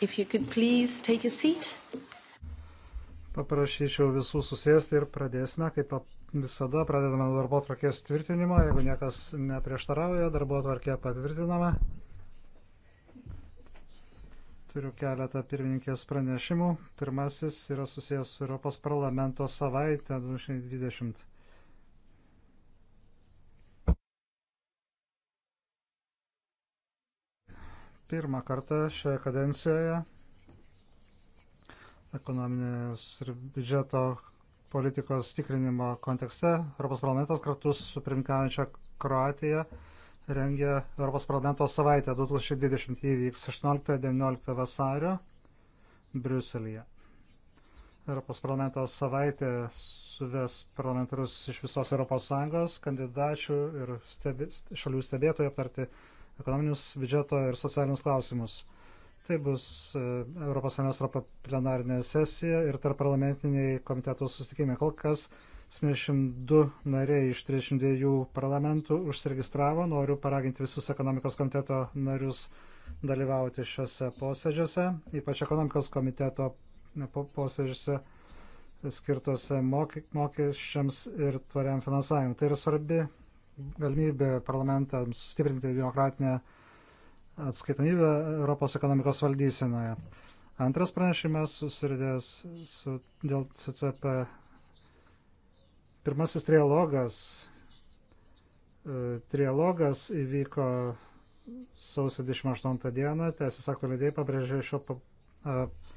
If you could please take a seat. Paprašyčiau visų susėsti ir pradėsime, kaip visada, pradedame nuo darbo tvarkės tvirtinimo. Jeigu niekas neprieštarauja, darbo tvarkė patvirtinama. Turiu keletą pirmininkės pranešimų. Pirmasis yra susijęs su Europos parlamento savaitė 2020. pirmą kartą šioje kadencijoje ekonominės ir biudžeto politikos tikrinimo kontekste Europos parlamentas kartu su pirmininkaujančia Kroatija rengia Europos parlamento savaitę 2020 įvyks 18-19 vasario Briuselėje. Europos parlamento savaitė suves parlamentarus iš visos Europos Sąjungos, kandidačių ir stebi, šalių stebėtojų aptarti ekonominius biudžeto ir socialinius klausimus. Tai bus e, Europos semestro plenarinė sesija ir tarp parlamentiniai komitetų susitikimai. Kol kas 72 nariai iš 32 parlamentų užsiregistravo. Noriu paraginti visus ekonomikos komiteto narius dalyvauti šiuose posėdžiuose, ypač ekonomikos komiteto posėdžiuose skirtuose mokesčiams ir tvariam finansavimui. Tai yra svarbi galimybė parlamentams stiprinti demokratinę atskaitomybę Europos ekonomikos valdysenoje. Antras pranešimas susirdės su, dėl CCP. Pirmasis trialogas. E, trialogas įvyko sausio 28 dieną. Teisės aktų leidėjai pabrėžė šio pa, a, e,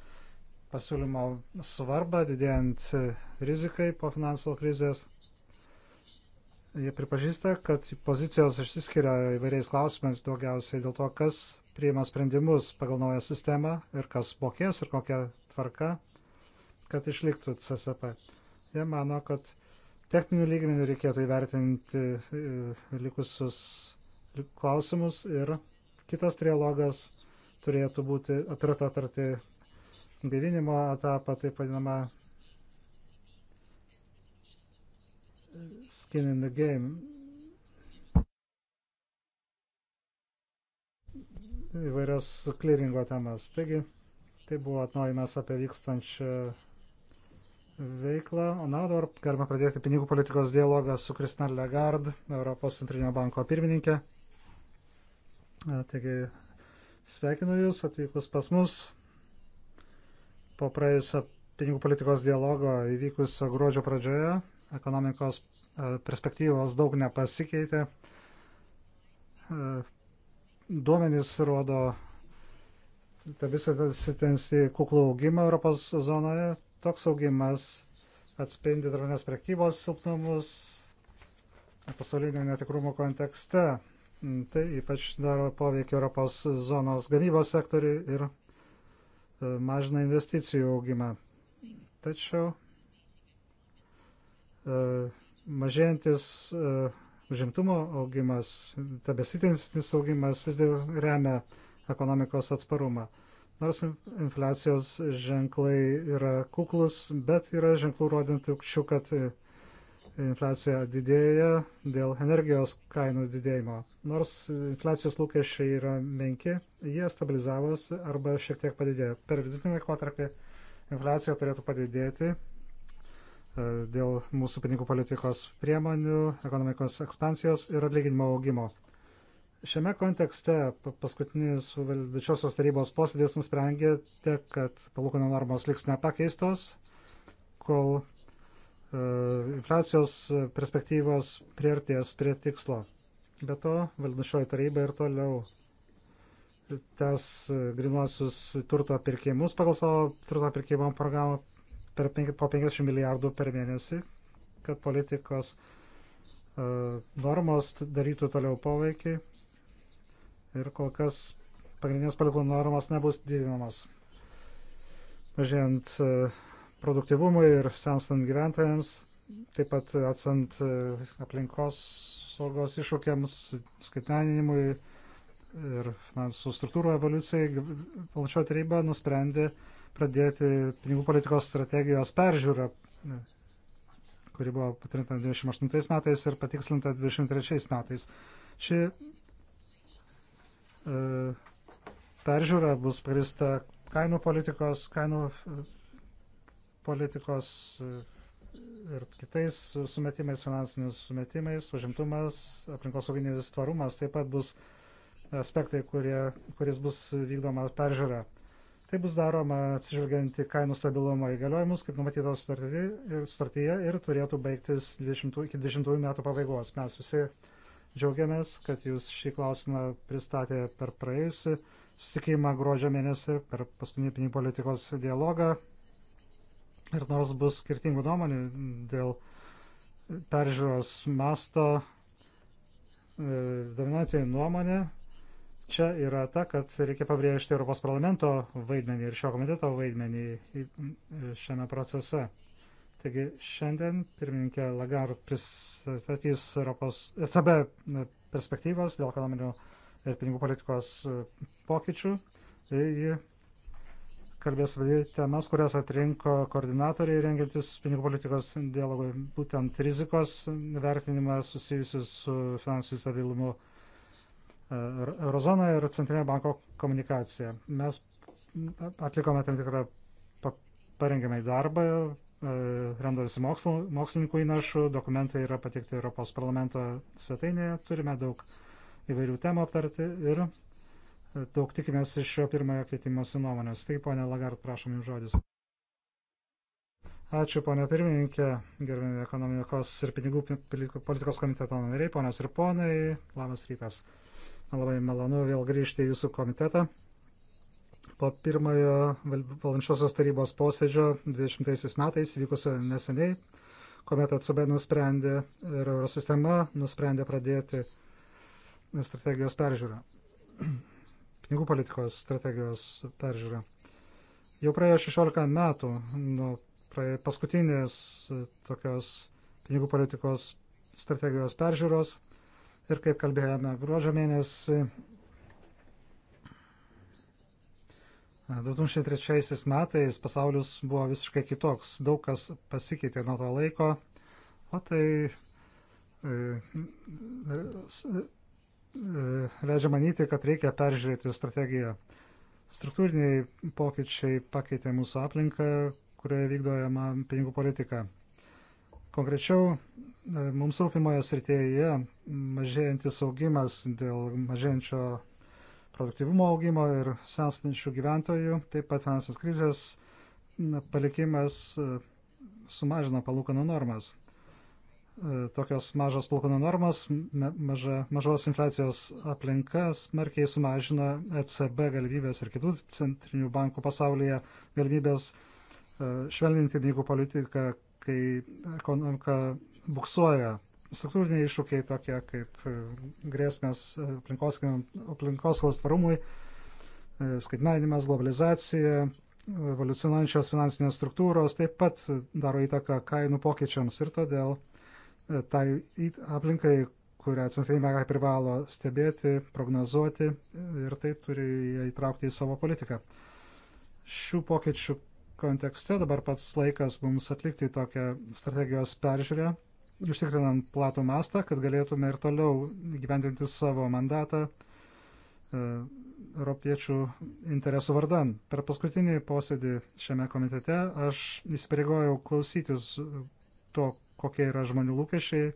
pasiūlymo svarbą, didėjant rizikai po finansų krizės. Jie pripažįsta, kad pozicijos išsiskiria įvairiais klausimais daugiausiai dėl to, kas priima sprendimus pagal naują sistemą ir kas mokės ir kokia tvarka, kad išliktų CSP. Jie mano, kad techninių lygmenių reikėtų įvertinti e, likusius klausimus ir kitas trialogas turėtų būti, turėtų atarti gaivinimo etapą, taip vadinamą skin in the game. įvairias kliringo temas. Taigi, tai buvo atnaujimas apie vykstančią veiklą. O na, dabar galima pradėti pinigų politikos dialogą su Kristina Legard, Europos centrinio banko pirmininkė. Taigi, sveikinu Jūs atvykus pas mus po praėjusio pinigų politikos dialogo įvykusio gruodžio pradžioje ekonomikos e, perspektyvos daug nepasikeitė. E, duomenys rodo ta visą tendencija kuklų augimą Europos zonoje. Toks augimas atspindi dronės prekybos silpnumus pasaulinio netikrumo kontekste. Tai ypač daro poveikį Europos zonos gamybos sektoriui ir e, mažina investicijų augimą. Tačiau E, mažėjantis e, žimtumo augimas, tebesitinsis augimas vis dėl remia ekonomikos atsparumą. Nors infliacijos ženklai yra kuklus, bet yra ženklų rodinčių, kad infliacija didėja dėl energijos kainų didėjimo. Nors infliacijos lūkesčiai yra menki, jie stabilizavosi arba šiek tiek padidėjo. Per vidutinį laikotarpį infliacija turėtų padidėti E, dėl mūsų pinigų politikos priemonių, ekonomikos ekspansijos ir atlyginimo augimo. Šiame kontekste paskutinis valdyčiosios tarybos posėdės nusprendėte, kad palūkanų normos liks nepakeistos, kol e, infliacijos perspektyvos priartės prie tikslo. Be to, valdyčioji taryba ir toliau tas e, grinuosius turto pirkimus pagal savo turto pirkimo programą per, po 50 milijardų per mėnesį, kad politikos e, normos darytų toliau poveikį ir kol kas pagrindinės palūkanų normos nebus didinamos. Mažėjant e, produktivumui ir senstant gyventojams, taip pat atsant e, aplinkos saugos iššūkiams, skaitmeninimui ir finansų struktūrų evoliucijai, valčio taryba nusprendė pradėti pinigų politikos strategijos peržiūrą, kuri buvo patvirtinta 28 metais ir patikslinta 23 metais. Ši e, peržiūra bus parista kainų politikos, kainų e, politikos e, ir kitais sumetimais, finansiniais sumetimais, užimtumas, aplinkosauginis tvarumas taip pat bus aspektai, kurie, kuris bus vykdoma peržiūra. Tai bus daroma atsižvelgiant į kainų stabilumo įgaliojimus, kaip numatyta sutartyje ir turėtų baigtis 20, iki 20 metų pabaigos. Mes visi džiaugiamės, kad jūs šį klausimą pristatė per praėjusį susitikimą gruodžio mėnesį, per paskutinį pinigų politikos dialogą. Ir nors bus skirtingų nuomonių dėl peržiūros masto, e, dominuotojai nuomonė čia yra ta, kad reikia pabrėžti Europos parlamento vaidmenį ir šio komiteto vaidmenį šiame procese. Taigi šiandien pirmininkė Lagarde pristatys Europos ECB perspektyvas dėl ekonominių ir pinigų politikos pokyčių. Ji kalbės apie temas, kurias atrinko koordinatoriai rengiantis pinigų politikos dialogui, būtent rizikos vertinimas susijusius su finansų stabilumu Eurozona ir Centrinio banko komunikacija. Mes atlikome tam tikrą parengiamąjį darbą, e, remdavėsi mokslininkų įnašų, dokumentai yra patikti Europos parlamento svetainėje, turime daug įvairių temų aptarti ir daug tikimės iš šio pirmojo keitimosi nuomonės. Tai, ponė Lagart, prašom jums žodis. Ačiū, ponė pirmininkė, gerbėmi ekonomikos ir pinigų politikos komiteto nariai, ponės ir ponai, labas rytas. Man labai malonu vėl grįžti į jūsų komitetą. Po pirmojo valdančiosios tarybos posėdžio 20 metais vykusio neseniai, kuomet ECB nusprendė ir Eurosistema nusprendė pradėti strategijos peržiūrą. Pinigų politikos strategijos peržiūrą. Jau praėjo 16 metų nuo paskutinės tokios pinigų politikos strategijos peržiūros Ir kaip kalbėjome gruodžio mėnesį, 2003 metais pasaulis buvo visiškai kitoks, daug kas pasikeitė nuo to laiko, o tai e, e, e, leidžia manyti, kad reikia peržiūrėti strategiją. Struktūriniai pokyčiai pakeitė mūsų aplinką, kurioje vykdojama pinigų politika. Konkrečiau, e, mums rūpimoje srityje mažėjantis augimas dėl mažėjančio produktivumo augimo ir senstančių gyventojų, taip pat finansinės krizės palikimas e, sumažino palūkanų normas. E, tokios mažos palūkanų normas, maža, mažos infliacijos aplinka smarkiai sumažino ECB galimybės ir kitų centrinių bankų pasaulyje galimybės švelninti pinigų politiką kai ekonomika buksuoja. Struktūriniai iššūkiai tokie kaip e, grėsmės aplinkosaugos tvarumui, e, skaitmeninimas, globalizacija, evoliucionuojančios finansinės struktūros taip pat daro įtaką kainų pokyčiams ir todėl e, tai aplinkai, kurią centriniai bankai privalo stebėti, prognozuoti ir tai turi įtraukti į savo politiką. Šių pokyčių kontekste dabar pats laikas mums atlikti tokią strategijos peržiūrę, užtikrinant platų mastą, kad galėtume ir toliau gyventinti savo mandatą e, europiečių interesų vardan. Per paskutinį posėdį šiame komitete aš įsipareigojau klausytis to, kokie yra žmonių lūkesčiai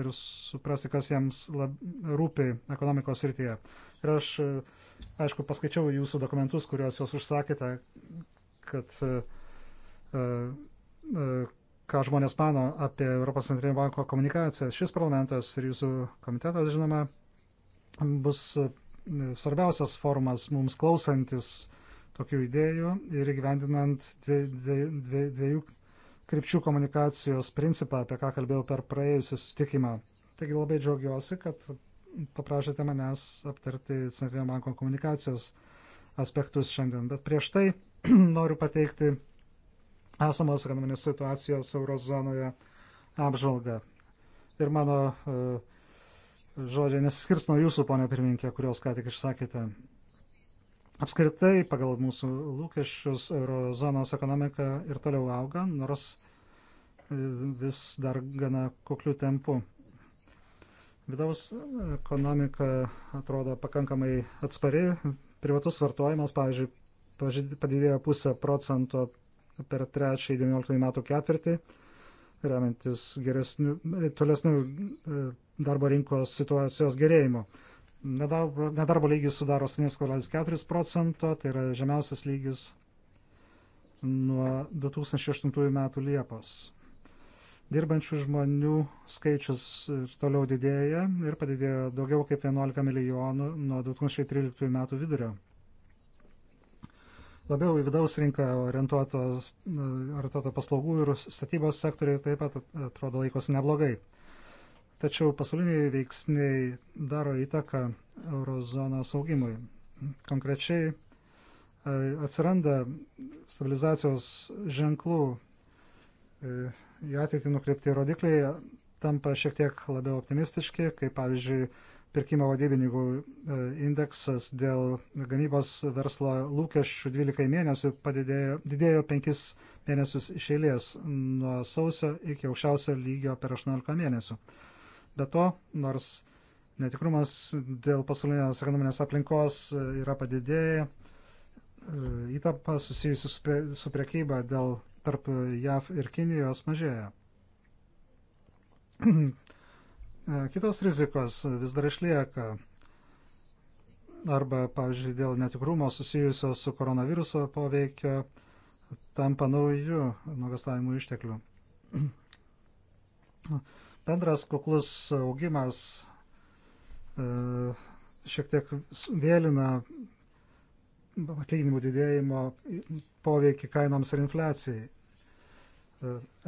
ir suprasti, kas jiems lab, rūpi ekonomikos srityje. Ir aš, e, aišku, paskaičiau jūsų dokumentus, kuriuos jūs užsakėte, kad e, e, e, ką žmonės mano apie Europos centrinio banko komunikaciją. Šis parlamentas ir jūsų komitetas, žinoma, bus svarbiausias formas mums klausantis tokių idėjų ir įgyvendinant dviejų dvie, dvie, dviejų krypčių komunikacijos principą, apie ką kalbėjau per praėjusią sutikimą. Taigi labai džiaugiuosi, kad paprašėte manęs aptarti Centrinio banko komunikacijos aspektus šiandien. Bet prieš tai noriu pateikti esamos ekonominės situacijos eurozonoje apžvalgą. Ir mano e, žodžiai nesiskirs nuo jūsų, ponė pirminkė, kurios ką tik išsakėte. Apskritai, pagal mūsų lūkesčius, eurozonos ekonomika ir toliau auga, nors e, vis dar gana kuklių tempų. Vidaus ekonomika atrodo pakankamai atspari, privatus vartojimas, pavyzdžiui, padidėjo pusę procento per trečiąjį 19 metų ketvirtį, remiantis geresnių, tolesnių e, darbo rinkos situacijos gerėjimo. Nedarbo, nedarbo lygis sudaro 7,4 procento, tai yra žemiausias lygis nuo 2008 metų Liepos. Dirbančių žmonių skaičius e, toliau didėja ir padidėjo daugiau kaip 11 milijonų nuo 2013 metų vidurio labiau į vidaus rinką orientuoto e, paslaugų ir statybos sektoriai taip pat atrodo laikosi neblogai. Tačiau pasauliniai veiksniai daro įtaką eurozonos augimui. Konkrečiai e, atsiranda stabilizacijos ženklų e, į ateitį nukreipti rodikliai tampa šiek tiek labiau optimistiški, kaip pavyzdžiui pirkimo vadybininkų e, indeksas dėl gamybos verslo lūkesčių 12 mėnesių padidėjo, didėjo 5 mėnesius iš eilės nuo sausio iki aukščiausio lygio per 18 mėnesių. Be to, nors netikrumas dėl pasaulinės ekonominės aplinkos yra padidėję, e, įtampa susijusi su, pre, su prekyba dėl tarp JAV ir Kinijos mažėja. E, kitos rizikos vis dar išlieka. Arba, pavyzdžiui, dėl netikrumo susijusio su koronaviruso poveikio tampa naujų nuogastavimų išteklių. Bendras kuklus augimas e, šiek tiek vėlina atlyginimų didėjimo poveikį kainoms ir infliacijai.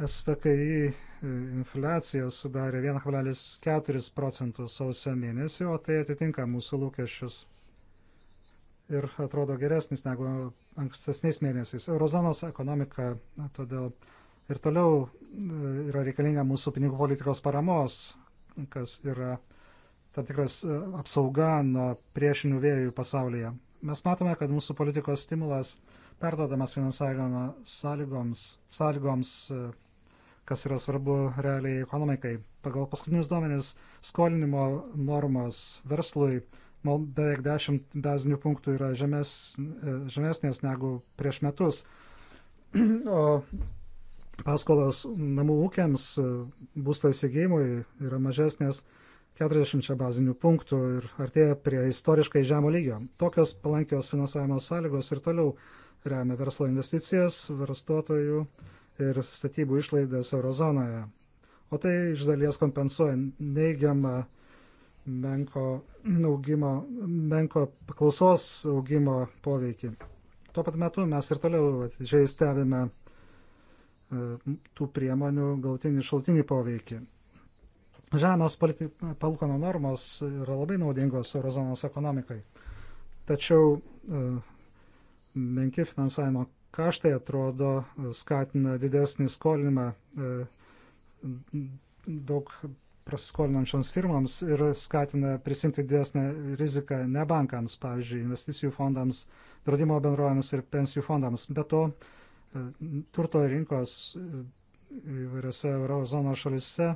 SVKI e, infliacija sudarė 1,4 procentų sausio mėnesį, o tai atitinka mūsų lūkesčius ir atrodo geresnis negu ankstesniais mėnesiais. Eurozonos ekonomika todėl ir toliau e, yra reikalinga mūsų pinigų politikos paramos, kas yra tam tikras e, apsauga nuo priešinių vėjų pasaulyje. Mes matome, kad mūsų politikos stimulas perdodamas finansavimą sąlygoms, sąlygoms, e, kas yra svarbu realiai ekonomikai. Pagal paskutinius duomenis skolinimo normos verslui beveik 10 bazinių punktų yra žemes, e, žemesnės negu prieš metus. O paskolos namų ūkiams e, būsto įsigijimui yra mažesnės 40 bazinių punktų ir artėja prie istoriškai žemo lygio. Tokios palankios finansavimo sąlygos ir toliau remia verslo investicijas, varstotojų ir statybų išlaidas eurozonoje. O tai iš dalies kompensuoja neigiamą menko, augimo, menko paklausos augimo poveikį. Tuo pat metu mes ir toliau atidžiai stebime e, tų priemonių gautinį šaltinį poveikį. Žemos palūkanų normos yra labai naudingos eurozonos ekonomikai. Tačiau e, menki finansavimo kaštai atrodo e, skatina didesnį skolinimą e, daug prasiskolinančioms firmoms ir skatina prisimti didesnę riziką ne bankams, pavyzdžiui, investicijų fondams, draudimo bendrovėms ir pensijų fondams. Be to, e, turto rinkos įvairiose eurozono šalise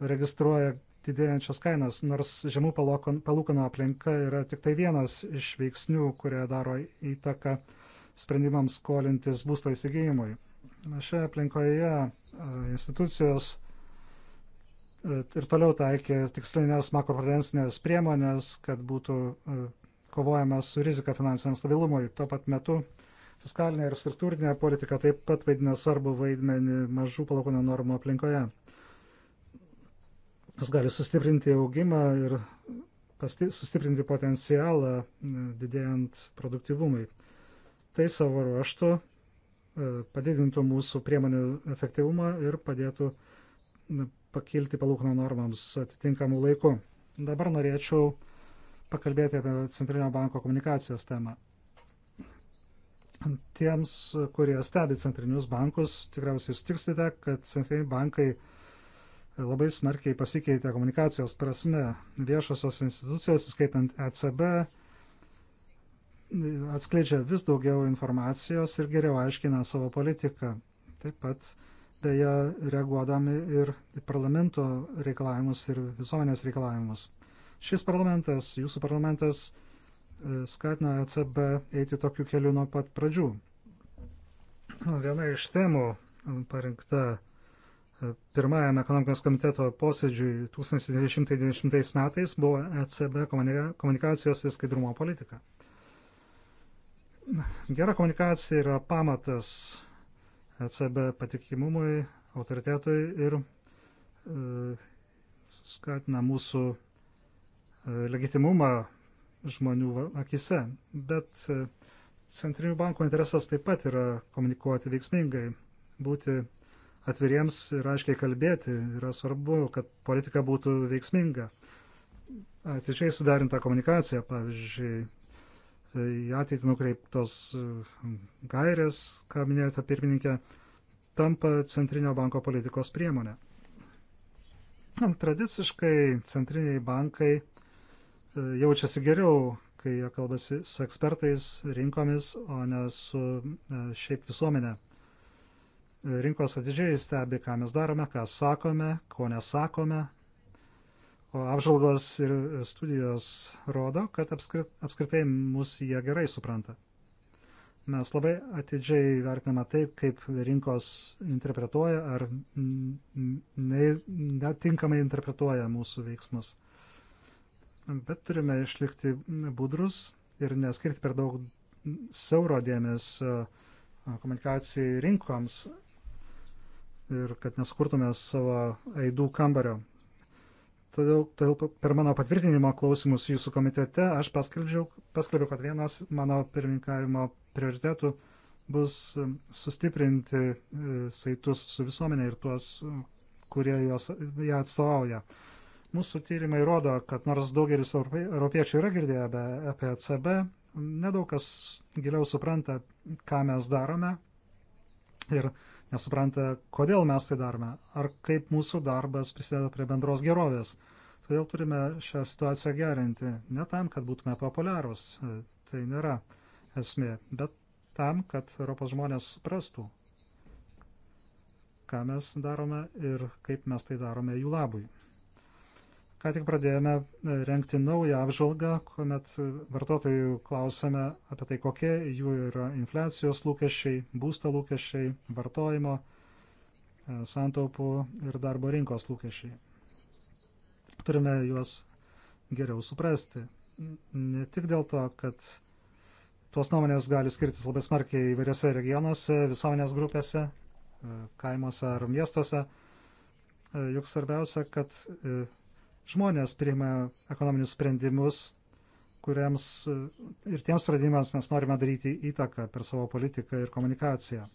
registruoja didėjančias kainas, nors žemų palūkanų aplinka yra tik tai vienas iš veiksnių, kurie daro įtaką sprendimams skolintis būsto įsigijimui. Šioje aplinkoje institucijos ir toliau taikė tikslinės makroprudencinės priemonės, kad būtų kovojama su rizika finansiniam stabilumui. Tuo pat metu fiskalinė ir struktūrinė politika taip pat vaidina svarbu vaidmenį mažų palūkanų normų aplinkoje. Jis gali sustiprinti augimą ir sustiprinti potencialą didėjant produktivumui. Tai savo ruoštų e, padidintų mūsų priemonių efektyvumą ir padėtų pakilti palūkanų normams atitinkamų laikų. Dabar norėčiau pakalbėti apie Centrinio banko komunikacijos temą. Tiems, kurie stebi centrinius bankus, tikriausiai sutiksite, kad centriniai bankai labai smarkiai pasikeitė komunikacijos prasme. Viešosios institucijos, skaitant ECB, atskleidžia vis daugiau informacijos ir geriau aiškina savo politiką. Taip pat beje reaguodami ir parlamento reikalavimus ir visuomenės reikalavimus. Šis parlamentas, jūsų parlamentas e, skatino ECB eiti tokiu keliu nuo pat pradžių. Viena iš temų parinkta pirmajam ekonomikos komiteto posėdžiui 1990 metais buvo ECB komunikacijos ir skaidrumo politika. Gera komunikacija yra pamatas ECB patikimumui, autoritetui ir e, skatina mūsų e, legitimumą žmonių akise. Bet e, centrinių bankų interesas taip pat yra komunikuoti veiksmingai, būti atviriems ir aiškiai kalbėti. Yra svarbu, kad politika būtų veiksminga. Atičiai sudarinta komunikacija, pavyzdžiui, į ateitį nukreiptos gairės, ką minėjote pirmininkė, tampa Centrinio banko politikos priemonė. Tradiciškai centriniai bankai e, jaučiasi geriau, kai jie kalbasi su ekspertais, rinkomis, o ne su e, šiaip visuomenė rinkos atidžiai stebi, ką mes darome, ką sakome, ko nesakome. O apžvalgos ir studijos rodo, kad apskritai mus jie gerai supranta. Mes labai atidžiai vertiname taip, kaip rinkos interpretuoja ar netinkamai interpretuoja mūsų veiksmus. Bet turime išlikti budrus ir neskirti per daug siauro dėmesio komunikacijai rinkoms ir kad neskurtume savo aidų kambario. Todėl, todėl per mano patvirtinimo klausimus jūsų komitete aš paskelbiau, kad vienas mano pirmininkavimo prioritetų bus e, sustiprinti e, saitus su visuomenė ir tuos, e, kurie jos, ją atstovauja. Mūsų tyrimai rodo, kad nors daugelis europiečių yra girdėję apie ECB, nedaug kas giliau supranta, ką mes darome ir nesupranta, kodėl mes tai darome, ar kaip mūsų darbas prisideda prie bendros gerovės. Todėl turime šią situaciją gerinti, ne tam, kad būtume populiarūs, e, tai nėra esmė, bet tam, kad Europos žmonės suprastų, ką mes darome ir kaip mes tai darome jų labui. Ką tik pradėjome e, renkti naują apžvalgą, kuomet vartotojų klausėme apie tai, kokie jų yra infliacijos lūkesčiai, būsto lūkesčiai, vartojimo, e, santaupų ir darbo rinkos lūkesčiai. Turime juos geriau suprasti. Ne tik dėl to, kad tuos nuomonės gali skirtis labai smarkiai įvairiose regionuose, visuomenės grupėse, e, kaimuose ar miestuose. Juk svarbiausia, kad žmonės priima ekonominius sprendimus, kuriems ir tiems sprendimams mes norime daryti įtaką per savo politiką ir komunikaciją.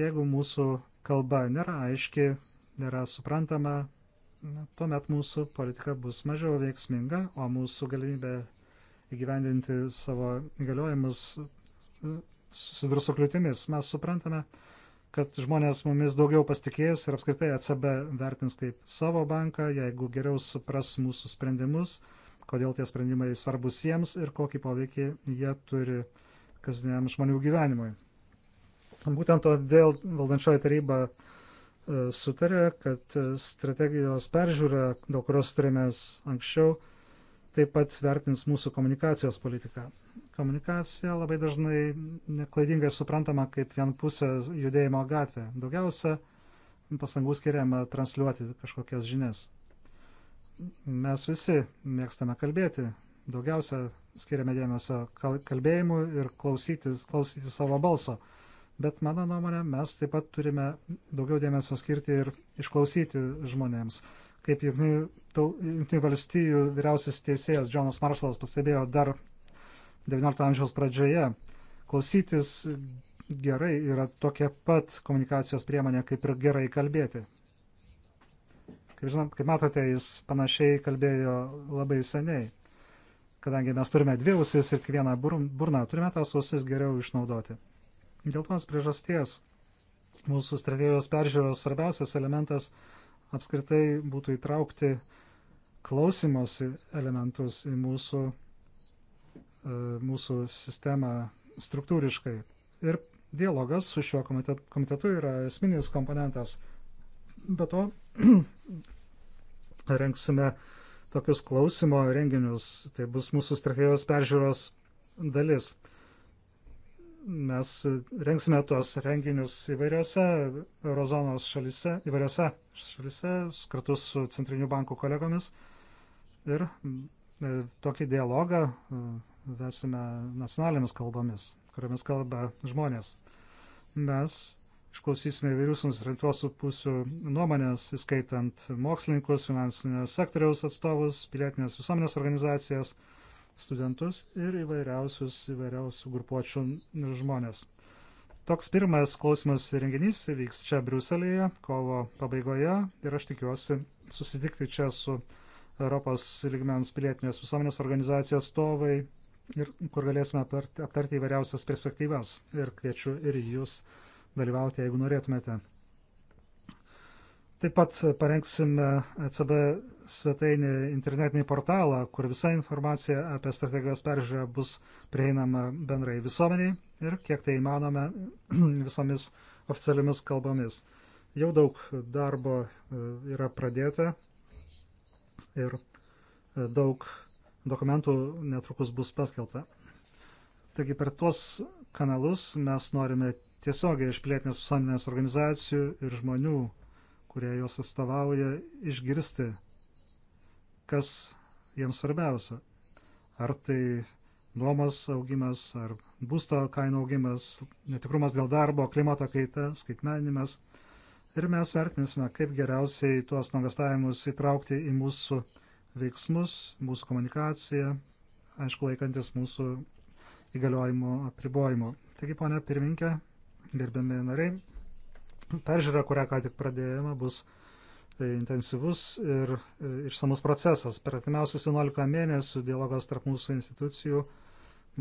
Jeigu mūsų kalba nėra aiški, nėra suprantama, tuomet mūsų politika bus mažiau veiksminga, o mūsų galimybė įgyvendinti savo įgaliojimus e, susidurs su kliūtimis. Mes suprantame, kad žmonės mumis daugiau pasitikės ir apskritai ECB vertins kaip savo banką, jeigu geriau supras mūsų sprendimus, kodėl tie sprendimai svarbus jiems ir kokį poveikį jie turi kasdieniam žmonių gyvenimui. Būtent todėl valdančioji taryba e, sutarė, kad strategijos peržiūra, dėl kurios turėjomės anksčiau, taip pat vertins mūsų komunikacijos politiką. Komunikacija labai dažnai neklaidingai suprantama kaip vienpusė judėjimo gatvė. Daugiausia pastangų skiriama transliuoti kažkokias žinias. Mes visi mėgstame kalbėti, daugiausia skiriame dėmesio kalbėjimui ir klausytis, klausytis savo balso. Bet mano nuomonė, mes taip pat turime daugiau dėmesio skirti ir išklausyti žmonėms kaip Junktinių valstybių vyriausias teisėjas Džonas Maršalas pastebėjo dar XIX amžiaus pradžioje, klausytis gerai yra tokia pat komunikacijos priemonė, kaip ir gerai kalbėti. Kaip, žinom, kaip matote, jis panašiai kalbėjo labai seniai. Kadangi mes turime dvi ausis ir kiekvieną burną, turime tas ausis geriau išnaudoti. Dėl tos priežasties mūsų strategijos peržiūros svarbiausias elementas apskritai būtų įtraukti klausimosi elementus į mūsų, e, mūsų sistemą struktūriškai. Ir dialogas su šiuo komitetu yra esminis komponentas. Be to, rengsime tokius klausimo renginius, tai bus mūsų strategijos peržiūros dalis mes rengsime tuos renginius įvairiose eurozonos šalise, įvairiose šalise, kartu su centrinių bankų kolegomis. Ir e, tokį dialogą e, vesime nacionalinėmis kalbomis, kuriomis kalba žmonės. Mes išklausysime įvairių susirintuosių pusių nuomonės, įskaitant mokslininkus, finansinio sektoriaus atstovus, pilietinės visuomenės organizacijas, studentus ir įvairiausius įvairiausių grupuočių žmonės. Toks pirmas klausimas renginys vyks čia Briuselėje kovo pabaigoje ir aš tikiuosi susitikti čia su Europos lygmens pilietinės visuomenės organizacijos atstovai, kur galėsime aptarti įvairiausias perspektyvas ir kviečiu ir jūs dalyvauti, jeigu norėtumėte. Taip pat parengsime ECB svetainį internetinį portalą, kur visa informacija apie strategijos peržiūrą bus prieinama bendrai visuomeniai ir kiek tai įmanome visomis oficialiomis kalbomis. Jau daug darbo e, yra pradėta ir e, daug dokumentų netrukus bus paskelta. Taigi per tuos kanalus mes norime tiesiogiai iš plėtinės visuomenės organizacijų ir žmonių kurie juos atstovauja, išgirsti, kas jiems svarbiausia. Ar tai nuomos augimas, ar būsto kainų augimas, netikrumas dėl darbo, klimato kaita, skaitmeninimas. Ir mes vertinsime, kaip geriausiai tuos nuogastavimus įtraukti į mūsų veiksmus, mūsų komunikaciją, aišku, laikantis mūsų įgaliojimo apribojimo. Taigi, ponia pirminkė, gerbiami nariai, Peržiūra, kurią ką tik pradėjome, bus e, intensyvus ir e, išsamus procesas. Per atimiausias 11 mėnesių dialogas tarp mūsų institucijų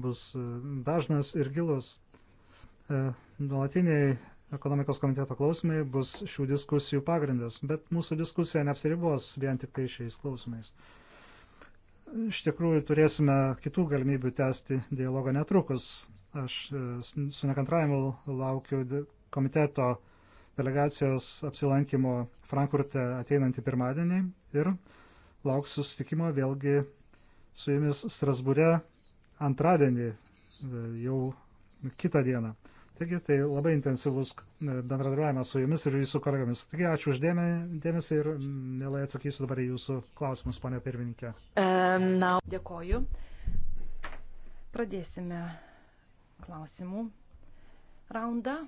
bus e, dažnas ir gilus. Nuolatiniai ekonomikos komiteto klausimai bus šių diskusijų pagrindas, bet mūsų diskusija neapsiribos vien tik tai šiais klausimais. Iš tikrųjų, turėsime kitų galimybių tęsti dialogą netrukus. Aš su nekantravimu laukiu komiteto delegacijos apsilankimo Frankfurte ateinantį pirmadienį ir lauksiu susitikimo vėlgi su jumis Strasbūre antradienį e, jau kitą dieną. Taigi tai labai intensyvus e, bendradarbiavimas su jumis ir jūsų kolegomis. Taigi ačiū už dėmesį ir mielai atsakysiu dabar į jūsų klausimus, ponia pirmininkė. Um, na, dėkoju. Pradėsime klausimų raundą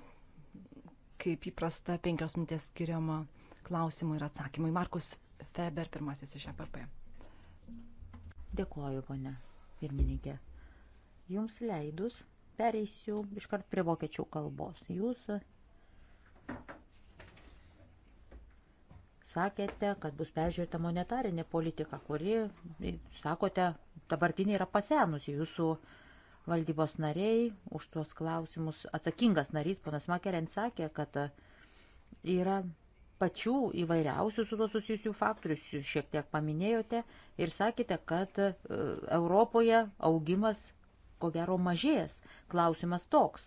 kaip įprasta, penkios minutės skiriama klausimui ir atsakymui. Markus Feber, pirmasis iš APP. E Dėkuoju, ponė pirmininkė. Jums leidus, pereisiu iškart prie vokiečių kalbos. Jūs sakėte, kad bus peržiūrėta monetarinė politika, kuri, sakote, dabartinė yra pasenusi. Jūsų uh, valdybos nariai, už tuos klausimus atsakingas narys, ponas Makeren, sakė, kad yra pačių įvairiausių su to susijusių faktorių, jūs šiek tiek paminėjote ir sakėte, kad e, Europoje augimas ko gero mažės. Klausimas toks,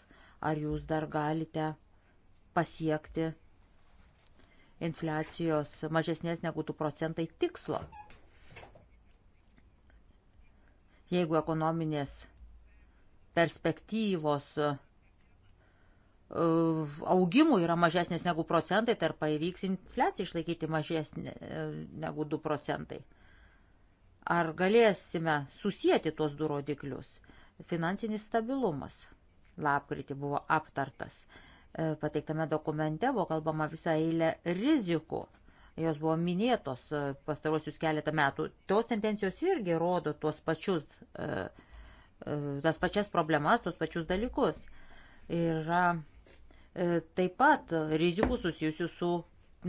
ar jūs dar galite pasiekti infliacijos mažesnės negu 2 procentai tikslo. Jeigu ekonominės perspektyvos e, augimų yra mažesnės negu procentai, tarp pavyks infliaciją išlaikyti mažesnė e, negu 2 procentai. Ar galėsime susijęti tuos du rodiklius? Finansinis stabilumas lapkritį buvo aptartas. E, pateiktame dokumente buvo kalbama visą eilę rizikų. Jos buvo minėtos pastarosius keletą metų. Tos tendencijos irgi rodo tuos pačius uh, tas pačias problemas, tos pačius dalykus. Yra e, taip pat rizikų susijusių su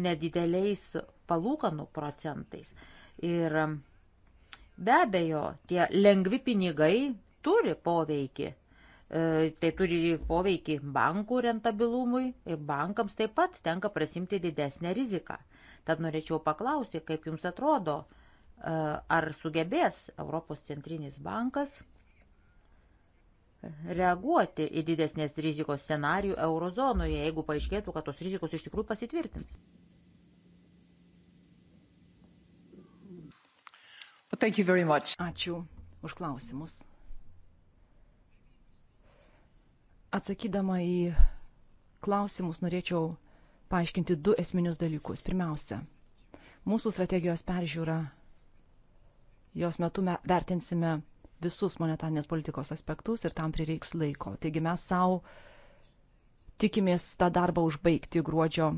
nedideliais palūkanų procentais. Ir e, be abejo, tie lengvi pinigai turi poveikį. E, tai turi poveikį bankų rentabilumui ir bankams taip pat tenka prasimti didesnę riziką. Tad norėčiau paklausti, kaip jums atrodo, ar sugebės Europos centrinis bankas reaguoti į didesnės rizikos scenarių eurozonoje, jeigu paaiškėtų, kad tos rizikos iš tikrųjų pasitvirtins. Ačiū už klausimus. Atsakydama į klausimus norėčiau paaiškinti du esminius dalykus. Pirmiausia, mūsų strategijos peržiūra, jos metu vertinsime visus monetarnės politikos aspektus ir tam prireiks laiko. Taigi mes savo tikimės tą darbą užbaigti gruodžio,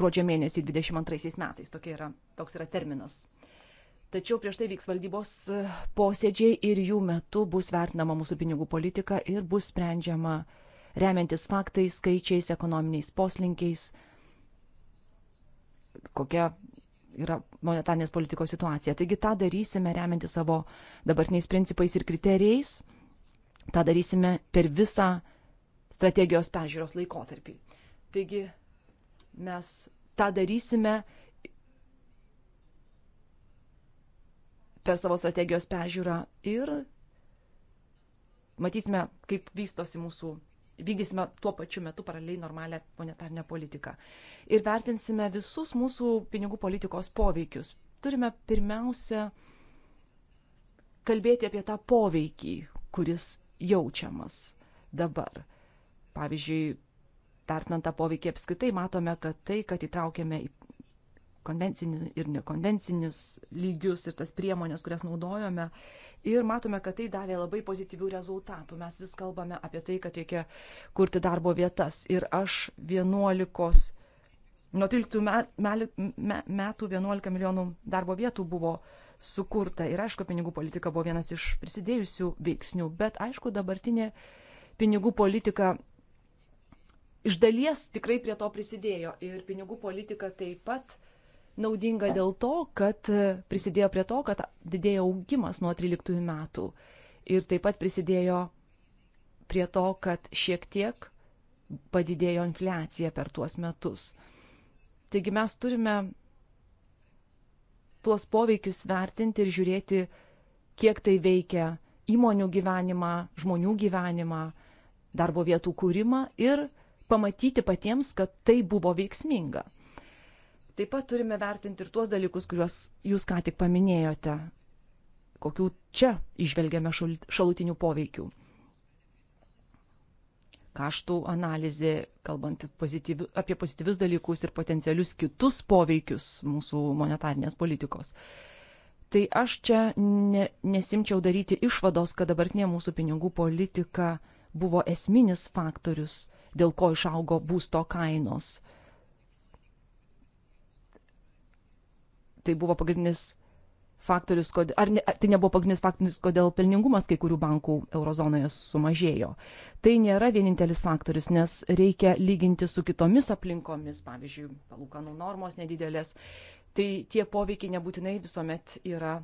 gruodžio mėnesį 22 metais. Tokia yra, toks yra terminas. Tačiau prieš tai vyks valdybos e, posėdžiai ir jų metu bus vertinama mūsų pinigų politika ir bus sprendžiama remiantis faktais, skaičiais, ekonominiais poslinkiais, kokia yra monetarnės politikos situacija. Taigi tą darysime remianti savo dabartiniais principais ir kriterijais. Ta darysime per visą strategijos peržiūros laikotarpį. Taigi mes tą darysime per savo strategijos peržiūrą ir matysime, kaip vystosi mūsų vykdysime tuo pačiu metu paraleliai normalią monetarinę politiką. Ir vertinsime visus mūsų pinigų politikos poveikius. Turime pirmiausia kalbėti apie tą poveikį, kuris jaučiamas dabar. Pavyzdžiui, vertinant tą poveikį apskritai, matome, kad tai, kad įtraukėme į konvencinius ir nekonvencinius lygius ir tas priemonės, kurias naudojome. Ir matome, kad tai davė labai pozityvių rezultatų. Mes vis kalbame apie tai, kad reikia kurti darbo vietas. Ir aš 11, nuo 13 metų 11 milijonų darbo vietų buvo sukurta. Ir aišku, pinigų politika buvo vienas iš prisidėjusių veiksnių. Bet aišku, dabartinė pinigų politika iš dalies tikrai prie to prisidėjo ir pinigų politika taip pat naudinga dėl to, kad prisidėjo prie to, kad didėjo augimas nuo 13 metų ir taip pat prisidėjo prie to, kad šiek tiek padidėjo infliacija per tuos metus. Taigi mes turime tuos poveikius vertinti ir žiūrėti, kiek tai veikia įmonių gyvenimą, žmonių gyvenimą, darbo vietų kūrimą ir pamatyti patiems, kad tai buvo veiksminga. Taip pat turime vertinti ir tuos dalykus, kuriuos jūs ką tik paminėjote, kokių čia išvelgiame šalutinių poveikių. Kaštų analizė, kalbant pozityvi, apie pozityvius dalykus ir potencialius kitus poveikius mūsų monetarnės politikos. Tai aš čia ne, nesimčiau daryti išvados, kad dabartinė mūsų pinigų politika buvo esminis faktorius, dėl ko išaugo būsto kainos. Uh, tai buvo pagrindinis faktorius, kodėl, ar ne, tai nebuvo pagrindinis faktorius, kodėl pelningumas kai kurių bankų eurozonoje sumažėjo. Tai nėra vienintelis faktorius, nes reikia lyginti su kitomis aplinkomis, pavyzdžiui, palūkanų normos nedidelės, tai tie poveikiai nebūtinai visuomet yra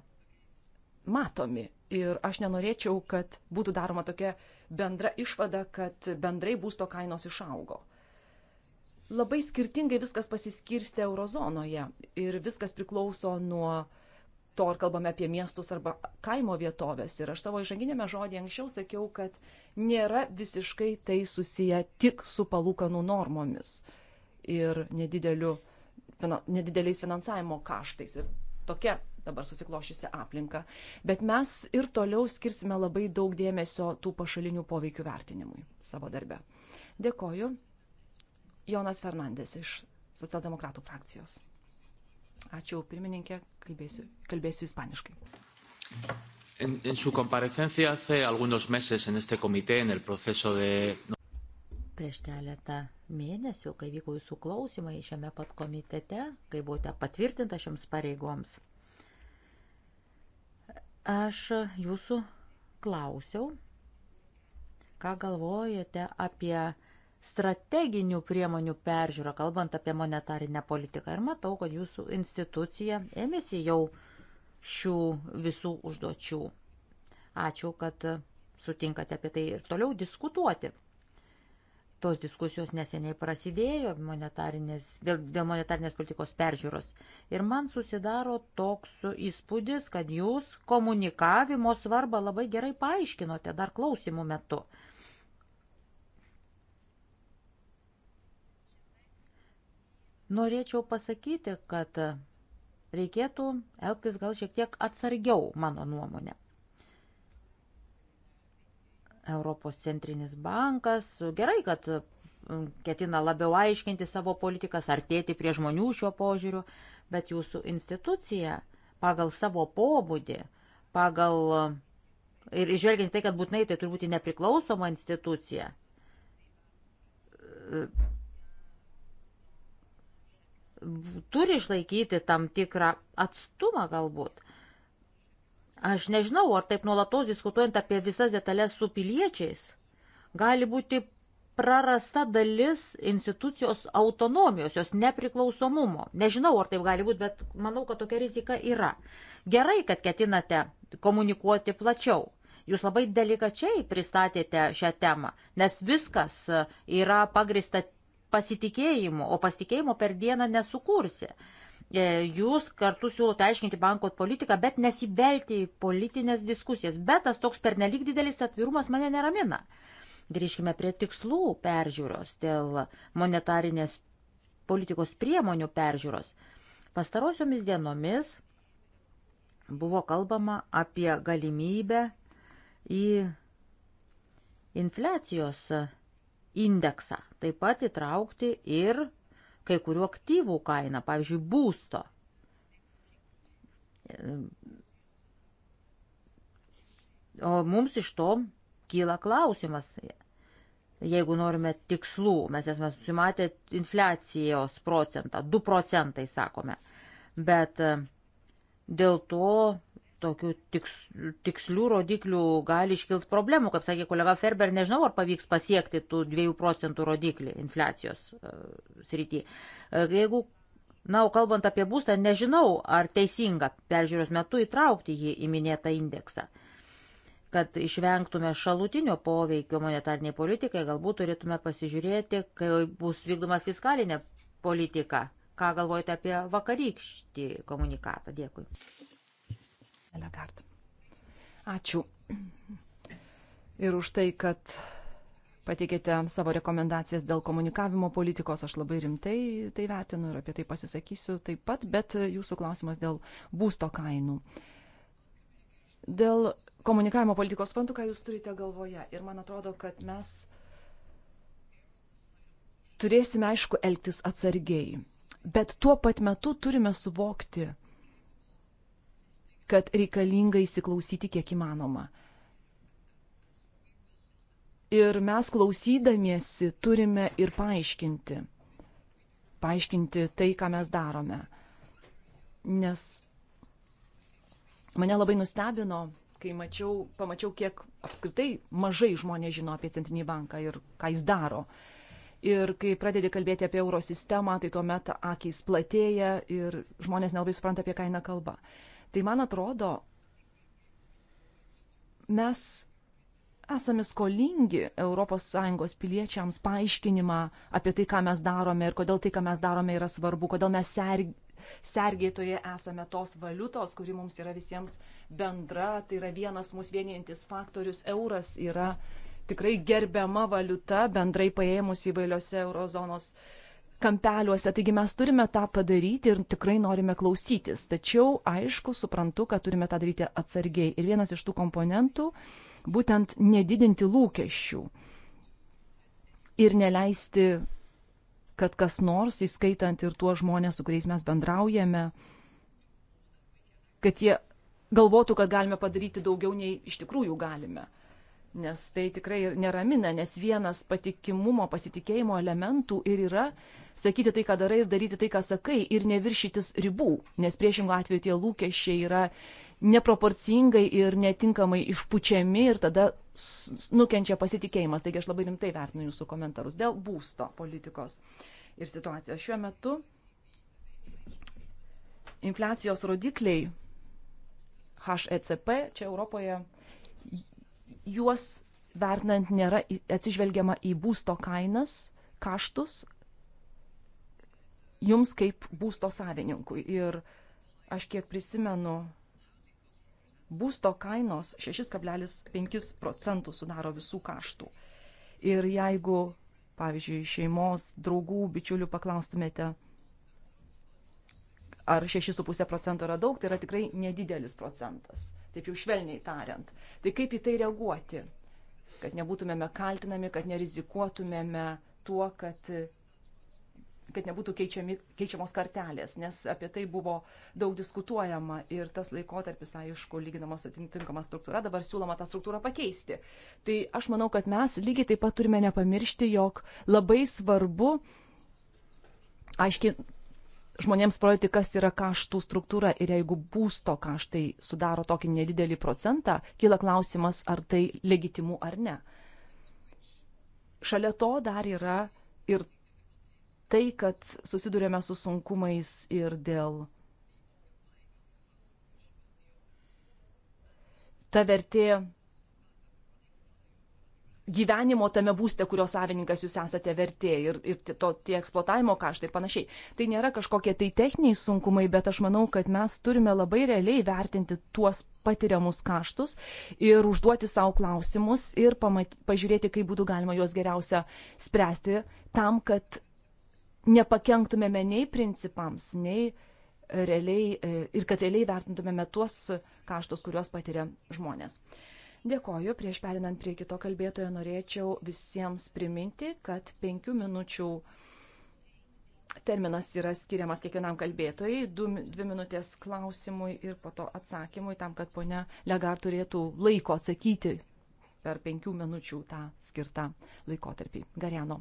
matomi. Ir aš nenorėčiau, kad būtų daroma tokia bendra išvada, kad bendrai būsto kainos išaugo labai skirtingai viskas pasiskirstė eurozonoje ir viskas priklauso nuo to, ar kalbame apie miestus arba kaimo vietovės. Ir aš savo išanginėme žodį anksčiau sakiau, kad nėra visiškai tai susiję tik su palūkanų normomis ir nedideliu, nedideliais finansavimo kaštais. Ir tokia dabar susiklošiusi aplinka. Bet mes ir toliau skirsime labai daug dėmesio tų pašalinių poveikių vertinimui savo darbe. Dėkoju. Jonas Fernandės iš socialdemokratų frakcijos. Ačiū, pirmininkė, kalbėsiu, kalbėsiu ispaniškai. En, en su comparecencia hace algunos meses en este comité, en el proceso de. Prieš keletą mėnesių, kai vyko jūsų klausimai šiame pat komitete, kai buvote patvirtinta šiams pareigoms, aš jūsų klausiau, ką galvojate apie strateginių priemonių peržiūrą, kalbant apie monetarinę politiką. Ir matau, kad jūsų institucija ėmėsi jau šių visų užduočių. Ačiū, kad sutinkate apie tai ir toliau diskutuoti. Tos diskusijos neseniai prasidėjo monetarinės, dėl, dėl monetarinės politikos peržiūros. Ir man susidaro toks įspūdis, kad jūs komunikavimo svarbą labai gerai paaiškinote dar klausimų metu. Norėčiau pasakyti, kad reikėtų elgtis gal šiek tiek atsargiau, mano nuomonė. Europos centrinis bankas, gerai, kad mm, ketina labiau aiškinti savo politikas, artėti prie žmonių šiuo požiūriu, bet jūsų institucija pagal savo pobūdį, pagal ir išvelgiant tai, kad būtinai tai turi būti nepriklausoma institucija, turi išlaikyti tam tikrą atstumą galbūt. Aš nežinau, ar taip nuolatos diskutuojant apie visas detalės su piliečiais, gali būti prarasta dalis institucijos autonomijos, jos nepriklausomumo. Nežinau, ar taip gali būti, bet manau, kad tokia rizika yra. Gerai, kad ketinate komunikuoti plačiau jūs labai delikačiai pristatėte šią temą, nes viskas e, yra pagrista pasitikėjimu, o pasitikėjimo per dieną nesukursi. E, jūs kartu siūlote aiškinti banko politiką, bet nesivelti į politinės diskusijas. Bet tas toks pernelyg didelis atvirumas mane neramina. Grįžkime prie tikslų peržiūros dėl monetarinės politikos priemonių peržiūros. Pastarosiomis dienomis buvo kalbama apie galimybę į infliacijos indeksą, taip pat įtraukti ir kai kurių aktyvų kainą, pavyzdžiui, būsto. O mums iš to kyla klausimas, jeigu norime tikslų, mes esame susimatę infliacijos procentą, 2 procentai sakome, bet e, dėl to tokių tiks, tikslių rodiklių gali iškilti problemų, kaip sakė kolega Ferber, nežinau, ar pavyks pasiekti tų 2 procentų rodiklį infliacijos uh, srity. Uh, jeigu, na, o kalbant apie būstą, nežinau, ar teisinga peržiūros metu įtraukti jį į minėtą indeksą. Kad išvengtume šalutinio poveikio monetarniai politikai, galbūt turėtume pasižiūrėti, kai bus vykdoma fiskalinė politika. Ką galvojate apie vakarykštį komunikatą? Dėkui. Elegard. Ačiū. Ir už tai, kad pateikėte savo rekomendacijas dėl komunikavimo politikos, aš labai rimtai tai vertinu ir apie tai pasisakysiu taip pat, bet jūsų klausimas dėl būsto kainų. Dėl komunikavimo politikos suprantu, ką jūs turite galvoje ir man atrodo, kad mes turėsime, aišku, elgtis atsargiai, bet tuo pat metu turime suvokti, kad reikalinga įsiklausyti kiek įmanoma. Ir mes klausydamiesi turime ir paaiškinti. Paaiškinti tai, ką mes darome. Nes mane labai nustebino, kai mačiau, pamačiau, kiek apskritai mažai žmonės žino apie Centrinį banką ir ką jis daro. Ir kai pradedi kalbėti apie euro sistemą, tai tuomet akis platėja ir žmonės nelabai supranta, apie ką eina kalba. Uh, Tai man atrodo, mes esame skolingi ES piliečiams paaiškinimą apie tai, ką mes darome ir kodėl tai, ką mes darome, yra svarbu, kodėl mes serg... sergėtoje esame tos valiutos, kuri mums yra visiems bendra, tai yra vienas mūsų vienijantis faktorius, euras yra tikrai gerbiama valiuta bendrai paėmus įvairiose eurozonos uh, kampeliuose, taigi mes turime tą padaryti ir tikrai norime klausytis. Tačiau, aišku, suprantu, kad turime tą daryti atsargiai. Ir vienas iš tų komponentų - būtent nedidinti lūkesčių ir neleisti, kad kas nors, įskaitant ir tuos žmonės, su kuriais mes bendraujame, kad jie galvotų, kad galime padaryti daugiau, nei iš tikrųjų galime nes tai tikrai neramina, nes vienas patikimumo, pasitikėjimo elementų ir yra sakyti tai, ką darai ir daryti tai, ką sakai ir neviršytis ribų, nes priešingų atveju tie lūkesčiai yra neproporcingai ir netinkamai išpučiami ir tada nukenčia pasitikėjimas. Taigi aš labai rimtai vertinu jūsų komentarus dėl būsto politikos ir situacijos. Šiuo metu infliacijos rodikliai HECP čia Europoje juos vertinant nėra atsižvelgiama į būsto kainas, kaštus jums kaip būsto savininkui. Ir aš kiek prisimenu, būsto kainos 6,5 procentų sudaro visų kaštų. Ir jeigu, pavyzdžiui, šeimos, draugų, bičiulių paklaustumėte, ar 6,5 procento yra daug, tai yra tikrai nedidelis procentas taip jau švelniai tariant. Tai kaip į tai reaguoti, kad nebūtumėme kaltinami, kad nerizikuotumėme tuo, kad, kad nebūtų keičiami, keičiamos kartelės, nes apie tai buvo daug diskutuojama ir tas laikotarpis, aišku, lyginamas su atitinkama struktūra, dabar siūloma tą struktūrą pakeisti. Tai aš manau, kad mes lygiai taip pat turime nepamiršti, jog labai svarbu aiškiai žmonėms parodyti, kas yra kaštų struktūra ir jeigu būsto kaštai sudaro tokį nedidelį procentą, kyla klausimas, ar tai legitimu ar ne. Šalia to dar yra ir tai, kad susidurėme su sunkumais ir dėl ta vertė gyvenimo tame būste, kurio savininkas jūs esate vertė ir, ir to, tie eksploatavimo kaštai ir panašiai. Tai nėra kažkokie tai techniniai sunkumai, bet aš manau, kad mes turime labai realiai vertinti tuos patiriamus kaštus ir užduoti savo klausimus ir pamat, pažiūrėti, kaip būtų galima juos geriausia spręsti tam, kad nepakenktumėme nei principams, nei realiai e, ir kad realiai vertintumėme tuos kaštus, kuriuos patiria žmonės. Uh, Dėkoju. Prieš perinant prie kito kalbėtojo norėčiau visiems priminti, kad penkių minučių terminas yra skiriamas kiekvienam kalbėtojai. Du, dvi minutės klausimui ir po to atsakymui, tam, kad ponia Legar turėtų laiko atsakyti per penkių minučių tą skirtą laikotarpį. Gariano.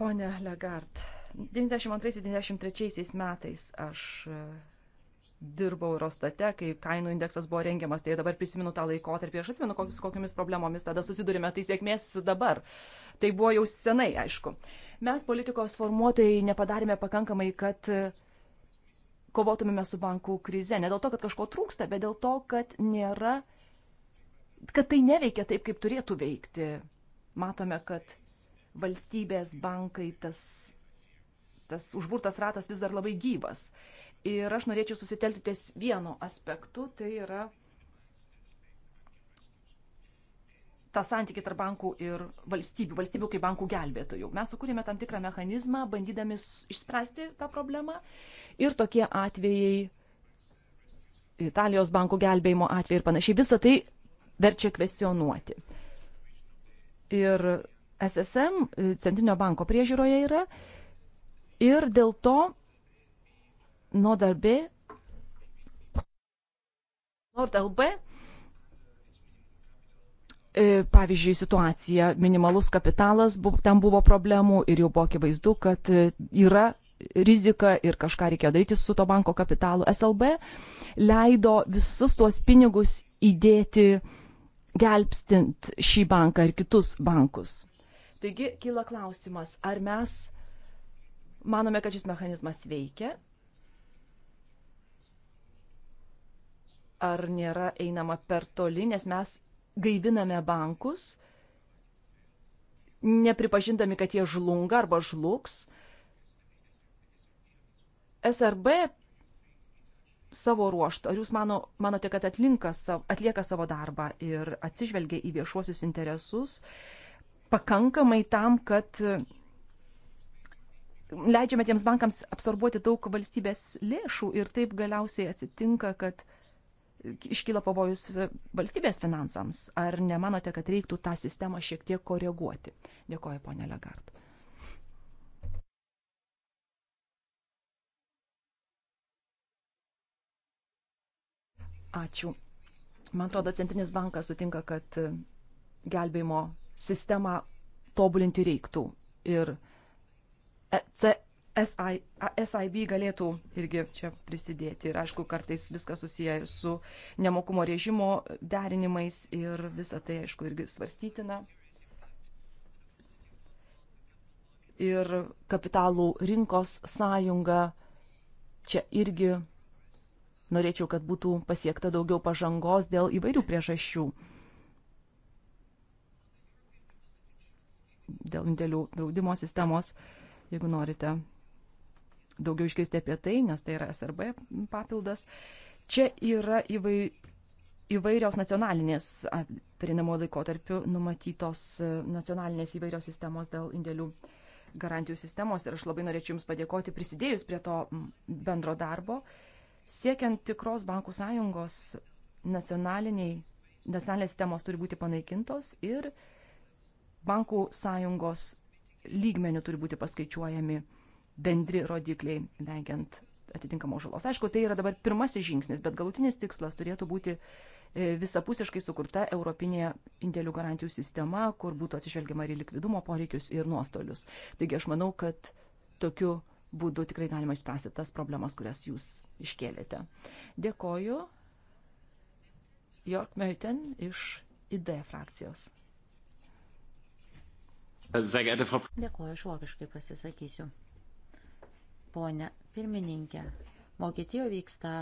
Pone Legard, 92-93 metais aš dirbau Eurostate, kai kainų indeksas buvo rengiamas, tai dabar prisimenu tą laikotarpį, aš atsimenu, kokius, kokiamis problemomis tada susidurime, tai sėkmės dabar. Tai buvo jau senai, aišku. Mes politikos formuotojai nepadarėme pakankamai, kad e, kovotumėme su bankų krize. Ne dėl to, kad kažko trūksta, bet dėl to, kad nėra, kad tai neveikia taip, kaip turėtų veikti. Matome, kad valstybės bankai tas tas užburtas ratas vis dar labai gyvas. Ir aš norėčiau susitelti ties vienu aspektu, tai yra tą santykį tarp bankų ir valstybių, valstybių kaip bankų gelbėtojų. Mes sukūrėme tam tikrą mechanizmą, bandydami išspręsti tą problemą ir tokie atvejai, Italijos bankų gelbėjimo atvejai ir panašiai, visą tai verčia kvestionuoti. Ir SSM centrinio banko priežiūroje yra ir dėl to Nodal B. Nordal B. E, pavyzdžiui, situacija, minimalus kapitalas, ten buvo problemų ir jau buvo akivaizdu, kad e, yra riziką ir kažką reikėjo daryti su to banko kapitalu. SLB leido visus tuos pinigus įdėti gelbstint šį banką ir kitus bankus. Taigi kyla klausimas, ar mes manome, kad šis mechanizmas veikia ar nėra einama per toli, nes mes gaiviname bankus, nepripažindami, kad jie žlunga arba žlugs. SRB savo ruoštų, ar jūs mano, manote, kad atlinka, atlieka savo darbą ir atsižvelgia į viešuosius interesus pakankamai tam, kad leidžiame tiems bankams absorbuoti daug valstybės lėšų ir taip galiausiai atsitinka, kad iškyla pavojus valstybės finansams. Ar nemanote, kad reiktų tą sistemą šiek tiek koreguoti? Dėkoju, ponė Legard. Ačiū. Man atrodo, Centrinis bankas sutinka, kad gelbėjimo sistemą tobulinti reiktų. Ir e C SI, SIB galėtų irgi čia prisidėti. Ir aišku, kartais viskas susiję ir su nemokumo režimo derinimais ir visa tai, aišku, irgi svarstytina. Ir kapitalų rinkos sąjunga čia irgi norėčiau, kad būtų pasiekta daugiau pažangos dėl įvairių priežasčių. Dėl indėlių draudimo sistemos, jeigu norite daugiau išgirsti apie tai, nes tai yra SRB papildas. Čia yra įvai, įvairios nacionalinės perinamo laikotarpiu numatytos e, nacionalinės įvairios sistemos dėl indėlių garantijų sistemos ir aš labai norėčiau Jums padėkoti prisidėjus prie to bendro darbo. Siekiant tikros bankų sąjungos nacionaliniai, nacionalinės sistemos turi būti panaikintos ir bankų sąjungos lygmenių turi būti paskaičiuojami bendri rodikliai, vengiant atitinkamos žalos. Aišku, tai yra dabar pirmasis žingsnis, bet galutinis tikslas turėtų būti e, visapusiškai sukurta Europinė indėlių garantijų sistema, kur būtų atsižvelgiama ir likvidumo poreikius, ir nuostolius. Taigi aš manau, kad tokiu būdu tikrai galima išspręsti tas problemas, kurias jūs iškėlėte. Dėkoju. Jork Meuten iš ID frakcijos. Dėkoju, aš vokiškai pasisakysiu ponė pirmininkė. Vokietijoje vyksta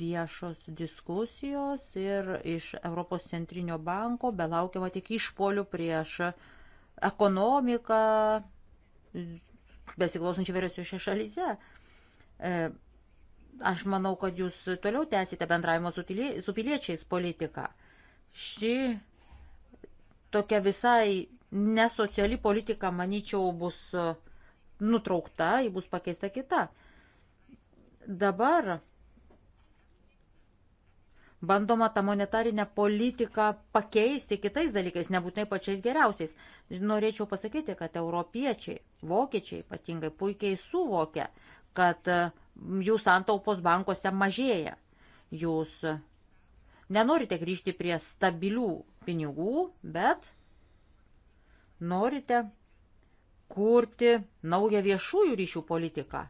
viešos diskusijos ir iš Europos centrinio banko belaukiama tik išpolių prieš ekonomiką besiklausančių vėriausiuose šalyse. E, aš manau, kad jūs toliau tęsite bendravimo su piliečiais politiką. Ši tokia visai nesociali politika, manyčiau, bus uh, nutraukta, ji bus pakeista kita. Dabar bandoma tą monetarinę politiką pakeisti kitais dalykais, nebūtinai pačiais geriausiais. Norėčiau pasakyti, kad europiečiai, vokiečiai ypatingai puikiai suvokia, kad e, jų santaupos bankuose mažėja. Jūs nenorite grįžti prie stabilių pinigų, bet norite kurti naują viešųjų ryšių politiką,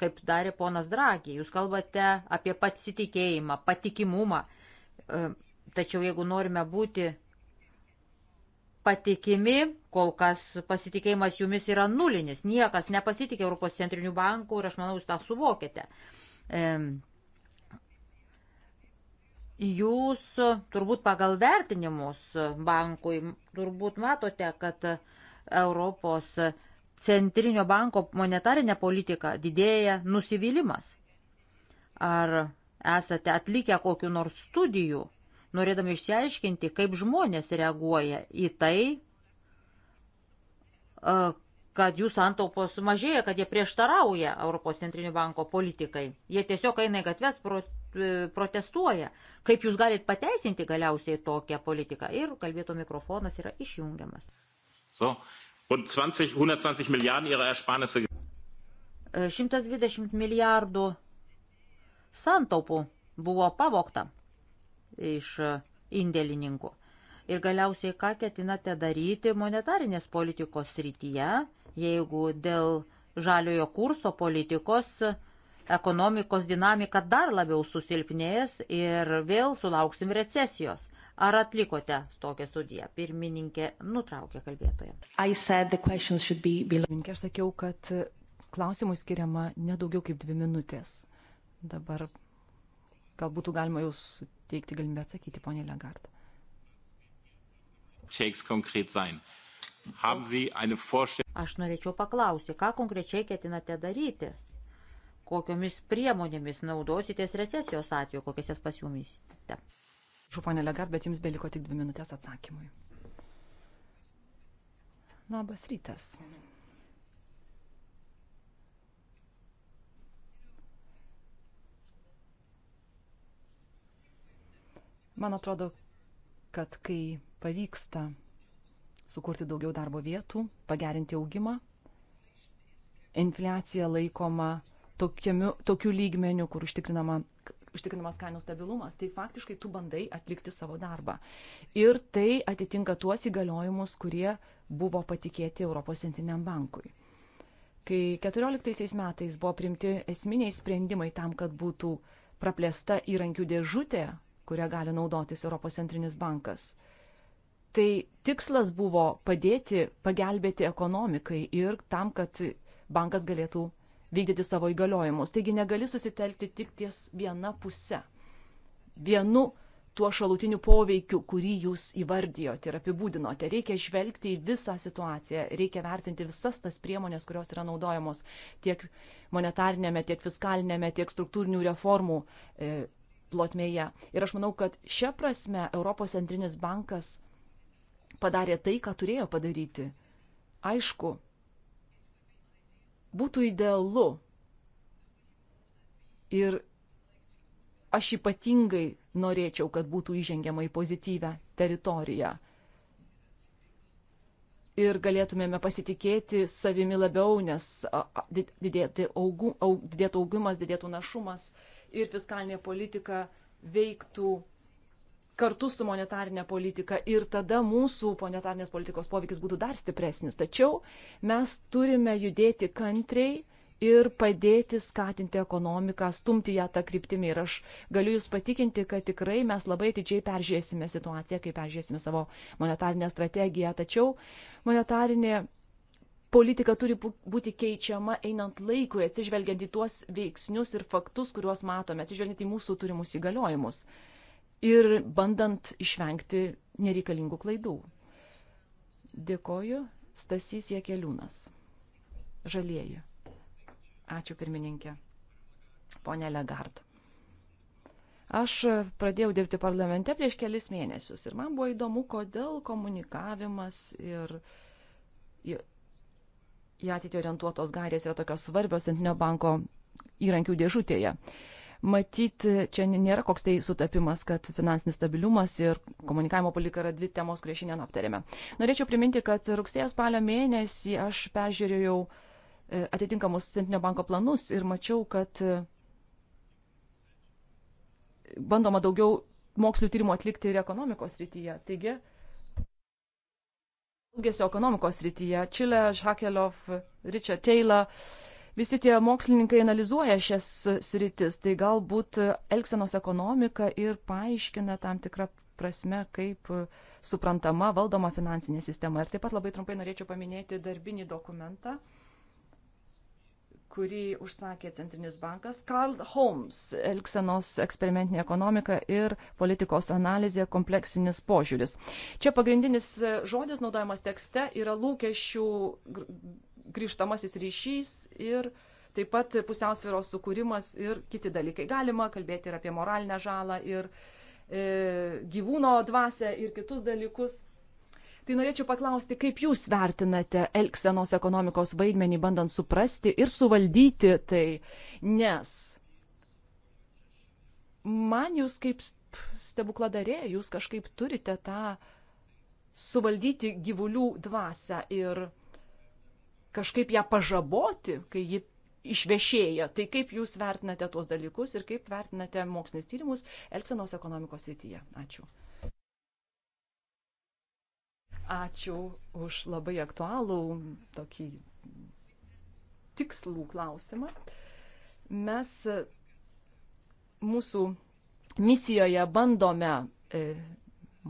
kaip darė ponas Dragė. Jūs kalbate apie pasitikėjimą, patikimumą. E, tačiau jeigu norime būti patikimi, kol kas pasitikėjimas jumis yra nulinis. Niekas nepasitikė Europos centrinių bankų ir aš manau, jūs tą suvokėte. E, jūs turbūt pagal vertinimus bankui turbūt matote, kad Europos centrinio banko monetarinę politiką didėja nusivylimas? Ar esate atlikę kokiu nors studijų, norėdami išsiaiškinti, kaip žmonės reaguoja į tai, e, kad jų santaupos sumažėja, kad jie prieštarauja Europos centrinio banko politikai. Jie tiesiog eina į gatves e, protestuoja. Kaip jūs galite pateisinti galiausiai tokią politiką? Ir kalbėto mikrofonas yra išjungiamas. So, rund 20, 120 Milliarden ihrer Ersparnisse. 120 äh, milijardų santaupų buvo pavokta iš äh, indėlininkų. Ir galiausiai, ką ketinate daryti monetarinės politikos srityje, jeigu dėl žaliojo kurso politikos äh, ekonomikos dinamika dar labiau susilpnės ir vėl sulauksim recesijos. Ar atlikote tokią studiją? Pirmininkė nutraukė kalbėtoją. Pirmininkė, aš sakiau, kad klausimų skiriama nedaugiau kaip dvi minutės. Dabar gal būtų galima jūs suteikti galimybę atsakyti, ponė Legard. Aš norėčiau paklausti, ką konkrečiai ketinate daryti? Kokiomis priemonėmis naudositės recesijos atveju, kokias jas pasiūmysite? Atsiprašau, ponė Legard, bet jums beliko tik dvi minutės atsakymui. Labas rytas. Man atrodo, kad kai pavyksta sukurti daugiau darbo vietų, pagerinti augimą, infliacija laikoma tokiu, tokiu lygmeniu, kur užtikrinama užtikrinamas kainų stabilumas, tai faktiškai tu bandai atlikti savo darbą. Ir tai atitinka tuos įgaliojimus, kurie buvo patikėti Europos centriniam bankui. Kai 2014 metais buvo primti esminiai sprendimai tam, kad būtų praplėsta įrankių dėžutė, kurią gali naudotis Europos centrinis bankas, tai tikslas buvo padėti, pagelbėti ekonomikai ir tam, kad bankas galėtų vykdyti savo įgaliojimus. Taigi negali susitelkti tik ties viena puse, vienu tuo šalutiniu poveikiu, kurį jūs įvardijote ir apibūdinote. Reikia žvelgti į visą situaciją, reikia vertinti visas tas priemonės, kurios yra naudojamos tiek monetarnėme, tiek fiskalinėme, tiek struktūrinių reformų e, plotmėje. Ir aš manau, kad šią prasme Europos centrinis bankas padarė tai, ką turėjo padaryti. Aišku, būtų idealu. Ir aš ypatingai norėčiau, kad būtų įžengiama į pozityvę teritoriją. Ir galėtumėme pasitikėti savimi labiau, nes didėtų augimas, didėtų našumas ir fiskalinė politika veiktų kartu su monetarinė politika ir tada mūsų monetarinės politikos poveikis būtų dar stipresnis. Tačiau mes turime judėti kantriai ir padėti skatinti ekonomiką, stumti ją tą kryptimį. Ir aš galiu Jūs patikinti, kad tikrai mes labai atidžiai peržiūrėsime situaciją, kai peržiūrėsime savo monetarinę strategiją. Tačiau monetarinė politika turi būti keičiama einant laikui, atsižvelgiant į tuos veiksnius ir faktus, kuriuos matome, atsižvelgiant į mūsų turimus įgaliojimus ir bandant išvengti nereikalingų klaidų. Dėkoju, Stasys Jekeliūnas. Žalieji. Ačiū pirmininkė. Pone Legard. Aš pradėjau dirbti parlamente prieš kelis mėnesius ir man buvo įdomu, kodėl komunikavimas ir į ateitį orientuotos gairės yra tokios svarbios Centrinio banko įrankių dėžutėje. Uh, matyti, čia nėra koks tai sutapimas, kad finansinis stabilumas ir komunikavimo politika yra dvi temos, kurie šiandien aptarėme. Norėčiau priminti, kad rugsėjo spalio mėnesį aš peržiūrėjau e, atitinkamus Centrinio banko planus ir mačiau, kad e, bandoma daugiau mokslių tyrimų atlikti ir ekonomikos rytyje. Taigi, Elgesio ekonomikos rytyje Čilė, Žakelov, Richard Taylor visi tie mokslininkai analizuoja šias sritis, tai galbūt elgsenos ekonomika ir paaiškina tam tikrą prasme, kaip suprantama valdoma finansinė sistema. Ir taip pat labai trumpai norėčiau paminėti darbinį dokumentą, kurį užsakė Centrinis bankas Karl Holmes - Elksenos eksperimentinė ekonomika ir politikos analizė - kompleksinis požiūris. Čia pagrindinis žodis naudojamas tekste yra lūkesčių grįžtamasis ryšys ir taip pat pusiausvėros sukūrimas ir kiti dalykai. Galima kalbėti ir apie moralinę žalą, ir e, gyvūno dvasę, ir kitus dalykus. Tai norėčiau paklausti, kaip Jūs vertinate elgsenos ekonomikos vaidmenį, bandant suprasti ir suvaldyti tai, nes man Jūs kaip stebukladarė, Jūs kažkaip turite tą suvaldyti gyvulių dvasę ir kažkaip ją pažaboti, kai ji išvešėja. Tai kaip jūs vertinate tuos dalykus ir kaip vertinate mokslinius tyrimus Elksenos ekonomikos srityje? Ačiū. Ačiū už labai aktualų tokį tikslų klausimą. Mes e, mūsų misijoje bandome e,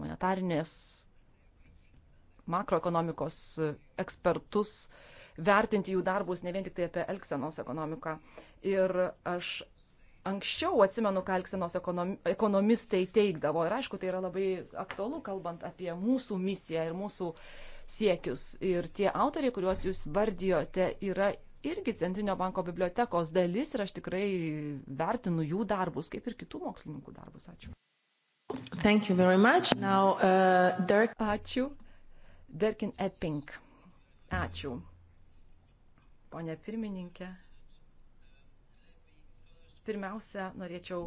monetarinės makroekonomikos e, ekspertus uh, vertinti jų darbus ne vien tik tai apie elgsenos ekonomiką. Ir aš anksčiau atsimenu, ką elgsenos ekonomistai teikdavo. Ir aišku, tai yra labai aktualu, kalbant apie mūsų misiją ir mūsų siekius. Ir tie autoriai, kuriuos jūs vardijote, yra irgi Centrinio banko bibliotekos dalis ir aš tikrai vertinu jų darbus, kaip ir kitų mokslininkų darbus. Ačiū. Thank you very much. Now, uh, Dirk... Ačiū. Derkin Epping. Ačiū. Pone pirmininkė, pirmiausia, norėčiau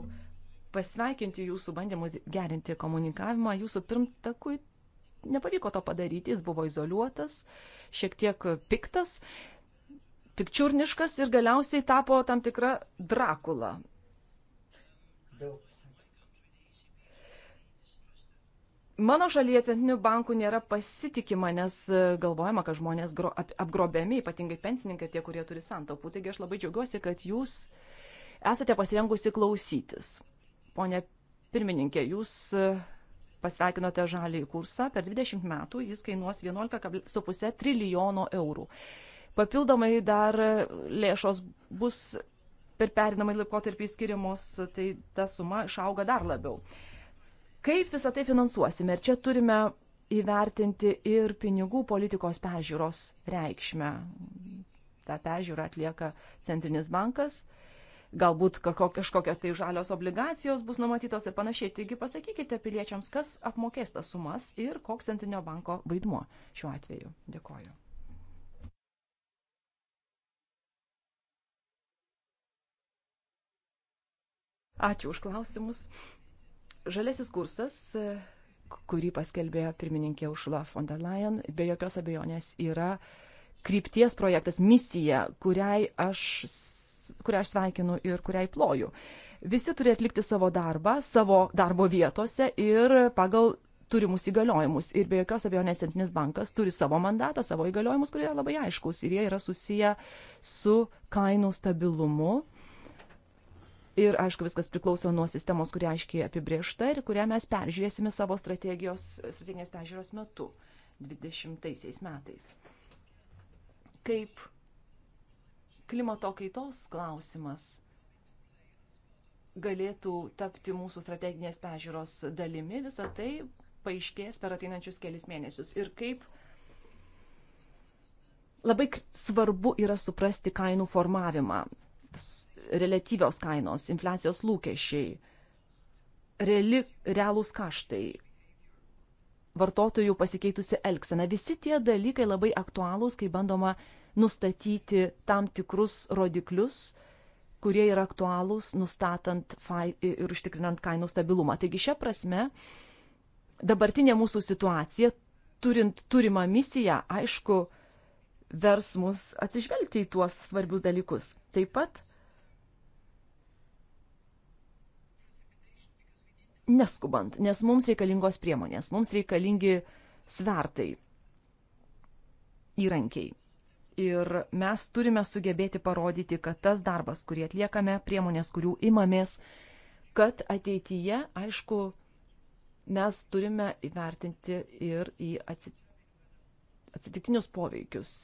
pasveikinti jūsų bandymus gerinti komunikavimą. Jūsų pirmtakui nepavyko to padaryti, jis buvo izoliuotas, šiek tiek piktas, pikčiurniškas ir galiausiai tapo tam tikra Drakula. Dėl Mano šalyje centrinių bankų nėra pasitikima, nes e, galvojama, kad žmonės gro, ap, apgrobiami, ypatingai pensininkai, tie, kurie turi santaupų. Taigi aš labai džiaugiuosi, kad jūs esate pasirengusi klausytis. Pone pirmininkė, jūs e, pasveikinote žalį kursą, per 20 metų jis kainuos 11,5 trilijono eurų. Papildomai dar e, lėšos bus per perinamą laikotarpį skiriamos, tai ta suma išauga dar labiau. Kaip visą tai finansuosime? Ir čia turime įvertinti ir pinigų politikos peržiūros reikšmę. Ta peržiūra atlieka Centrinis bankas galbūt kažkokios tai žalios obligacijos bus numatytos ir panašiai. Taigi pasakykite piliečiams, kas apmokės tas sumas ir koks centrinio banko vaidmuo šiuo atveju. Dėkoju. Ačiū už klausimus. Žalesis kursas, kurį paskelbė pirmininkė Ušla von der Leyen, be jokios abejonės yra krypties projektas, misija, kuriai aš, kurią aš sveikinu ir kuriai ploju. Visi turi atlikti savo darbą, savo darbo vietose ir pagal turimus įgaliojimus. Ir be jokios abejonės Centrinis bankas turi savo mandatą, savo įgaliojimus, kurie yra labai aiškus ir jie yra susiję su kainų stabilumu Ir aišku, viskas priklauso nuo sistemos, kuri aiškiai apibriešta ir kurią mes peržiūrėsime savo strategijos, strateginės peržiūros metu, 20 metais. Kaip klimato kaitos klausimas galėtų tapti mūsų strateginės peržiūros dalimi, visą tai paaiškės per ateinančius kelis mėnesius. Ir kaip labai svarbu yra suprasti kainų formavimą relatyvios kainos, infliacijos lūkesčiai, reali, realūs kaštai, vartotojų pasikeitusi elgsena. Visi tie dalykai labai aktualūs, kai bandoma nustatyti tam tikrus rodiklius, kurie yra aktualūs, nustatant ir užtikrinant kainų stabilumą. Taigi šią prasme, dabartinė mūsų situacija, turint turimą misiją, aišku, vers mus atsižvelgti į tuos svarbius dalykus. Taip pat neskubant, nes mums reikalingos priemonės, mums reikalingi svertai, įrankiai. Ir mes turime sugebėti parodyti, kad tas darbas, kurį atliekame, priemonės, kurių imamės, kad ateityje, aišku, mes turime įvertinti ir į atsitiktinius poveikius,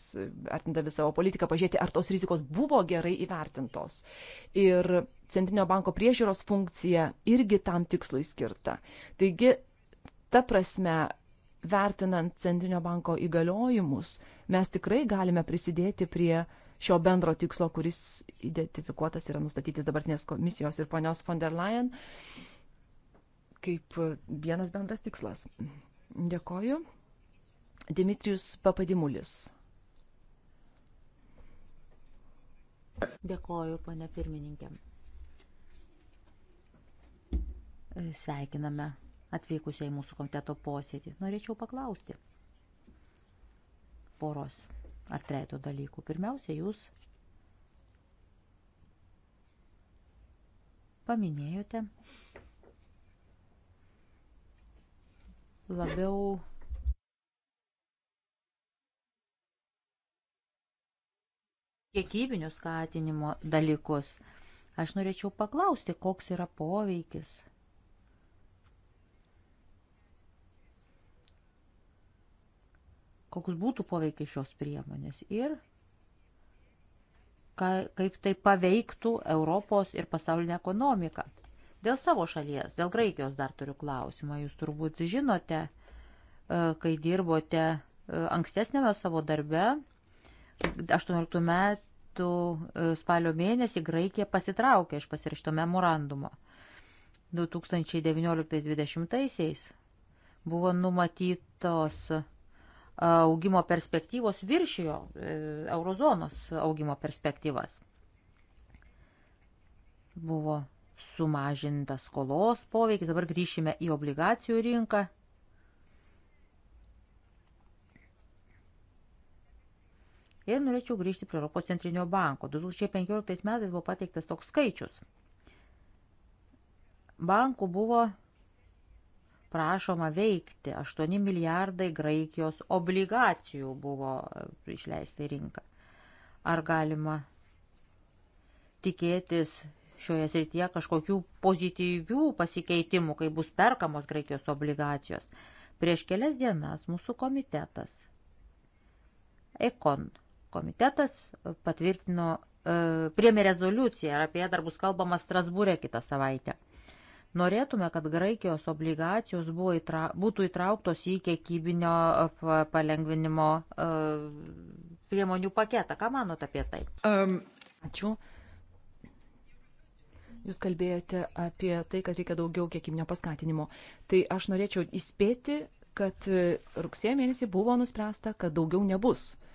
vertinta visą savo politiką, pažiūrėti, ar tos rizikos buvo gerai įvertintos. Ir Centrinio banko priežiūros funkcija irgi tam tikslui skirta. Taigi, ta prasme, vertinant Centrinio banko įgaliojimus, mes tikrai galime prisidėti prie šio bendro tikslo, kuris identifikuotas yra nustatytis dabartinės komisijos ir ponios von der Leyen kaip vienas bendras tikslas. Dėkoju. Dimitrijus Papadimulis. Dėkoju, ponė pirmininkė. E, sveikiname atvykusiai mūsų komiteto posėdį. Norėčiau paklausti poros ar treito dalykų. Pirmiausia, jūs paminėjote labiau kiekybinius skatinimo dalykus. Aš norėčiau paklausti, koks yra poveikis koks būtų poveikis šios priemonės ir kaip tai paveiktų Europos ir pasaulinę ekonomiką. Dėl savo šalies, dėl Graikijos dar turiu klausimą. Jūs turbūt žinote, e, kai dirbote e, ankstesnėme savo darbe, 18 metų e, spalio mėnesį Graikija pasitraukė iš pasirašto memorandumo. 2019-2020 buvo numatytos augimo perspektyvos viršijo e, eurozonos augimo perspektyvas. Buvo sumažintas skolos poveikis, dabar grįšime į obligacijų rinką. Ir norėčiau grįžti prie Europos centrinio banko. 2015 metais buvo pateiktas toks skaičius. Bankų buvo prašoma veikti. 8 milijardai Graikijos obligacijų buvo išleista į rinką. Ar galima tikėtis šioje srityje kažkokių pozityvių pasikeitimų, kai bus perkamos Graikijos obligacijos? Prieš kelias dienas mūsų komitetas, ECON komitetas, patvirtino, e, priemė rezoliuciją ir apie ją dar bus kalbama Strasbūrė kitą savaitę. Norėtume, kad Graikijos obligacijos įtra, būtų įtrauktos į kiekybinio palengvinimo e, priemonių paketą. Ką manote apie tai? Um. Ačiū. Jūs kalbėjote apie tai, kad reikia daugiau kiekybinio paskatinimo. Tai aš norėčiau įspėti, kad rugsėjo mėnesį buvo nuspręsta, kad daugiau nebus. Uh,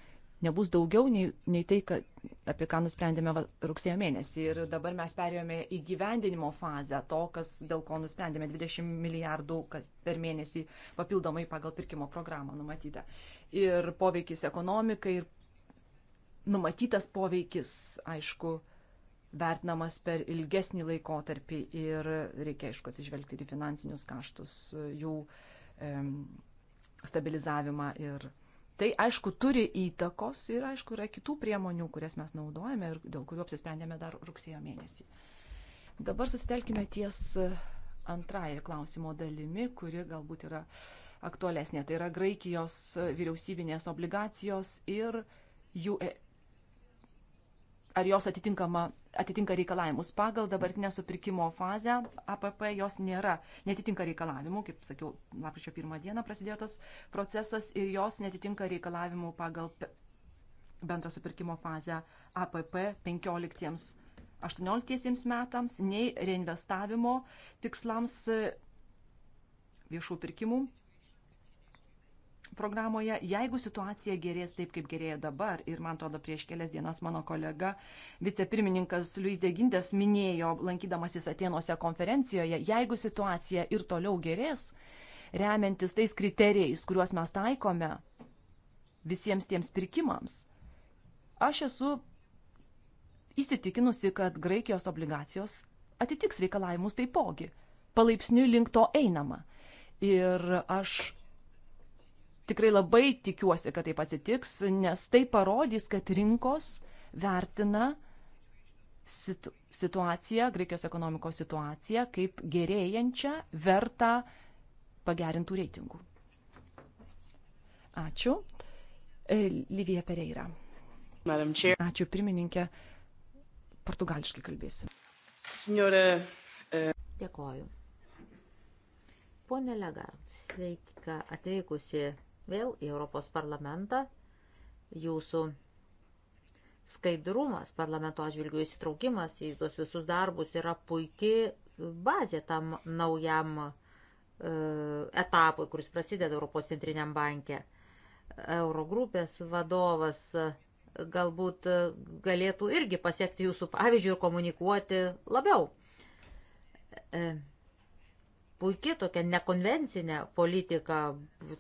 nebus daugiau nei, nei tai, kad, apie ką nusprendėme rugsėjo mėnesį. Ir dabar mes perėjome į gyvendinimo fazę to, kas, dėl ko nusprendėme 20 milijardų per mėnesį papildomai pagal pirkimo programą numatytą. Ir poveikis ekonomikai, ir numatytas poveikis, aišku, vertinamas per ilgesnį laikotarpį ir reikia, aišku, atsižvelgti ir finansinius kaštus, jų e, stabilizavimą ir Tai aišku turi įtakos ir aišku yra kitų priemonių, kurias mes naudojame ir dėl kurių apsisprendėme dar rugsėjo mėnesį. Dabar susitelkime ties e, antrąją klausimo dalimi, kuri galbūt yra aktualesnė. Tai yra Graikijos e, vyriausybinės obligacijos ir jų. E, ar jos atitinkama atitinka reikalavimus. Pagal dabartinę supirkimo fazę APP jos nėra, netitinka reikalavimų, kaip sakiau, lapkričio pirmą dieną prasidėjo tas procesas ir jos netitinka reikalavimų pagal bendro supirkimo fazę APP 15-18 metams, nei reinvestavimo tikslams viešų pirkimų programoje, jeigu situacija gerės taip, kaip gerėja dabar. Ir man atrodo, prieš kelias dienas mano kolega vicepirmininkas Luis Degindės minėjo, lankydamasis Atenuose konferencijoje, jeigu situacija ir toliau gerės, remiantis tais kriterijais, kuriuos mes taikome visiems tiems pirkimams, aš esu įsitikinusi, kad Graikijos obligacijos atitiks reikalavimus taipogi. Palaipsniui link to einama. Ir aš tikrai labai tikiuosi, kad taip atsitiks, nes tai parodys, kad rinkos vertina situ situaciją, Graikijos ekonomikos situaciją, kaip gerėjančią, vertą pagerintų reitingų. Ačiū. E, Livija Pereira. Ačiū pirmininkė. Portugališkai kalbėsiu. Signore. E. Dėkoju. Pone Legard, sveika atvykusi vėl į Europos parlamentą. Jūsų skaidrumas parlamento atžvilgių įsitraukimas į tuos visus darbus yra puikiai bazė tam naujam e, etapui, kuris prasideda Europos centriniam bankė. Eurogrupės vadovas e, galbūt e, galėtų irgi pasiekti jūsų pavyzdžių ir komunikuoti labiau. E, puikia tokia nekonvencinė politika,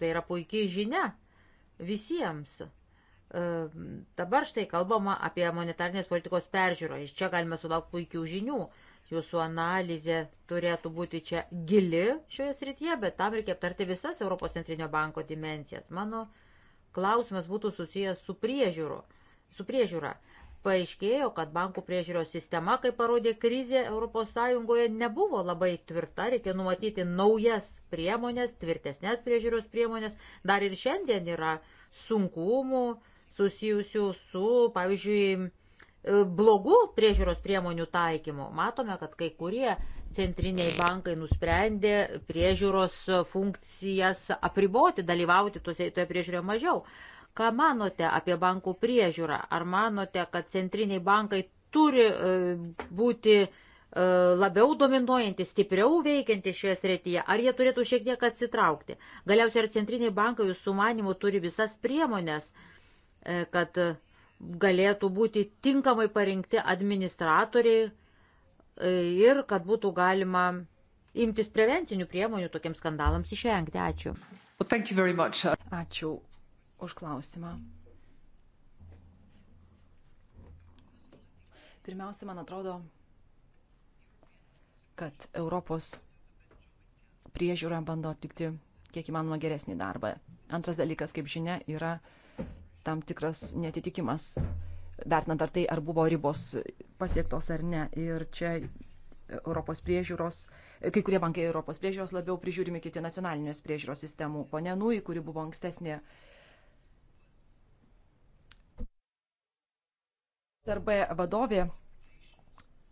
tai yra puikiai žinia visiems. E, dabar štai kalbama apie monetarnės politikos peržiūrą. Iš čia galime sulaukti puikių žinių. Jūsų analizė turėtų būti čia gili šioje srityje, bet tam reikia aptarti visas Europos centrinio banko dimencijas. Mano klausimas būtų susijęs su priežiūru. Su priežiūra paaiškėjo, kad bankų priežiūros sistema, kaip parodė krizė ES, nebuvo labai tvirta, reikia numatyti naujas priemonės, tvirtesnės priežiūros priemonės. Dar ir šiandien yra sunkumų susijusių su, pavyzdžiui, e, blogų priežiūros priemonių taikymu. Matome, kad kai kurie centriniai bankai nusprendė priežiūros funkcijas apriboti, dalyvauti tose, toje priežiūroje mažiau. Ką manote apie bankų priežiūrą? Ar manote, kad centriniai bankai turi e, būti e, labiau dominuojanti, stipriau veikianti šioje srityje, ar jie turėtų šiek tiek atsitraukti. Galiausiai ar centriniai bankai jūsų manimų turi visas priemonės, e, kad galėtų būti tinkamai parinkti administratoriai ir kad būtų galima imtis prevencinių priemonių tokiems skandalams išvengti. Ačiū. Well, Ačiū už klausimą. Pirmiausia, man atrodo, kad Europos priežiūra bando atlikti kiek įmanoma geresnį darbą. Antras dalykas, kaip žinia, yra tam tikras netitikimas, vertinant ar tai, ar buvo ribos pasiektos ar ne. Ir čia Europos priežiūros, kai kurie bankai Europos priežiūros labiau prižiūrimi kiti nacionalinės priežiūros sistemų. Pone Nui, kuri buvo ankstesnė SRB vadovė,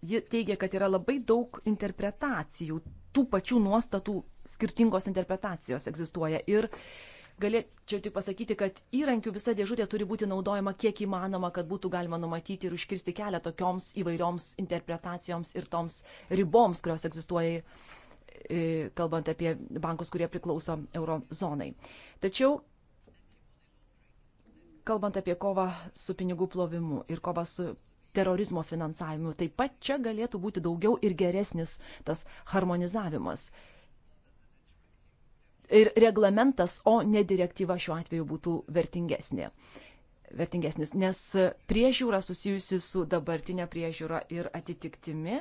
ji teigia, kad yra labai daug interpretacijų, tų pačių nuostatų skirtingos interpretacijos egzistuoja. Ir galėčiau tik pasakyti, kad įrankių visa dėžutė turi būti naudojama kiek įmanoma, kad būtų galima numatyti ir užkirsti kelią tokioms įvairioms interpretacijoms ir toms riboms, kurios egzistuoja, e, kalbant apie bankus, kurie priklauso eurozonai. Tačiau kalbant apie kovą su pinigų plovimu ir kovą su terorizmo finansavimu, taip pat čia galėtų būti daugiau ir geresnis tas harmonizavimas. Ir reglamentas, o ne direktyva šiuo atveju būtų vertingesnė. vertingesnis, nes priežiūra susijusi su dabartinė priežiūra ir atitiktimi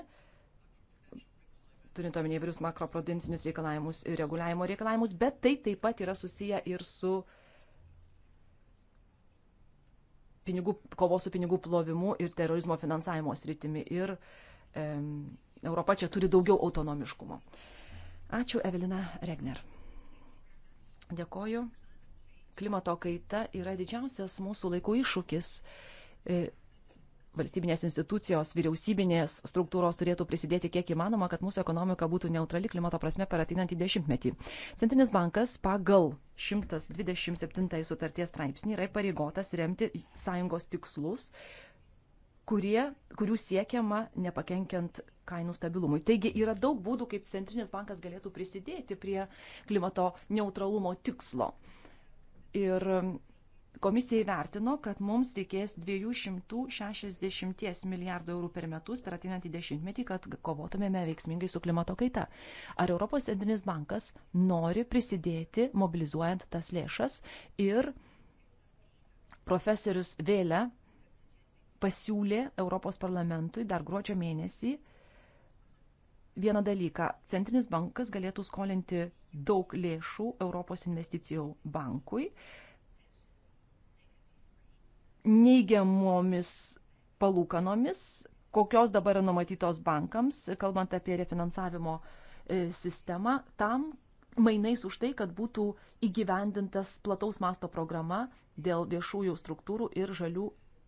turint omenyje įvairius makroprudencinius reikalavimus ir reguliavimo reikalavimus, bet tai taip pat yra susiję ir su uh, pinigų, kovos su pinigų plovimu ir terorizmo finansavimo sritimi. Ir e, Europa čia turi daugiau autonomiškumo. Ačiū, Evelina Regner. Dėkoju. Klimato kaita yra didžiausias mūsų laikų iššūkis. E, valstybinės institucijos, vyriausybinės struktūros turėtų prisidėti kiek įmanoma, kad mūsų ekonomika būtų neutrali klimato prasme per ateinantį dešimtmetį. Centrinis bankas pagal 127 sutarties straipsnį yra pareigotas remti sąjungos tikslus, kurie, kurių siekiama nepakenkiant kainų stabilumui. Taigi yra daug būdų, kaip centrinis bankas galėtų prisidėti prie klimato neutralumo tikslo. Ir Komisija įvertino, kad mums reikės 260 milijardų eurų per metus per ateinantį dešimtmetį, kad kovotumėme veiksmingai su klimato kaita. Ar Europos centrinis bankas nori prisidėti mobilizuojant tas lėšas ir profesorius Vėlė pasiūlė Europos parlamentui dar gruodžio mėnesį vieną dalyką. Centrinis bankas galėtų skolinti daug lėšų Europos investicijų bankui neigiamomis palūkanomis, kokios dabar yra numatytos bankams, kalbant apie refinansavimo e, sistemą, tam mainais už tai, kad būtų įgyvendintas plataus masto programa dėl viešųjų struktūrų ir žalių,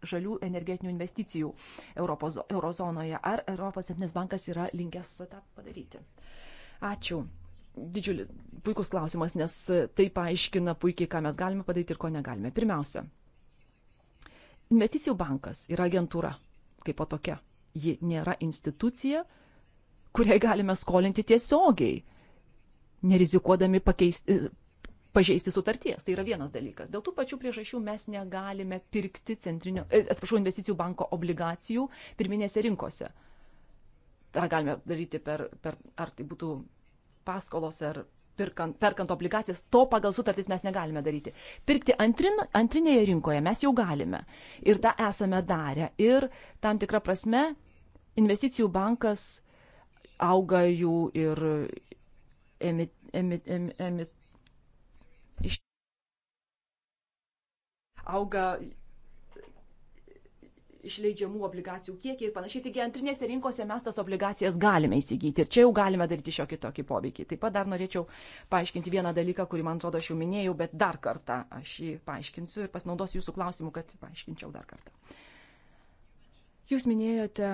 žalių energetinių investicijų Europos, eurozonoje. Ar Europos Centrinis bankas yra linkęs tą padaryti? Ačiū. Didžiulis, puikus klausimas, nes tai paaiškina puikiai, ką mes galime padaryti ir ko negalime. Pirmiausia, Investicijų bankas yra agentūra, kaip po tokia. Ji nėra institucija, kuriai galime skolinti tiesiogiai, nerizikuodami pakeisti, e, pažeisti sutarties. Tai yra vienas dalykas. Dėl tų pačių priežasčių mes negalime pirkti centrinio, e, atsiprašau, investicijų banko obligacijų pirminėse rinkose. Ta galime daryti per, per ar tai būtų paskolos ar pirkant, perkant obligacijas, to pagal sutartis mes negalime daryti. Pirkti antrin, antrinėje rinkoje mes jau galime. Ir tą esame darę. Ir tam tikrą prasme investicijų bankas auga jų ir emit. emit, emit, emit iš, auga išleidžiamų obligacijų kiekį ir panašiai. Taigi antrinėse rinkose mes tas obligacijas galime įsigyti ir čia jau galime daryti šiokį tokį poveikį. Taip pat dar norėčiau paaiškinti vieną dalyką, kurį man atrodo aš jau minėjau, bet dar kartą aš jį paaiškinsiu ir pasinaudosiu jūsų klausimu, kad paaiškinčiau dar kartą. Jūs minėjote,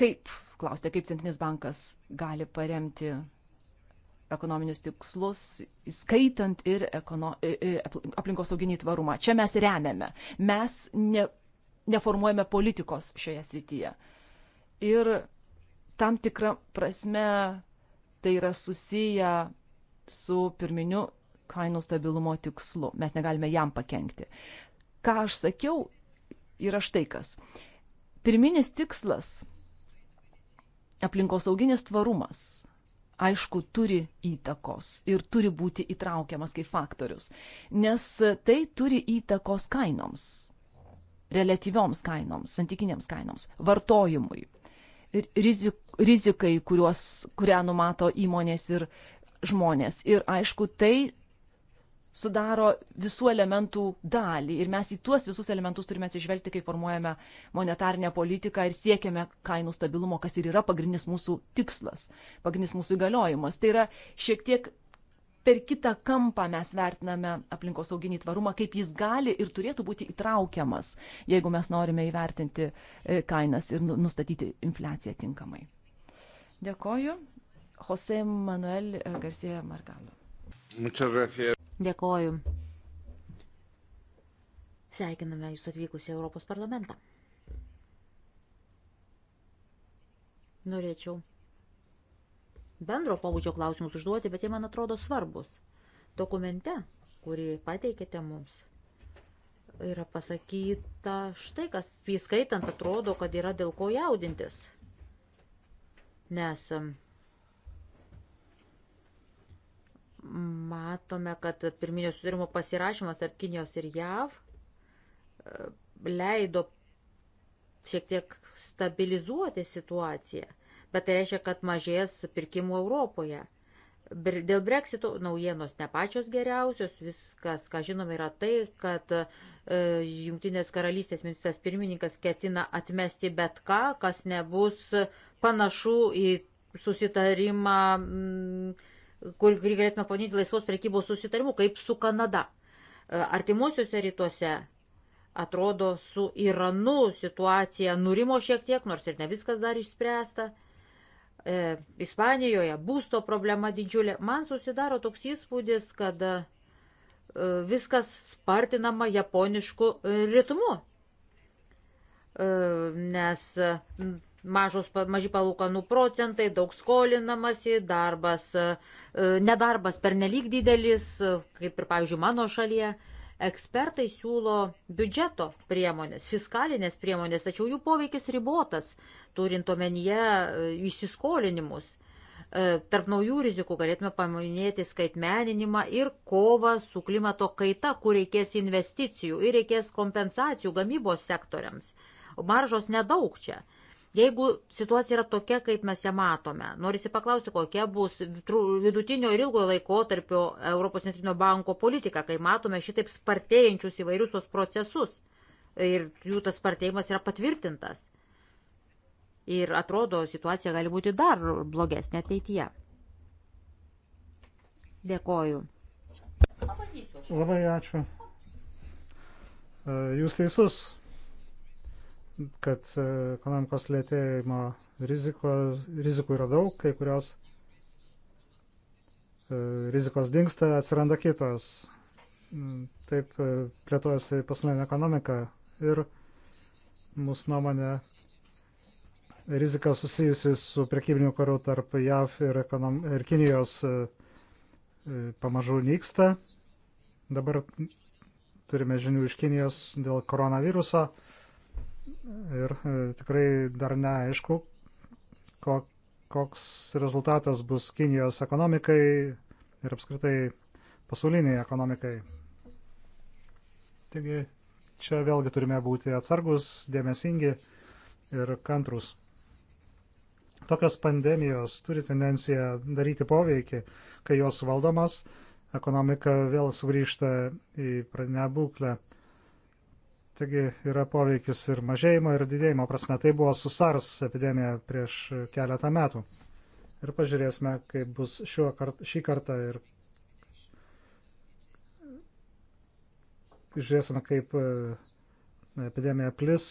kaip, klausėte, kaip Centrinis bankas gali paremti ekonominius tikslus, įskaitant ir ekono, aplinkosauginį tvarumą. Čia mes remiame. Mes ne, neformuojame politikos šioje srityje. Ir tam tikrą prasme tai yra susiję su pirminiu kainų stabilumo tikslu. Mes negalime jam pakengti. Ką aš sakiau, yra štai kas. Pirminis tikslas - aplinkosauginis tvarumas aišku, turi įtakos ir turi būti įtraukiamas kaip faktorius, nes tai turi įtakos kainoms, relatyvioms kainoms, santykinėms kainoms, vartojimui, rizik, rizikai, kuriuos, kurią numato įmonės ir žmonės. Ir aišku, tai sudaro visų elementų dalį ir mes į tuos visus elementus turime atsižvelgti, kai formuojame monetarinę politiką ir siekiame kainų stabilumo, kas ir yra pagrindinis mūsų tikslas, pagrindinis mūsų įgaliojimas. Tai yra šiek tiek per kitą kampą mes vertiname aplinkosauginį tvarumą, kaip jis gali ir turėtų būti įtraukiamas, jeigu mes norime įvertinti e, kainas ir nu, nustatyti infliaciją tinkamai. Dėkoju. Jose Manuel e, Garcia Margalo. Muchas gracias. Dėkoju. Sveikiname Jūs atvykus į Europos parlamentą. Norėčiau bendro pobūdžio klausimus užduoti, bet jie man atrodo svarbus. Dokumente, kurį pateikėte mums, yra pasakyta štai, kas įskaitant atrodo, kad yra dėl ko jaudintis. Nes matome, kad pirminio sutarimo pasirašymas tarp Kinijos ir JAV e, leido šiek tiek stabilizuoti situaciją, bet tai reiškia, kad mažės pirkimų Europoje. Dėl breksito naujienos ne pačios geriausios, viskas, ką žinome, yra tai, kad e, Junktinės karalystės ministras pirmininkas ketina atmesti bet ką, kas nebus panašu į susitarimą. M, kurį galėtume pavadinti laisvos prekybos susitarimu, kaip su Kanada. E, artimuosiuose rytuose atrodo su Iranu situacija nurimo šiek tiek, nors ir ne viskas dar išspręsta. E, Ispanijoje būsto problema didžiulė. Man susidaro toks įspūdis, kad e, viskas spartinama japonišku e, ritmu. E, nes mažos, maži palūkanų procentai, daug skolinamasi, darbas, e, nedarbas pernelyg didelis, e, kaip ir, pavyzdžiui, mano šalyje. Ekspertai siūlo biudžeto priemonės, fiskalinės priemonės, tačiau jų poveikis ribotas, turint omenyje e, įsiskolinimus. Tarp naujų rizikų galėtume paminėti skaitmeninimą ir kovą su klimato kaita, kur reikės investicijų ir reikės kompensacijų gamybos sektoriams. Maržos nedaug čia Jeigu situacija yra tokia, kaip mes ją matome, norisi paklausti, kokia bus vidutinio ir ilgojo laiko tarpio Europos centrinio banko politika, kai matome šitaip spartėjančius įvairius tos procesus ir jų tas spartėjimas yra patvirtintas. Ir atrodo, situacija gali būti dar blogesnė ateityje. Dėkoju. Labai ačiū. E, jūs teisus kad e, ekonomikos lėtėjimo riziko, rizikų yra daug, kai kurios e, rizikos dinksta, atsiranda kitos. Mm, taip e, plėtojasi pasaulinė ekonomika ir mūsų nuomonė rizika susijusi su prekybiniu karu tarp JAV ir, ekonom, ir Kinijos pamažu nyksta. Dabar turime žinių iš Kinijos dėl koronaviruso ir e, tikrai dar neaišku, koks rezultatas bus Kinijos ekonomikai ir apskritai pasauliniai ekonomikai. Taigi čia vėlgi turime būti atsargus, dėmesingi ir kantrus. Tokios pandemijos turi tendenciją daryti poveikį, kai jos valdomas, ekonomika vėl sugrįžta į pradinę būklę. Taigi yra poveikis ir mažėjimo, ir didėjimo prasme. Tai buvo su SARS epidemija prieš keletą metų. Ir pažiūrėsime, kaip bus kart, šį kartą ir žiūrėsime, kaip e, epidemija plis,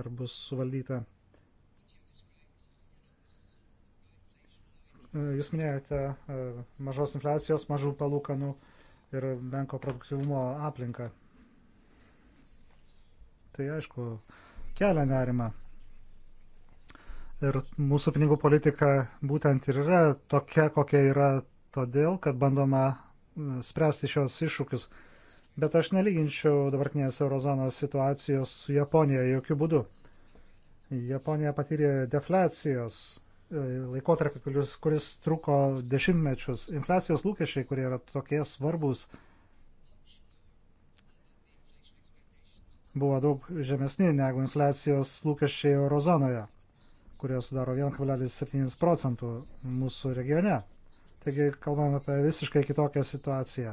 ar bus suvaldyta. E, jūs minėjote e, mažos infliacijos, mažų palūkanų ir menko produktivumo aplinką tai aišku kelia nerima. Ir mūsų pinigų politika būtent ir yra tokia, kokia yra, todėl, kad bandoma spręsti šios iššūkius. Bet aš nelyginčiau dabartinės eurozonos situacijos su Japonija jokių būdų. Japonija patyrė deflecijos e, laikotarpį, kuris, kuris truko dešimtmečius. Inflecijos lūkesčiai, kurie yra tokie svarbus buvo daug žemesni negu infliacijos lūkesčiai eurozonoje, kurie sudaro 1,7 procentų mūsų regione. Taigi kalbame apie visiškai kitokią situaciją.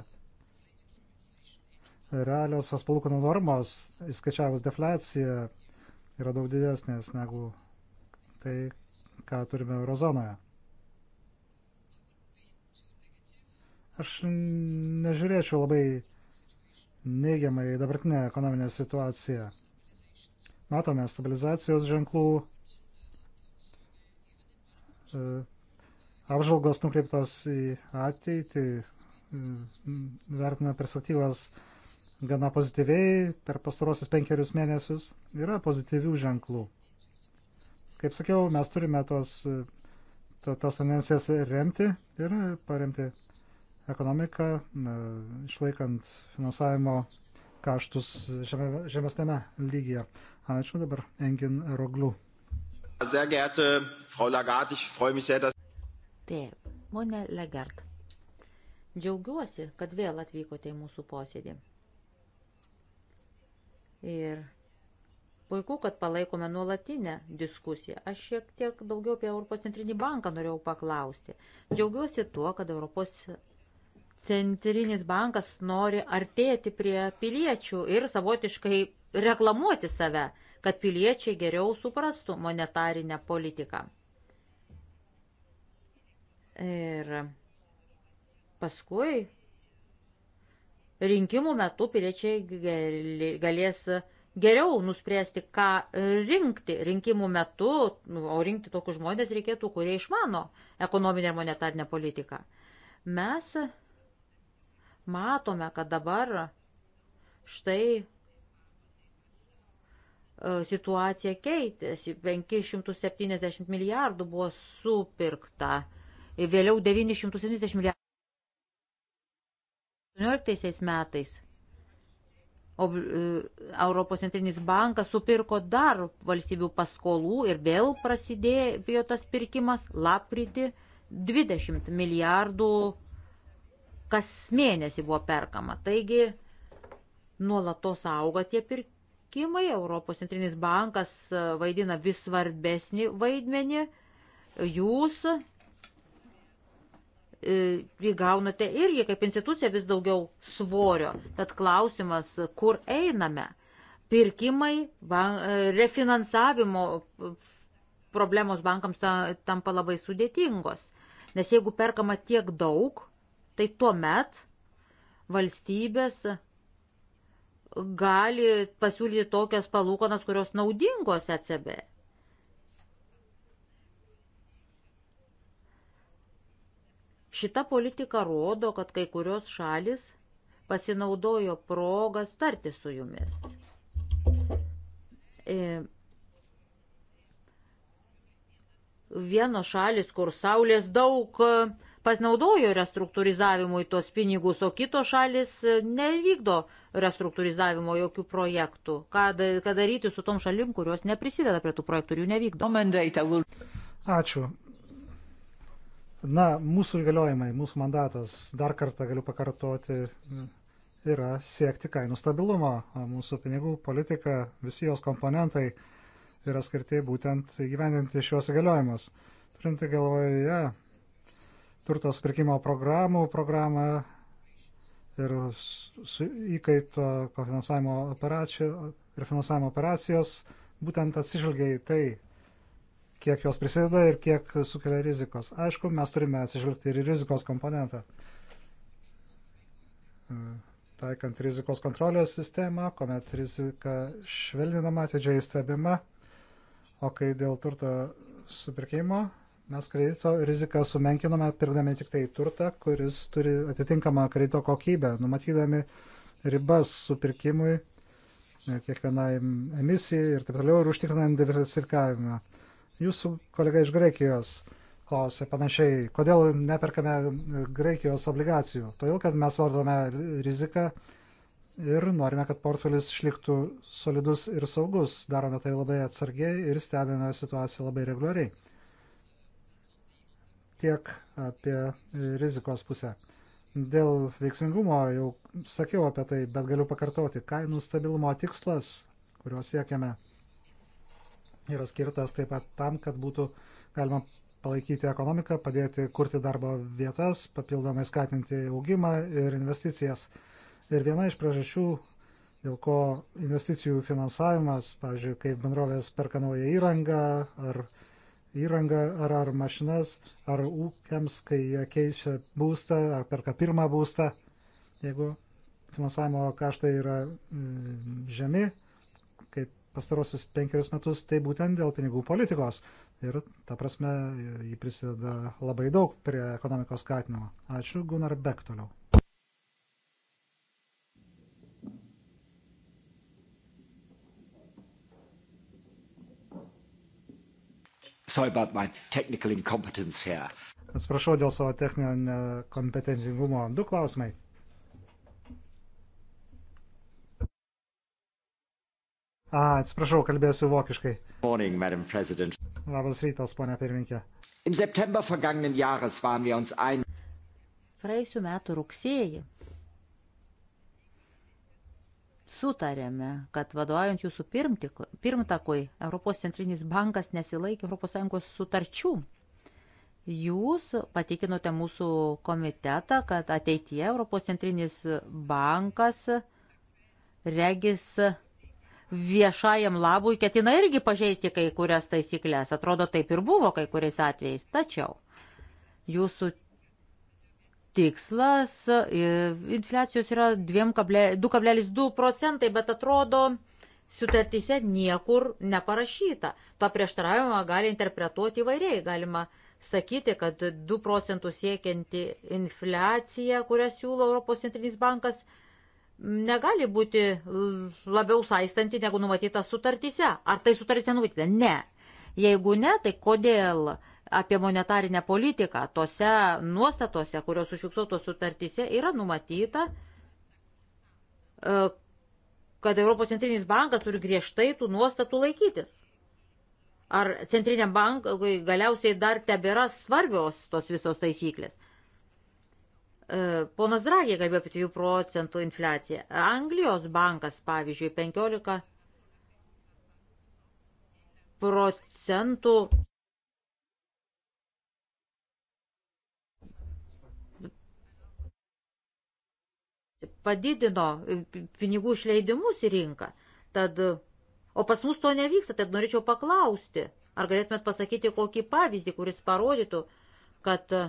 Realiosios palūkanų normos, įskaičiavus defliaciją, yra daug didesnės negu tai, ką turime eurozonoje. Aš nežiūrėčiau labai neigiamai dabartinę ekonominę situaciją. Matome stabilizacijos ženklų, e, apžvalgos nukreiptos į ateitį, e, vertina perspektyvas gana pozityviai per pastarosius penkerius mėnesius, yra pozityvių ženklų. Kaip sakiau, mes turime tos, e, tas tendencijas remti ir paremti ekonomiką, išlaikant finansavimo kaštus žeme, žemesnėme lygyje. Ačiū dabar Engin Rogliu. Sehr geehrte Frau Lagarde, ich freue mich sehr, dass. Taip, Mone Legard. Džiaugiuosi, kad vėl atvykote į mūsų posėdį. Ir puiku, kad palaikome nuolatinę diskusiją. Aš šiek tiek daugiau apie Europos centrinį banką norėjau paklausti. Džiaugiuosi tuo, kad Europos centrinis bankas nori artėti prie piliečių ir savotiškai reklamuoti save, kad piliečiai geriau suprastų monetarinę politiką. Ir paskui rinkimų metu piliečiai galės geriau nuspręsti, ką rinkti rinkimų metu, o rinkti tokius žmonės reikėtų, kurie išmano ekonominę ir monetarinę politiką. Mes matome, kad dabar štai e, situacija keitėsi. 570 milijardų buvo supirkta, vėliau 970 milijardų. 18 metais e, Europos centrinis bankas supirko dar valstybių paskolų ir vėl prasidėjo tas pirkimas lapkritį 20 milijardų kas mėnesį buvo perkama. Taigi nuolatos auga tie pirkimai, Europos centrinis bankas e, vaidina vis svarbesnį vaidmenį, jūs e, įgaunate irgi kaip institucija vis daugiau svorio. Tad klausimas, kur einame? Pirkimai, bank, e, refinansavimo problemos bankams tampa labai sudėtingos. Nes jeigu perkama tiek daug, tai tuo met valstybės gali pasiūlyti tokias palūkonas, kurios naudingos ECB. Šita politika rodo, kad kai kurios šalis pasinaudojo progą starti su jumis. E, vienos šalis, kur saulės daug, pasinaudojo restruktūrizavimui tuos pinigus, o kitos šalis e, nevykdo restruktūrizavimo jokių projektų. Ką, ką daryti su tom šalim, kurios neprisideda prie tų projektų ir jų nevykdo? Ačiū. Na, mūsų įgaliojimai, mūsų mandatas, dar kartą galiu pakartoti, yra siekti kainų stabilumo. Mūsų pinigų politika, visi jos komponentai yra skirti būtent įgyvendinti šiuos įgaliojimus. Turinti galvoje, ja, turto supirkimo programų programą ir su įkaito kofinansavimo operacijų ir finansavimo operacijos būtent atsižvelgia į tai, kiek jos prisideda ir kiek sukelia rizikos. Aišku, mes turime atsižvelgti ir į rizikos komponentą. Taikant rizikos kontrolės sistemą, kuomet rizika švelninama, atidžiai stebima, o kai dėl turto supirkimo Mes kredito riziką sumenkiname, pirkdami tik tai turtą, kuris turi atitinkamą kredito kokybę, numatydami ribas supirkimui, e, kiekvienai emisijai ir taip toliau, ir užtikrinant diversifikavimą. Jūsų kolega iš Graikijos klausė panašiai, kodėl neperkame e, Graikijos obligacijų? Todėl, kad mes vardome riziką ir norime, kad portfelis išliktų solidus ir saugus. Darome tai labai atsargiai ir stebime situaciją labai reguliariai tiek apie rizikos pusę. Dėl veiksmingumo jau sakiau apie tai, bet galiu pakartoti, kainų stabilumo tikslas, kurio siekiame, yra skirtas taip pat tam, kad būtų galima palaikyti ekonomiką, padėti kurti darbo vietas, papildomai skatinti augimą ir investicijas. Ir viena iš priežasčių, dėl ko investicijų finansavimas, pavyzdžiui, kaip bendrovės perka naują įrangą ar uh, įrangą ar, ar mašinas, ar ūkiams, kai jie keičia būstą ar perka pirmą būstą. Jeigu finansavimo kaštai yra mm, žemi, kaip pastarosius penkerius metus, tai būtent dėl pinigų politikos. Ir ta prasme, jį prisideda labai daug prie ekonomikos skatinimo. Ačiū, Gunnar Bek toliau. Sorry about my technical incompetence here. Atsiprašau dėl savo techninio kompetentingumo. Du klausimai. A, atsiprašau, kalbėsiu vokiškai. Morning, Madam President. Labas rytas, ponia pirminkė. Im September vergangenen Jahres waren wir uns ein. Praėjusiu metu rugsėjį sutarėme, kad vadovaujant jūsų pirmtakui, Europos centrinis bankas nesilaikė ES sutarčių. Jūs patikinote mūsų komitetą, kad ateityje Europos centrinis bankas regis viešajam labui ketina irgi pažeisti kai kurias taisyklės. Atrodo, taip ir buvo kai kuriais atvejais. Tačiau jūsų tikslas e, infliacijos yra 2,2 procentai, bet atrodo sutartyse niekur neparašyta. Tą prieštaravimą gali interpretuoti įvairiai. Galima sakyti, kad 2 procentų siekianti infliacija, kurią siūlo Europos centrinis bankas, negali būti labiau saistanti negu numatyta sutartyse. Ar tai sutartyse numatyta? Ne. Jeigu ne, tai kodėl apie monetarinę politiką, tose nuostatose, kurios užfiksuotos sutartyse, yra numatyta, e, kad Europos centrinis bankas turi griežtai tų nuostatų laikytis. Ar centriniam bankui galiausiai dar tebėra svarbios tos visos taisyklės? E, ponas Dragė kalbėjo apie 2 procentų infliaciją. Anglijos bankas, pavyzdžiui, 15 procentų padidino e, pinigų išleidimus į rinką. Tad, o pas mus to nevyksta, tad norėčiau paklausti, ar galėtumėt pasakyti kokį pavyzdį, kuris parodytų, kad e,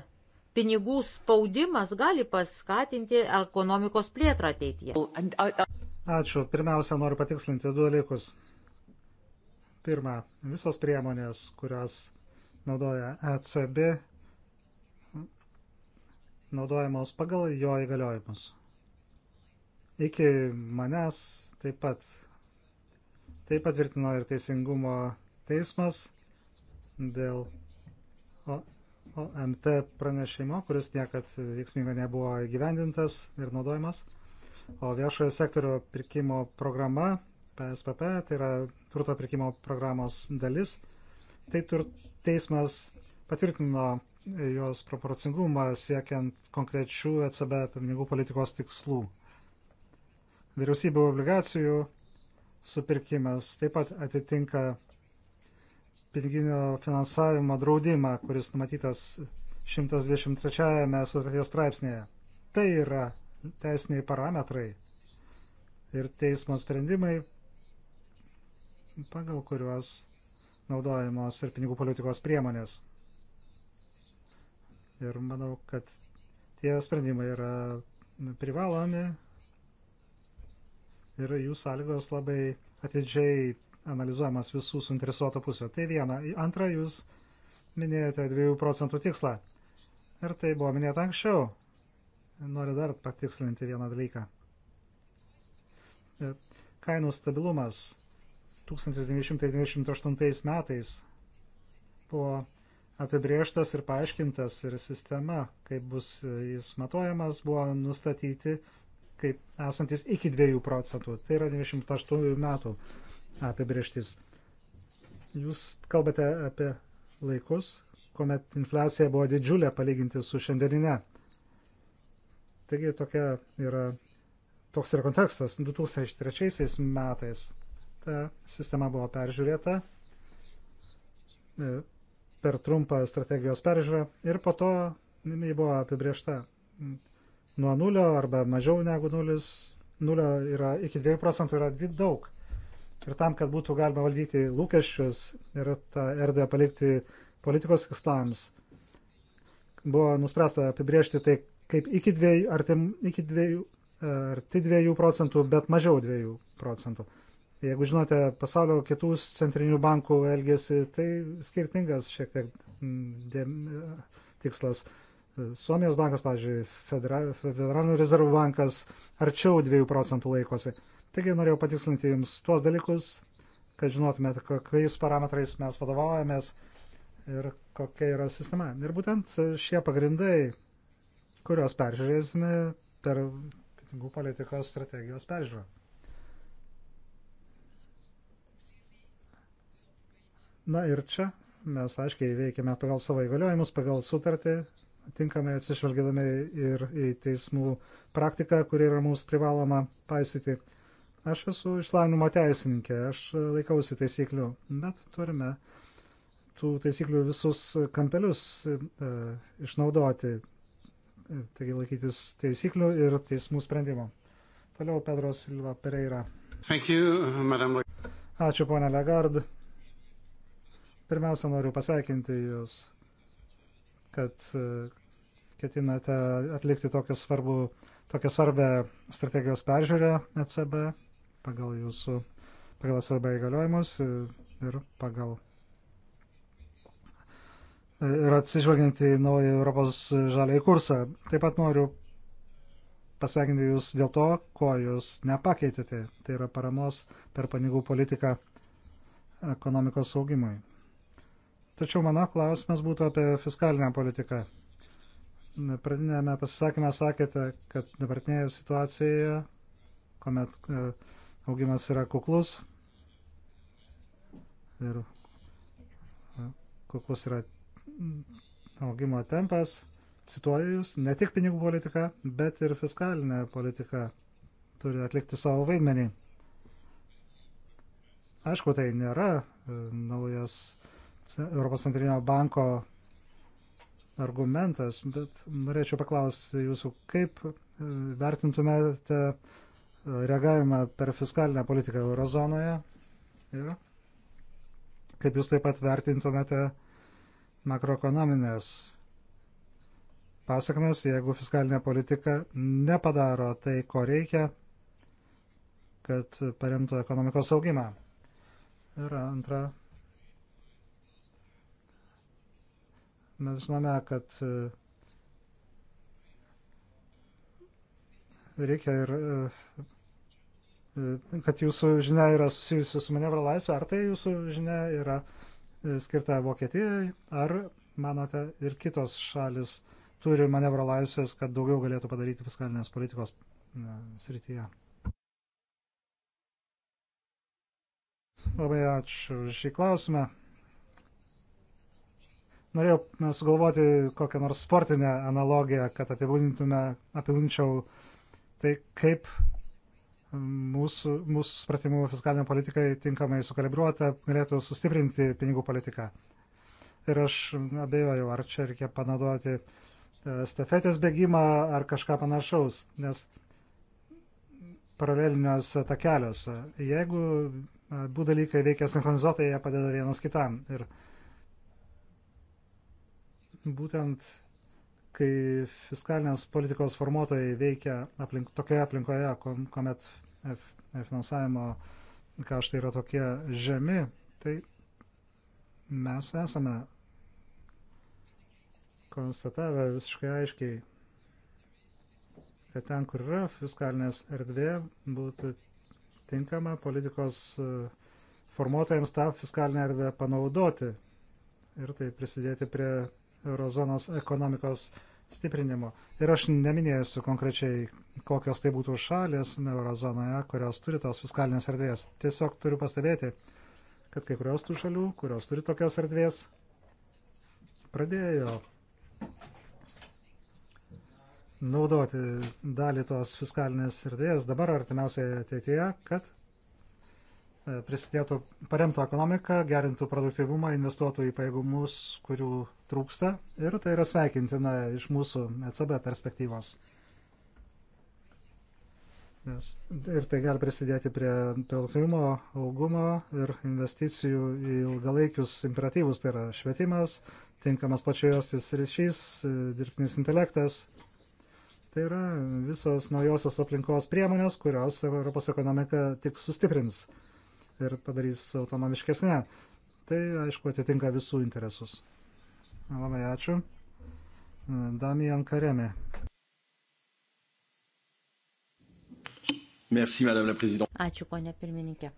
pinigų spaudimas gali paskatinti ekonomikos plėtrą ateityje. Ačiū. Pirmiausia, noriu patikslinti du dalykus. Pirma, visos priemonės, kurios naudoja ECB, naudojamos pagal jo įgaliojimus iki manęs taip pat. Tai patvirtino ir Teisingumo teismas dėl OMT pranešimo, kuris niekad veiksmingai nebuvo įgyvendintas ir naudojamas. O viešojo sektorio pirkimo programa PSPP, tai yra turto pirkimo programos dalis, tai tur, teismas patvirtino jos proporcingumą siekiant konkrečių ECB pinigų politikos tikslų. Vyriausybių obligacijų supirkimas taip pat atitinka piniginio finansavimo draudimą, kuris numatytas 123 sutarties straipsnėje. Tai yra teisiniai parametrai ir teismo sprendimai, pagal kuriuos naudojamos ir pinigų politikos priemonės. Ir manau, kad tie sprendimai yra privalomi ir jų sąlygos labai atidžiai analizuojamas visų suinteresuoto pusio. Tai viena. Antra, jūs minėjote 2 procentų tikslą. Ir tai buvo minėta anksčiau. Noriu dar patikslinti vieną dalyką. Kainų stabilumas 1998 metais buvo apibrieštas ir paaiškintas ir sistema, kaip bus jis matuojamas, buvo nustatyti kaip esantis iki 2 procentų. Tai yra 98 metų apibrieštis. Jūs kalbate apie laikus, kuomet infliacija buvo didžiulė palyginti su šiandieninė. Taigi tokia yra, toks yra kontekstas. 2003 metais ta sistema buvo peržiūrėta e, per trumpą strategijos peržiūrą ir po to jinai buvo apibriešta nuo nulio arba mažiau negu nulis, nulio yra iki 2 procentų yra daug. Ir tam, kad būtų galima valdyti lūkesčius ir tą erdvę palikti politikos tikslams, buvo nuspręsta apibriežti tai kaip iki 2 ar, iki 2, ar tai 2 procentų, bet mažiau 2 procentų. Jeigu žinote pasaulio kitus centrinių bankų elgesį, tai skirtingas šiek tiek mm, dėm, tikslas. Suomijos bankas, pavyzdžiui, Federalinių rezervų bankas arčiau 2 procentų laikosi. Taigi norėjau patikslinti Jums tuos dalykus, kad žinotumėt, kokiais parametrais mes vadovaujamės ir kokia yra sistema. Ir būtent šie pagrindai, kuriuos peržiūrėsime per pinigų politikos strategijos peržiūrą. Na ir čia mes aiškiai veikiame pagal savo įgaliojimus, pagal sutartį, tinkamai atsižvelgėdami ir į teismų praktiką, kuri yra mums privaloma paisyti. Aš esu išlavinimo teisininkė, aš laikausi taisyklių, bet turime tų taisyklių visus kampelius e, išnaudoti, e, taigi laikytis taisyklių ir teismų sprendimo. Toliau Pedro Silva Pereira. Thank you, Madam. Ačiū, ponia Legard. Pirmiausia, noriu pasveikinti Jūs kad e, ketinate atlikti tokią svarbų, tokią svarbę strategijos peržiūrę ECB pagal jūsų, pagal ECB įgaliojimus ir pagal e, ir atsižvelgiant į naują Europos žaliai kursą. Taip pat noriu pasveikinti jūs dėl to, ko jūs nepakeitėte. Tai yra paramos per panigų politiką ekonomikos augimui. Tačiau mano klausimas būtų apie fiskalinę politiką. Pradinėme pasisakymę sakėte, kad dabartinėje situacijoje, kuomet e, augimas yra kuklus ir e, kuklus yra augimo tempas, cituoju jūs, ne tik pinigų politika, bet ir fiskalinė politika turi atlikti savo vaidmenį. Aišku, tai nėra e, naujas Europos centrinio banko argumentas, bet norėčiau paklausti jūsų, kaip e, vertintumėte e, reagavimą per fiskalinę politiką eurozonoje ir kaip jūs taip pat vertintumėte makroekonominės pasakmes, jeigu fiskalinė politika nepadaro tai, ko reikia, kad paremtų ekonomikos augimą. Ir antra, Mes žinome, kad e, reikia ir e, e, kad jūsų žinia yra susijusi su manevro laisvė, ar tai jūsų žinia yra skirta Vokietijai, ar manote ir kitos šalis turi manevro laisvės, kad daugiau galėtų padaryti fiskalinės politikos srityje. Labai ačiū šį klausimą. Norėjau sugalvoti kokią nors sportinę analogiją, kad apibūdintume, apibūdinčiau tai, kaip mūsų, mūsų supratimų fiskalinė politika tinkamai sukalibruota galėtų sustiprinti pinigų politiką. Ir aš abejoju, ar čia reikia panaudoti e, stafetės bėgimą ar kažką panašaus, nes paraleliniuose takeliuose, jeigu abu e, dalykai veikia sinchronizuotai, jie padeda vienas kitam. Ir būtent kai fiskalinės politikos formuotojai veikia aplink, tokioje aplinkoje, kuomet finansavimo kaštai yra tokie žemi, tai mes esame konstatavę visiškai aiškiai, kad ten, kur yra fiskalinės erdvė, būtų tinkama politikos e, formuotojams tą fiskalinę erdvę panaudoti ir tai prisidėti prie eurozonos ekonomikos stiprinimu. Ir aš neminėsiu konkrečiai, kokios tai būtų šalis eurozonoje, kurios turi tos fiskalinės erdvės. Tiesiog turiu pastebėti, kad kai kurios tų šalių, kurios turi tokios erdvės, pradėjo naudoti dalį tos fiskalinės erdvės dabar artimiausioje ateityje, kad prisidėtų paremtų ekonomiką, gerintų produktivumą, investuotų į pajėgumus, kurių trūksta. Ir tai yra sveikintina iš mūsų ECB perspektyvos. Nes ir tai gali prisidėti prie produktivumo, augumo ir investicijų į ilgalaikius imperatyvus, tai yra švietimas, tinkamas plačiojostis ryšys, dirbtinis intelektas. Tai yra visos naujosios aplinkos priemonės, kurios Europos ekonomiką tik sustiprins ir padarys autonomiškesnė. Tai, aišku, atitinka visų interesus. Labai ačiū. Damian Karemė. Merci, Madame la Présidente. Ačiū, ponė pirmininkė.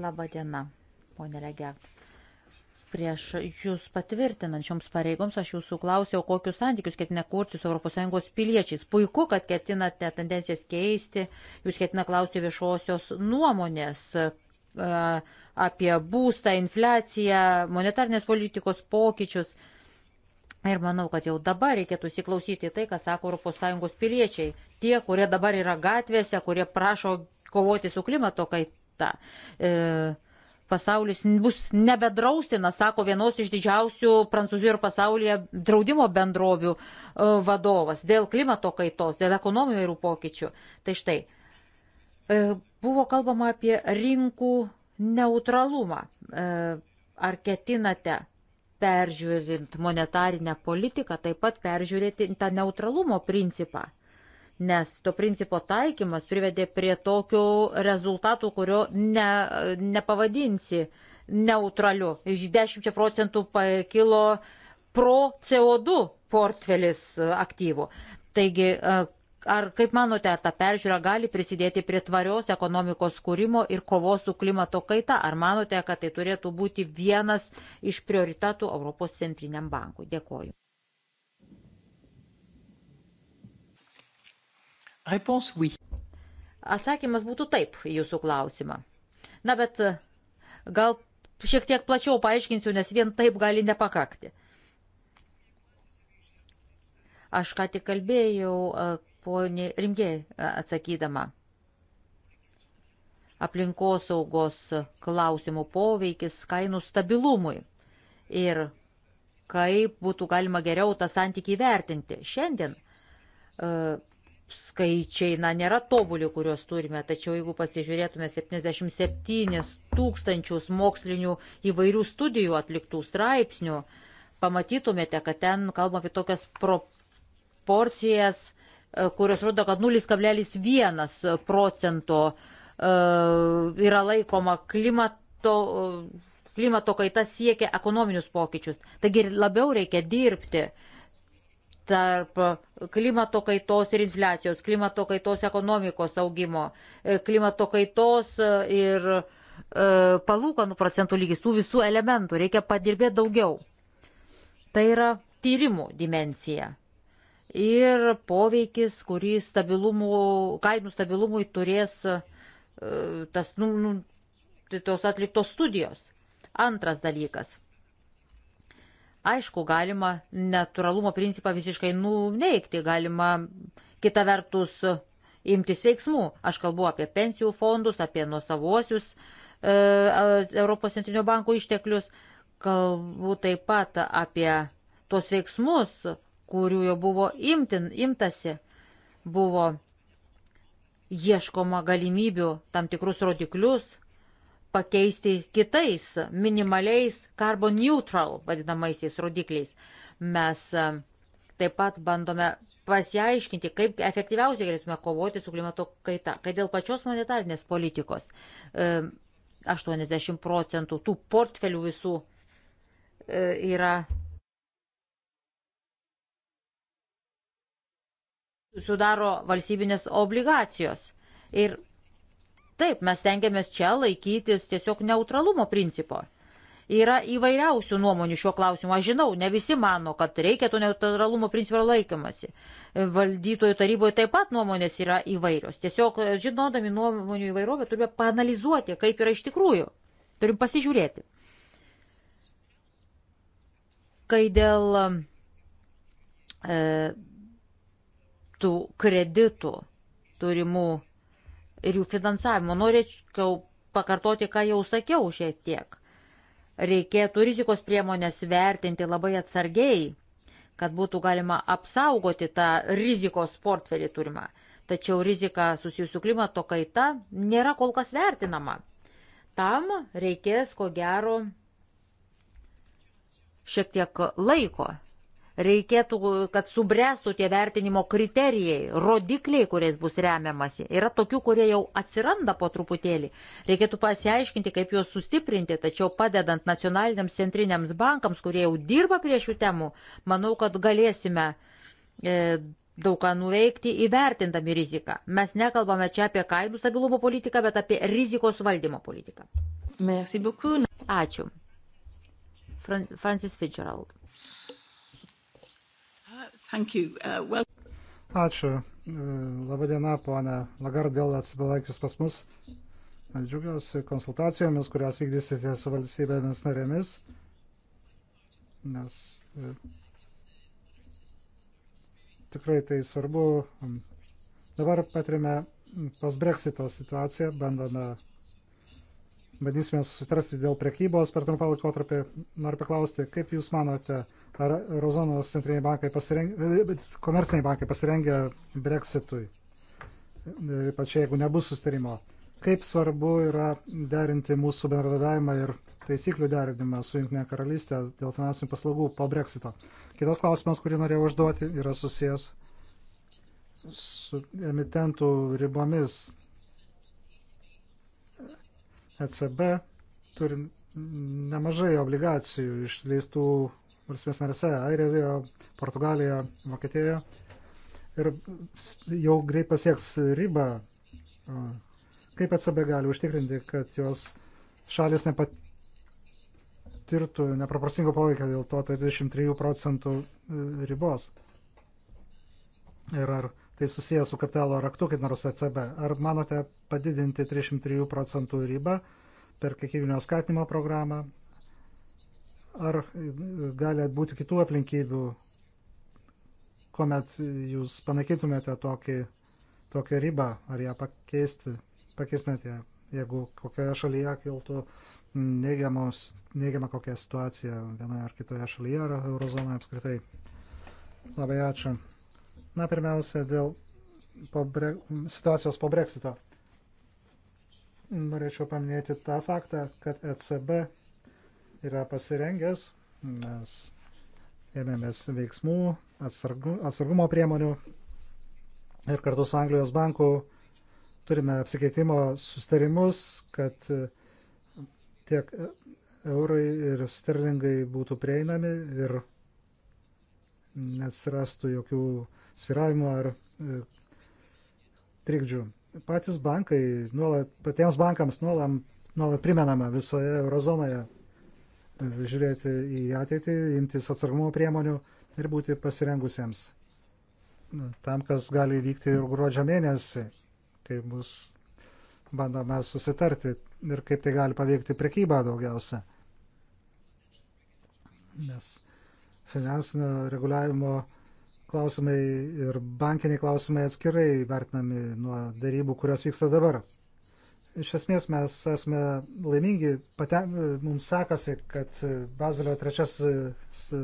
Labą dieną, ponė Legert. Prieš jūs patvirtinančioms pareigoms aš jūsų klausiau, kokius santykius ketina kurti su ES piliečiais. Puiku, kad ketinate tendencijas keisti, jūs ketina klausti viešosios nuomonės e, apie būstą, infliaciją, monetarnės politikos pokyčius. Ir manau, kad jau dabar reikėtų įsiklausyti tai, ką sako ES piliečiai. Tie, kurie dabar yra gatvėse, kurie prašo kovoti su klimato kaita. E, pasaulis bus nebedraustinas, sako vienos iš didžiausių Prancūzijoje ir pasaulyje draudimo bendrovių e, vadovas dėl klimato kaitos, dėl ekonominių ir pokyčių. Tai štai, e, buvo kalbama apie rinkų neutralumą. E, ar ketinate peržiūrint monetarinę politiką, taip pat peržiūrėti tą neutralumo principą? nes to principo taikymas privedė prie tokių rezultatų, kurio ne, nepavadinsi neutraliu. Iš 10 procentų pakilo pro CO2 portfelis e, aktyvų. Taigi, e, ar kaip manote, ar ta peržiūra gali prisidėti prie tvarios ekonomikos kūrimo ir kovos su klimato kaita? Ar manote, kad tai turėtų būti vienas iš prioritetų Europos centriniam bankui? Dėkoju. Réponse oui. Atsakymas būtų taip į jūsų klausimą. Na bet e, gal šiek tiek plačiau paaiškinsiu, nes vien taip gali nepakakti. Aš ką tik kalbėjau, e, ponė Rimgė, e, atsakydama aplinkosaugos klausimų poveikis kainų stabilumui ir kaip būtų galima geriau tą santykį vertinti. Šiandien skaičiai, na, nėra tobuli, kuriuos turime, tačiau jeigu pasižiūrėtume 77 tūkstančius mokslinių įvairių studijų atliktų straipsnių, pamatytumėte, kad ten kalbam apie tokias proporcijas, e, kurios rodo, kad 0,1 procento e, yra laikoma klimato, e, klimato kaita siekia ekonominius pokyčius. Taigi labiau reikia dirbti tarp klimato kaitos ir infliacijos, klimato kaitos ekonomikos augimo, e, klimato kaitos e, ir e, palūkanų procentų lygis, tų visų elementų reikia padirbėti daugiau. Tai yra tyrimų dimensija ir poveikis, kurį stabilumų, kainų stabilumui turės e, tas, nu, nu, tai tos atliktos studijos. Antras dalykas Aišku, galima natūralumo principą visiškai nuneikti, galima kita vertus imtis veiksmų. Aš kalbu apie pensijų fondus, apie nuosavosius e, e, Europos centrinio banko išteklius, kalbu taip pat apie tos veiksmus, kurių jau buvo imtin, imtasi, buvo ieškoma galimybių tam tikrus rodiklius pakeisti kitais minimaliais carbon neutral vadinamaisiais rodikliais. Mes e, taip pat bandome pasiaiškinti, kaip efektyviausiai galėtume kovoti su klimato kaita, kai dėl pačios monetarnės politikos 80 e, procentų tų portfelių visų e, yra sudaro valstybinės obligacijos. Ir Taip, mes tengiamės čia laikytis tiesiog neutralumo principo. Yra įvairiausių nuomonių šiuo klausimu. Aš žinau, ne visi mano, kad reikia to neutralumo principo laikymasi. Valdytojų taryboje taip pat nuomonės yra įvairios. Tiesiog e, žinodami nuomonių įvairovę turime panalizuoti, kaip yra iš tikrųjų. Turim pasižiūrėti. Kai dėl e, tų kreditų turimų ir jų finansavimo. Norėčiau pakartoti, ką jau sakiau šiek tiek. Reikėtų rizikos priemonės vertinti labai atsargiai, kad būtų galima apsaugoti tą rizikos portfelį turimą. Tačiau rizika susijusių klimato kaita nėra kol kas vertinama. Tam reikės, ko gero, šiek tiek laiko reikėtų, kad subręstų tie vertinimo kriterijai, rodikliai, kuriais bus remiamasi. Yra tokių, kurie jau atsiranda po truputėlį. Reikėtų pasiaiškinti, kaip juos sustiprinti, tačiau padedant nacionaliniams centriniams bankams, kurie jau dirba prie šių temų, manau, kad galėsime. E, daug ką nuveikti įvertindami riziką. Mes nekalbame čia apie kainų stabilumo politiką, bet apie rizikos valdymo politiką. Ačiū. Francis Fitzgerald. Uh, well... Ačiū. E, Labadiena, ponė Lagard, vėl atsipalaikius pas mus. Džiugiausi konsultacijomis, kurias vykdysite su valstybėmis narėmis, nes e, tikrai tai svarbu. Mm. Dabar patirime pas Brexito situaciją, bandome, bandysime susitrasti dėl prekybos per trumpą laikotarpį. Noriu paklausti, kaip Jūs manote, Tai yra, Eurozonos centriniai bankai pasirengė, e, komerciniai bankai pasirengė Brexitui, ypač jeigu nebus sustarimo. Kaip svarbu yra derinti mūsų bendradarbiavimą ir taisyklių derinimą su Junktinė karalystė dėl finansinių paslaugų po Brexito. Kitas klausimas, kurį norėjau užduoti, yra susijęs su emitentų ribomis. ECB turi nemažai obligacijų išleistų valstybės narėse - Airijoje, Portugalijoje, Vokietijoje. Ir jau greit pasieks ribą, kaip ECB gali užtikrinti, kad jos šalis nepatirtų neproporcingo poveikio dėl to tai 23 procentų e, ribos. Ir ar tai susijęs su kapitalo raktu, kaip nors ECB. Ar manote padidinti 303 procentų ribą per kiekybinio skatimo programą, Ar e, gali būti kitų aplinkybių, kuomet jūs panaikytumėte tokį, tokią ribą, ar ją pakeisti, pakeistumėte, jeigu kokioje šalyje kiltų neigiama kokia situacija vienoje ar kitoje šalyje ar eurozonoje apskritai. Labai ačiū. Na, pirmiausia, dėl po bre... situacijos po breksito. Norėčiau paminėti tą faktą, kad ECB yra pasirengęs. Mes ėmėmės veiksmų, atsargu, atsargumo priemonių ir kartu su Anglijos banku turime apsikeitimo sustarimus, kad tiek eurai ir sterlingai būtų prieinami ir nesirastų jokių sviravimų ar e, trikdžių. Patys bankai, nuolat, patiems bankams nuolat, nuolat primenama visoje eurozonoje žiūrėti į ateitį, imtis atsargumo priemonių ir būti pasirengusiems tam, kas gali vykti ir gruodžio mėnesį, kai bus bandoma susitarti ir kaip tai gali paveikti prekybą daugiausia. Nes finansinio reguliavimo klausimai ir bankiniai klausimai atskirai vertinami nuo darybų, kurios vyksta dabar iš esmės mes esame laimingi, paten, mums sekasi, kad Bazilio trečiasis e,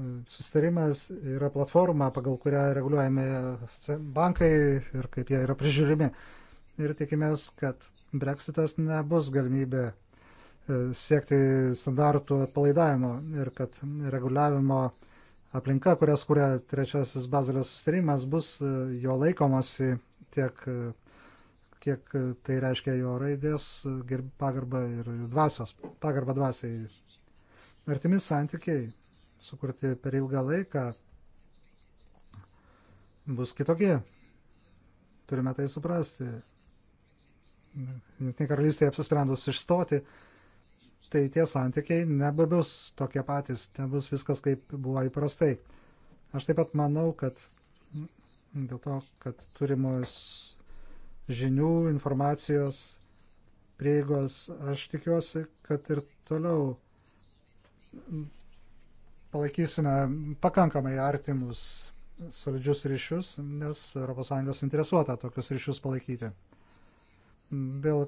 e, sustarimas yra platforma, pagal kurią reguliuojami e, bankai ir kaip jie yra prižiūrimi. Ir tikimės, kad Brexitas nebus galimybė siekti standartų atpalaidavimo ir kad reguliavimo aplinka, kurias kuria trečiasis Bazilio sustarimas, bus jo laikomasi tiek uh, kiek tai reiškia jo raidės pagarba ir dvasios, pagarba dvasiai. Artimi santykiai, sukurti per ilgą laiką, bus kitokie. Turime tai suprasti. Junktinė karalystė apsisprendus išstoti, tai tie santykiai nebebus tokie patys, nebus viskas kaip buvo įprastai. Aš taip pat manau, kad dėl to, kad turimos žinių, informacijos, prieigos. Aš tikiuosi, kad ir toliau palaikysime pakankamai artimus solidžius ryšius, nes ES interesuota tokius ryšius palaikyti. Dėl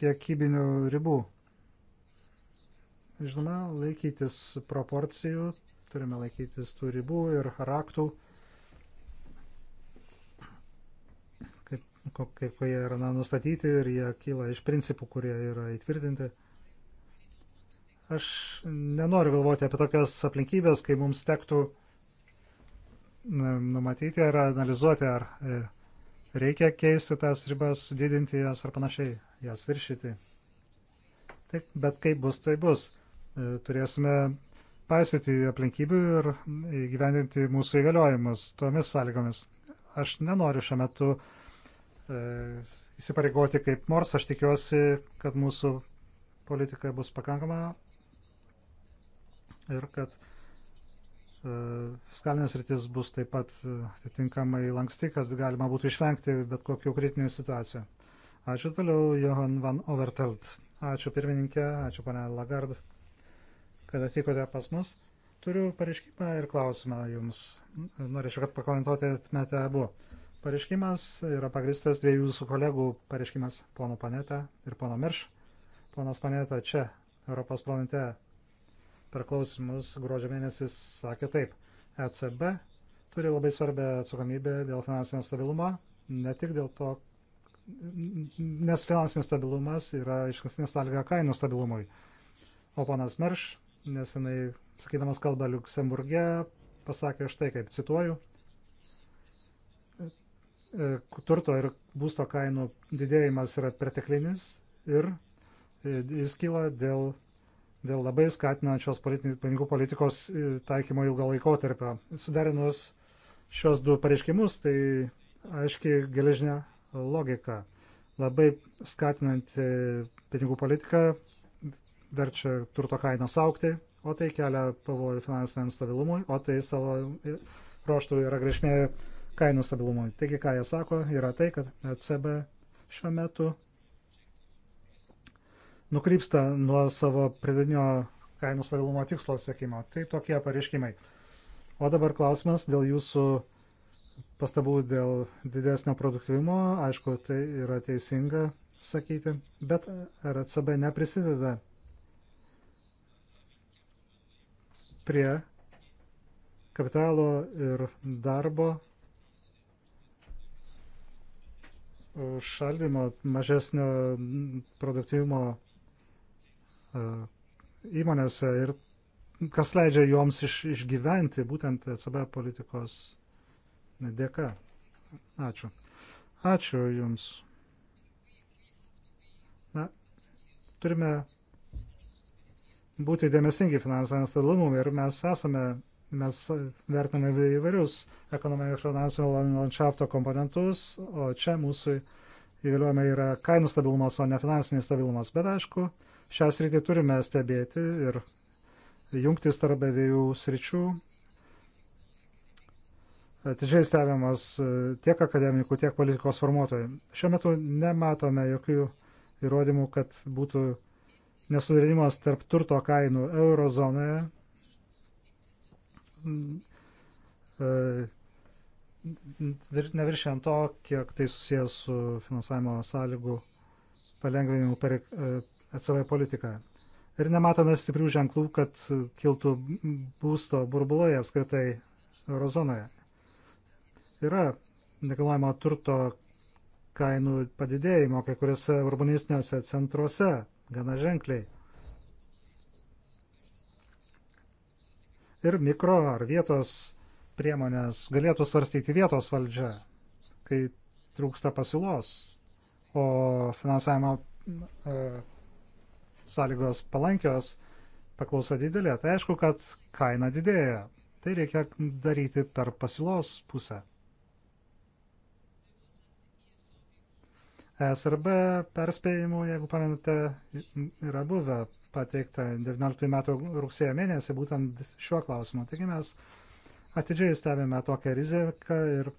kiekybinių ribų. Žinoma, laikytis proporcijų, turime laikytis tų ribų ir raktų. kaip jie yra nustatyti ir jie kyla iš principų, kurie yra įtvirtinti. Aš nenoriu galvoti apie tokias aplinkybės, kai mums tektų numatyti ar analizuoti, ar e, reikia keisti tas ribas, didinti jas ar panašiai, jas viršyti. Taip, bet kaip bus, tai bus. E, turėsime paisyti aplinkybių ir gyvendinti mūsų įgaliojimus tomis sąlygomis. Aš nenoriu šiuo metu uh, E, įsipareigoti kaip nors. Aš tikiuosi, kad mūsų politika bus pakankama ir kad e, fiskalinės rytis bus taip pat e, atitinkamai lanksti, kad galima būtų išvengti bet kokių kritinių situacijų. Ačiū toliau, Johan van Overtelt. Ačiū pirmininkė, ačiū pane Lagard, kad atvykote pas mus. Turiu pareiškimą ir klausimą jums. Norėčiau, kad pakomentuotumėte abu. Uh, pareiškimas yra pagristas dviejų jūsų kolegų pareiškimas, pono Paneta ir pono Mirš. Ponas Paneta čia, Europos parlamente, per klausimus gruodžio mėnesį sakė taip. ECB turi labai svarbę atsakomybę dėl finansinio stabilumo, ne tik dėl to, nes finansinis stabilumas yra iškastinė sąlyga kainų stabilumui. O ponas Mirš, nesenai sakydamas kalbą Luksemburgė, pasakė štai kaip, cituoju, E, turto ir būsto kainų didėjimas yra perteklinis ir e, jis kyla dėl, dėl labai skatinančios pinigų politikos e, taikymo ilgo laikotarpio. Suderinus šios du pareiškimus, tai aiškiai geležinė logika. Labai skatinanti pinigų politika verčia turto kainas aukti, o tai kelia pavojų finansiniam stabilumui, o tai savo ruoštų yra grėsmė kainų stabilumui. Taigi, ką jie sako, yra tai, kad ECB šiuo metu nukrypsta nuo savo pridinio kainų stabilumo tikslo siekimo. Tai tokie pareiškimai. O dabar klausimas dėl jūsų pastabų dėl didesnio produktyvumo. Aišku, tai yra teisinga sakyti, bet ar ECB neprisideda prie kapitalo ir darbo šaldymo, mažesnio produktyvumo e, įmonėse ir kas leidžia joms iš, išgyventi būtent ECB politikos dėka. Ačiū. Ačiū Jums. Na, turime būti dėmesingi finansavimo stabilumui ir mes esame mes vertiname įvairius ekonominio ir finansinio landšafto komponentus, o čia mūsų įgaliuojame yra kainų stabilumas, o ne finansinis stabilumas. Bet aišku, šią sritį turime stebėti ir jungtis tarp abiejų sričių. Atidžiai stebiamas tiek akademikų, tiek politikos formuotojų. Šiuo metu nematome jokių įrodymų, kad būtų nesudarimas tarp turto kainų eurozonoje neviršiant to, kiek tai susijęs su finansavimo sąlygų palengvinimu per ECB e politiką. Ir nematome stiprių ženklų, kad kiltų būsto burbulai apskritai eurozonoje. Yra nekilnojamo turto kainų padidėjimo kai kuriuose urbanistiniuose centruose gana ženkliai. ir mikro ar vietos priemonės galėtų svarstyti vietos valdžia, kai trūksta pasiūlos, o finansavimo e, sąlygos palankios, paklausa didelė, tai aišku, kad kaina didėja. Tai reikia daryti per pasiūlos pusę. E SRB perspėjimų, jeigu pamenate, yra buvę pateikta 19 metų rugsėjo mėnesį būtent šiuo klausimu. Taigi mes atidžiai stebime tokią riziką ir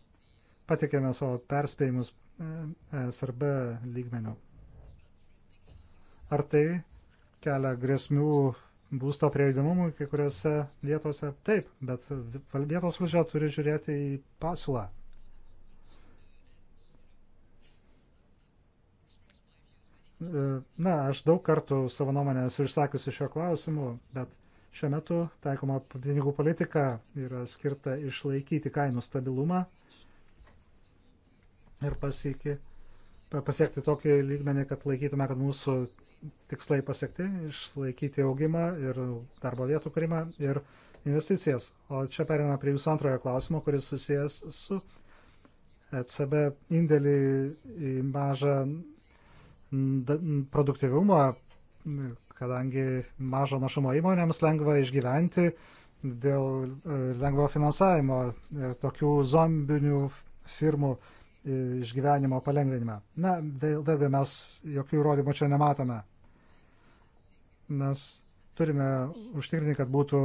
patikėme savo perspėjimus e, e, SRB lygmenių. Ar tai kelia grėsmių būsto prieidamumui kai kuriuose vietose? Taip, bet vietos valdžia turi žiūrėti į pasiūlą. Na, aš daug kartų savo nuomonę esu išsakiusi šiuo klausimu, bet šiuo metu taikoma pinigų politika yra skirta išlaikyti kainų stabilumą ir pasiekti, pasiekti tokį lygmenį, kad laikytume, kad mūsų tikslai pasiekti, išlaikyti augimą ir darbo vietų kūrimą ir investicijas. O čia periname prie jūsų antrojo klausimo, kuris susijęs su ECB indėlį į mažą produktivumą, kadangi mažo našumo įmonėms lengva išgyventi dėl e, lengvo finansavimo ir tokių zombinių firmų e, išgyvenimo palengvinimą. Na, vėlgi mes jokių įrodymų čia nematome. Mes turime užtikrinti, kad būtų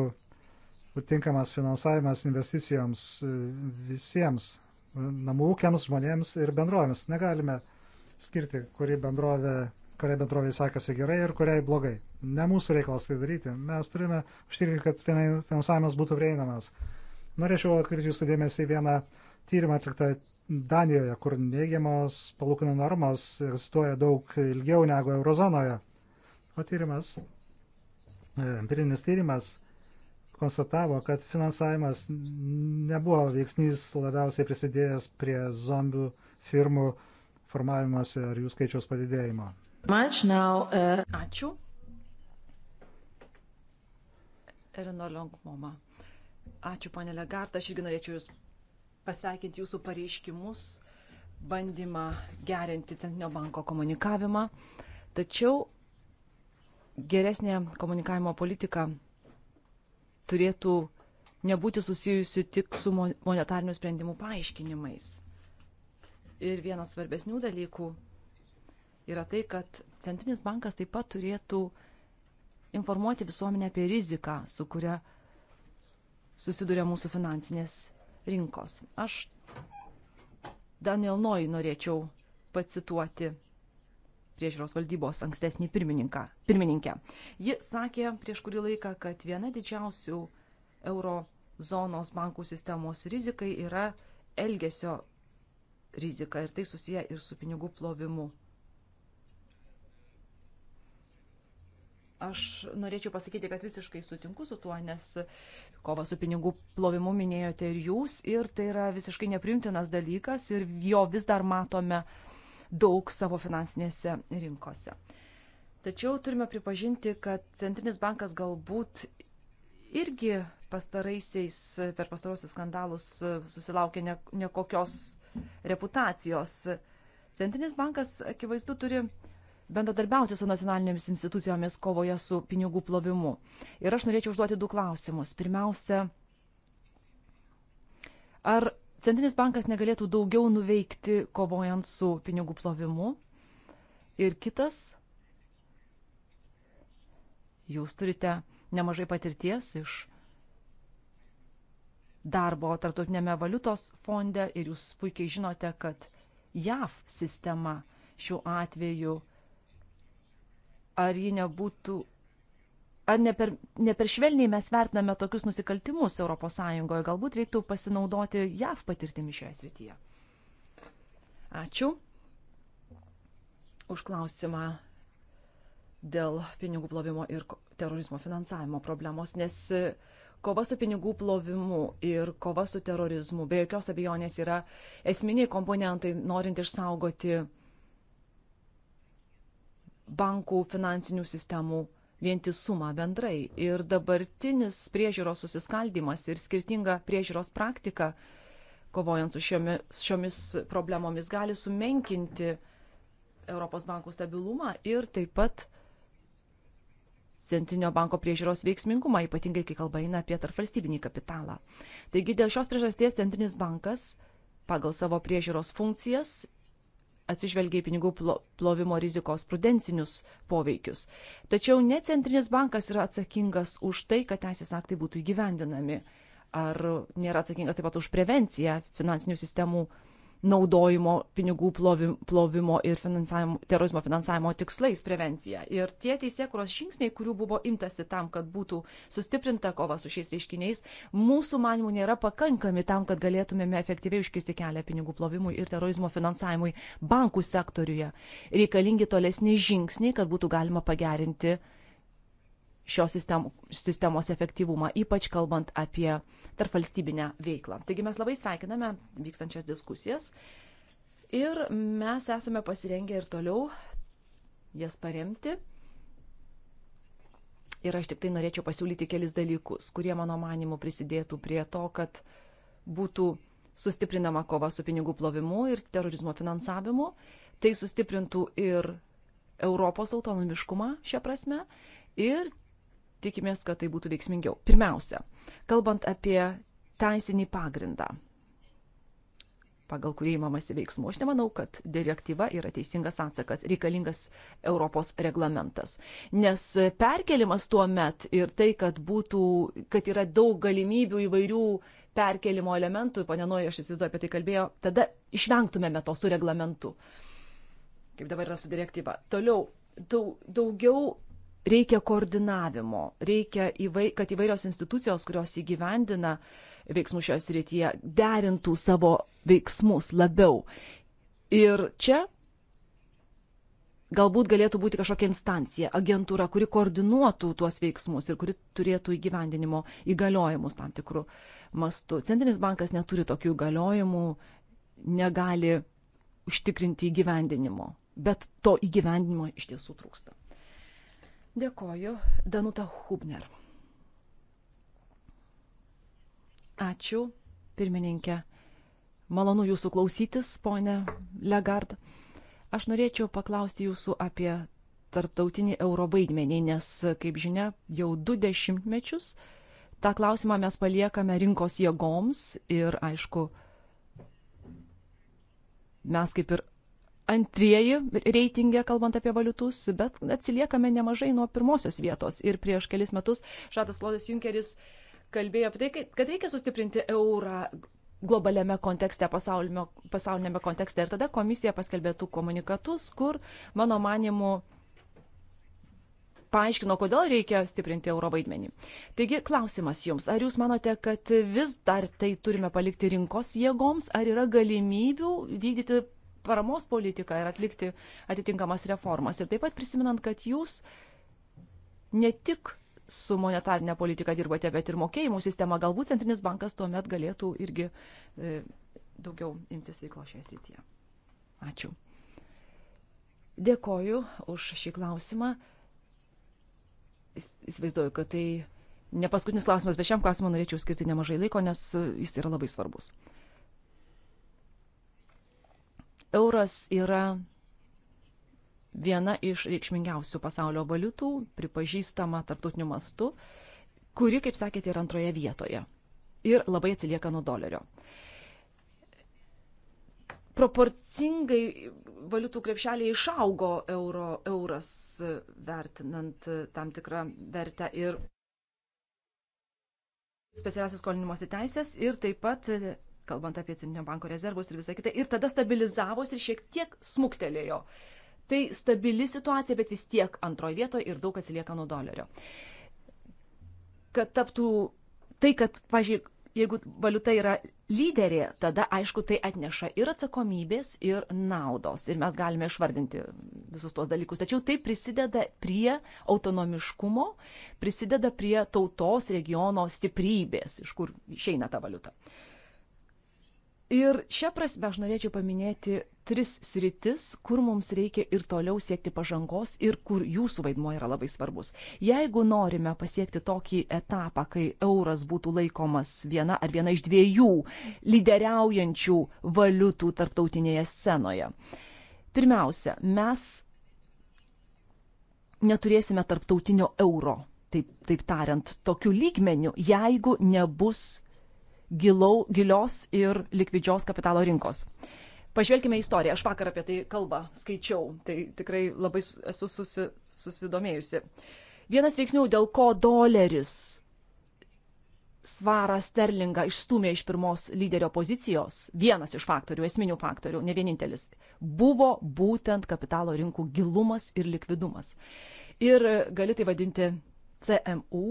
tinkamas finansavimas investicijoms e, visiems namų ūkiams, žmonėms ir bendrovėms. Negalime uh, skirti, kuri bendrovė kuriai bendrovė sekasi gerai ir kuriai blogai. Ne mūsų reikalas tai daryti. Mes turime užtikrinti, kad finansavimas būtų prieinamas. Norėčiau atkreipti jūsų dėmesį į vieną tyrimą atliktą Danijoje, kur neigiamos palūkanų normos egzistuoja daug ilgiau negu eurozonoje. O tyrimas, e, empirinis tyrimas, konstatavo, kad finansavimas nebuvo veiksnys labiausiai prisidėjęs prie zombių firmų uh, formavimąsi ar jų skaičiaus padidėjimą. Uh, Ačiū. Erino Longmoma. Ačiū, ponė Legarta. Aš irgi norėčiau Jūs pasveikinti Jūsų pareiškimus, bandymą gerinti Centrinio banko komunikavimą. Tačiau geresnė komunikavimo politika turėtų nebūti susijusi tik su monetarinių sprendimų paaiškinimais. Ir vienas svarbesnių dalykų yra tai, kad Centrinis bankas taip pat turėtų informuoti visuomenę apie riziką, su kuria susiduria mūsų finansinės rinkos. Aš Daniel Noj norėčiau pacituoti priežiūros valdybos ankstesnį pirmininką, pirmininkę. Ji sakė prieš kurį laiką, kad viena didžiausių euro zonos bankų sistemos rizikai yra elgesio rizika ir tai susiję ir su pinigų plovimu. Aš norėčiau pasakyti, kad visiškai sutinku su tuo, nes kova su pinigų plovimu minėjote ir jūs, ir tai yra visiškai neprimtinas dalykas ir jo vis dar matome daug savo finansinėse rinkose. Tačiau turime pripažinti, kad Centrinis bankas galbūt irgi pastaraisiais per pastarosius skandalus e, susilaukė ne, nekokios reputacijos. Centrinis bankas akivaizdu turi bendradarbiauti su nacionalinėmis institucijomis kovoje su pinigų plovimu. Ir aš norėčiau užduoti du klausimus. Pirmiausia, ar Centrinis bankas negalėtų daugiau nuveikti kovojant su pinigų plovimu? Ir kitas, jūs turite nemažai patirties iš darbo tarptautinėme valiutos fonde ir jūs puikiai žinote, kad JAV sistema šiuo atveju ar ji nebūtų. Ar ne per, ne per švelniai mes vertiname tokius nusikaltimus ES, galbūt reiktų pasinaudoti JAV patirtimi šioje srityje. Ačiū už klausimą dėl pinigų plovimo ir terorizmo finansavimo problemos, nes Kova su pinigų plovimu ir kova su terorizmu be jokios abejonės yra esminiai komponentai, norint išsaugoti bankų finansinių sistemų vientisumą bendrai. Ir dabartinis priežiūros susiskaldimas ir skirtinga priežiūros praktika, kovojant su šiomis, šiomis problemomis, gali sumenkinti Europos bankų stabilumą ir taip pat uh, centrinio banko priežiūros veiksmingumą, ypatingai kai kalba eina apie tarpvalstybinį kapitalą. Taigi dėl šios priežasties centrinis bankas pagal savo priežiūros funkcijas atsižvelgia į pinigų plovimo rizikos prudencinius poveikius. Tačiau ne centrinis bankas yra atsakingas už tai, kad teisės aktai būtų įgyvendinami. Ar nėra atsakingas taip pat už prevenciją finansinių sistemų naudojimo pinigų plovimo ir finansavimo, terorizmo finansavimo tikslais prevencija. Ir tie teisėkuros žingsniai, kurių buvo imtasi tam, kad būtų sustiprinta kova su šiais reiškiniais, mūsų manimų nėra pakankami tam, kad galėtumėme efektyviai užkisti kelią pinigų plovimui ir terorizmo finansavimui bankų sektoriuje. Reikalingi tolesni žingsniai, kad būtų galima pagerinti uh, šios sistem, sistemos efektyvumą, ypač kalbant apie tarpvalstybinę veiklą. Taigi mes labai sveikiname vykstančias diskusijas ir mes esame pasirengę ir toliau jas paremti. Ir aš tik tai norėčiau pasiūlyti kelis dalykus, kurie mano manimu prisidėtų prie to, kad būtų sustiprinama kova su pinigų plovimu ir terorizmo finansavimu. Tai sustiprintų ir Europos autonomiškumą šią prasme ir tikimės, kad tai būtų veiksmingiau. Pirmiausia, kalbant apie teisinį pagrindą, pagal kurį įmamasi veiksmų, aš nemanau, kad direktyva yra teisingas atsakas, reikalingas Europos reglamentas. Nes perkelimas tuo met ir tai, kad, būtų, kad yra daug galimybių įvairių perkelimo elementų, panenoju, aš įsivaizduoju apie tai kalbėjo, tada išvengtumėme to su reglamentu, kaip dabar yra su direktyva. Toliau, daug, daugiau reikia koordinavimo, reikia, įvai, kad įvairios institucijos, kurios įgyvendina veiksmus šioje srityje, derintų savo veiksmus labiau. Ir čia galbūt galėtų būti kažkokia instancija, agentūra, kuri koordinuotų tuos veiksmus ir kuri turėtų įgyvendinimo įgaliojimus tam tikrų mastų. Centrinis bankas neturi tokių įgaliojimų, negali užtikrinti įgyvendinimo, bet to įgyvendinimo iš tiesų trūksta. Dėkoju, Danuta Hubner. Ačiū, pirmininkė. Malonu jūsų klausytis, ponė Legard. Aš norėčiau paklausti jūsų apie tarptautinį euro vaidmenį, nes, kaip žinia, jau du dešimtmečius tą klausimą mes paliekame rinkos jėgoms ir, aišku, mes kaip ir antrieji reitingė, kalbant apie valiutus, bet atsiliekame nemažai nuo pirmosios vietos. Ir prieš kelis metus Šatas Klodas Junkeris kalbėjo apie tai, kad reikia sustiprinti eurą globaliame kontekste, pasaulinėme kontekste. Ir tada komisija paskelbė tų komunikatus, kur, mano manimu, paaiškino, kodėl reikia stiprinti euro vaidmenį. Taigi, klausimas jums, ar jūs manote, kad vis dar tai turime palikti rinkos jėgoms, ar yra galimybių vykdyti paramos politiką ir atlikti atitinkamas reformas. Ir taip pat prisiminant, kad jūs ne tik su monetarinė politika dirbate, bet ir mokėjimų sistema, galbūt Centrinis bankas tuomet galėtų irgi e, daugiau imtis veiklo šioje srityje. Ačiū. Dėkoju už šį klausimą. Įsivaizduoju, kad tai ne paskutinis klausimas, bet šiam klausimui norėčiau skirti nemažai laiko, nes jis yra labai svarbus. Euras yra viena iš reikšmingiausių pasaulio valiutų, pripažįstama tarptautiniu mastu, kuri, kaip sakėte, yra antroje vietoje ir labai atsilieka nuo dolerio. Proporcingai valiutų krepšeliai išaugo euro, euras vertinant tam tikrą vertę ir specialiasis skolinimosi teisės ir taip pat kalbant apie Centrinio banko rezervus ir visą kitą. Ir tada stabilizavosi ir šiek tiek smuktelėjo. Tai stabili situacija, bet vis tiek antroje vietoje ir daug atsilieka nuo dolerio. Kad taptų tai, kad, pažiūrėjau, jeigu valiuta yra lyderė, tada aišku tai atneša ir atsakomybės, ir naudos. Ir mes galime išvardinti visus tuos dalykus. Tačiau tai prisideda prie autonomiškumo, prisideda prie tautos regiono stiprybės, iš kur išeina ta valiuta. Uh, Ir šią prasme aš norėčiau paminėti tris sritis, kur mums reikia ir toliau siekti pažangos ir kur jūsų vaidmo yra labai svarbus. Jeigu norime pasiekti tokį etapą, kai euras būtų laikomas viena ar viena iš dviejų lyderiaujančių valiutų tarptautinėje scenoje, pirmiausia, mes neturėsime tarptautinio euro, taip, taip tariant, tokiu lygmeniu, jeigu nebus gilau, gilios ir likvidžios kapitalo rinkos. Pažvelkime į istoriją. Aš vakar apie tai kalbą skaičiau, tai tikrai labai esu susi, susidomėjusi. Vienas veiksnių, dėl ko doleris svarą sterlingą išstumė iš pirmos lyderio pozicijos, vienas iš faktorių, esminių faktorių, ne vienintelis, buvo būtent kapitalo rinkų gilumas ir likvidumas. Ir gali tai vadinti CMU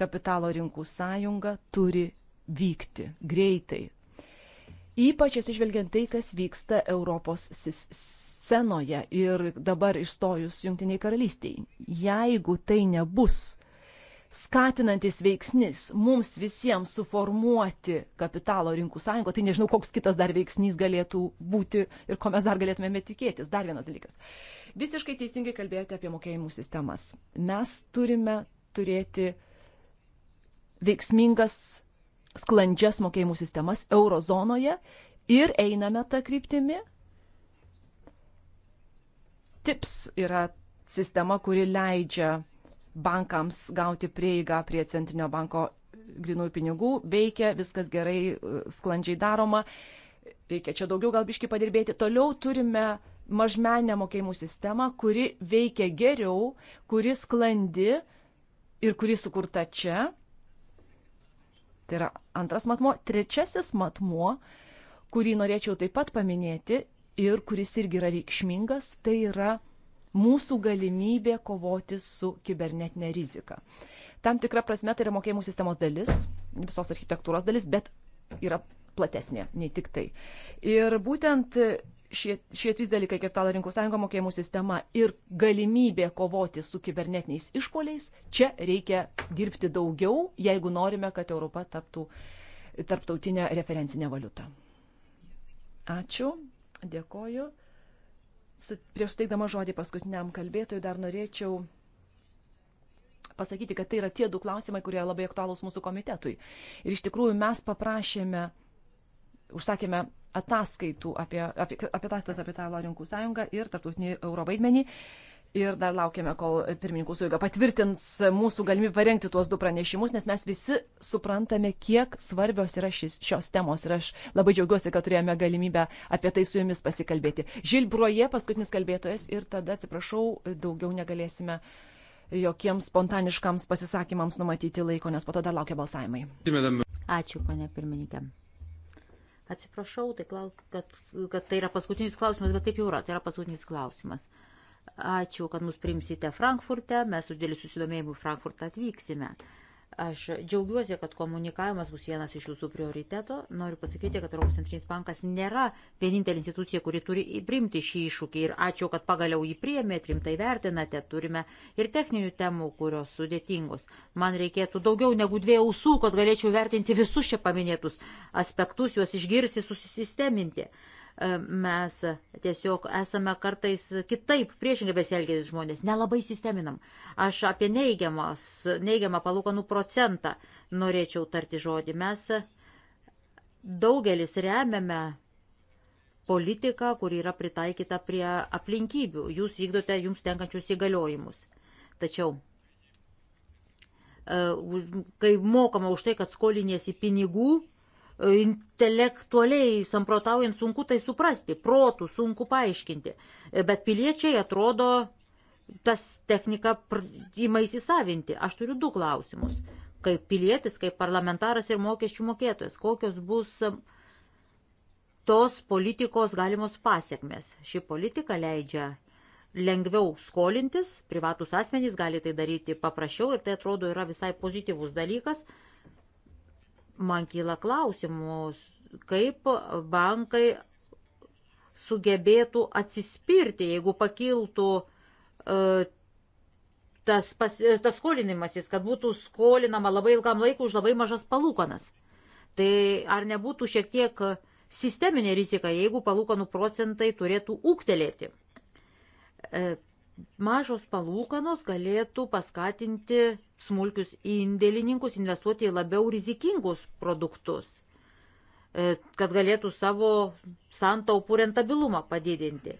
kapitalo rinkų sąjunga turi vykti greitai. Ypač atsižvelgiant tai, kas vyksta Europos scenoje ir dabar išstojus Junktiniai karalystiai. Jeigu tai nebus skatinantis veiksnis mums visiems suformuoti kapitalo rinkų sąjungą, tai nežinau, koks kitas dar veiksnys galėtų būti ir ko mes dar galėtumėme tikėtis. Dar vienas dalykas. Visiškai teisingai kalbėjote apie mokėjimų sistemas. Mes turime turėti veiksmingas sklandžias mokėjimų sistemas eurozonoje ir einame tą kryptimį. TIPS yra sistema, kuri leidžia bankams gauti prieigą prie centrinio banko grinųjų pinigų, veikia, viskas gerai, sklandžiai daroma, reikia čia daugiau gal biškai padirbėti. Toliau turime mažmenę mokėjimų sistemą, kuri veikia geriau, kuri sklandi ir kuri sukurta čia Tai yra antras matmo. Trečiasis matmo, kurį norėčiau taip pat paminėti ir kuris irgi yra reikšmingas, tai yra mūsų galimybė kovoti su kibernetinė rizika. Tam tikra prasme tai yra mokėjimų sistemos dalis, visos architektūros dalis, bet yra platesnė, nei tik tai. Ir būtent šie, šie trys dalykai - kapitalo rinkų sąjunga, mokėjimų sistema ir galimybė kovoti su kibernetiniais išpoliais - čia reikia dirbti daugiau, jeigu norime, kad Europa taptų tarptautinę referencinę valiutą. Ačiū, dėkoju. Prieš teikdama žodį paskutiniam kalbėtojui dar norėčiau pasakyti, kad tai yra tie du klausimai, kurie labai aktualūs mūsų komitetui. Ir iš tikrųjų mes paprašėme, užsakėme ataskaitų apie, apie, apie tas kapitalo rinkų sąjungą ir tarptautinį euro vaidmenį. Ir dar laukiame, kol pirmininkų suiga patvirtins mūsų galimybę parengti tuos du pranešimus, nes mes visi suprantame, kiek svarbios yra šis, šios temos. Ir aš labai džiaugiuosi, kad turėjome galimybę apie tai su jumis pasikalbėti. Žilbroje paskutinis kalbėtojas ir tada, atsiprašau, daugiau negalėsime jokiems spontaniškams pasisakymams numatyti laiko, nes po to dar laukia balsavimai. Ačiū, ponė pirmininkė. Atsiprašau, tai klaus, kad, kad tai yra paskutinis klausimas, bet taip jau yra, tai yra paskutinis klausimas. Ačiū, kad mus primsite Frankfurte, mes su dėlį susidomėjimu Frankfurtą atvyksime. Aš džiaugiuosi, kad komunikavimas bus vienas iš jūsų prioriteto. Noriu pasakyti, kad Europos centrinis bankas nėra vienintelė institucija, kuri turi priimti šį iššūkį. Ir ačiū, kad pagaliau jį priėmėt, rimtai vertinate. Turime ir techninių temų, kurios sudėtingos. Man reikėtų daugiau negu dviejų ausų, kad galėčiau vertinti visus čia paminėtus aspektus, juos išgirsti, susisteminti. Uh, E, mes tiesiog esame kartais kitaip priešingai besielgėtis žmonės, nelabai sisteminam. Aš apie neigiamas, neigiamą palūkanų procentą norėčiau tarti žodį. Mes daugelis remiame politiką, kuri yra pritaikyta prie aplinkybių. Jūs vykdote jums tenkančius įgaliojimus. Tačiau, e, kai mokama už tai, kad skoliniesi pinigų, intelektualiai samprotaujant sunku tai suprasti, protų sunku paaiškinti, bet piliečiai atrodo tas techniką ima įsisavinti. Aš turiu du klausimus. Kaip pilietis, kaip parlamentaras ir mokesčių mokėtojas, kokios bus um, tos politikos galimos pasiekmes. Ši politika leidžia lengviau skolintis, privatus asmenys gali tai daryti paprasčiau ir tai atrodo yra visai pozityvus dalykas man kyla klausimus, kaip bankai sugebėtų atsispirti, jeigu pakiltų uh, tas, pas, e, tas skolinimasis, kad būtų skolinama labai ilgam laikui už labai mažas palūkanas. Tai ar nebūtų šiek tiek sisteminė rizika, jeigu palūkanų procentai turėtų ūktelėti? E, mažos palūkanos galėtų paskatinti smulkius indėlininkus investuoti į labiau rizikingus produktus, e, kad galėtų savo santaupų rentabilumą padidinti.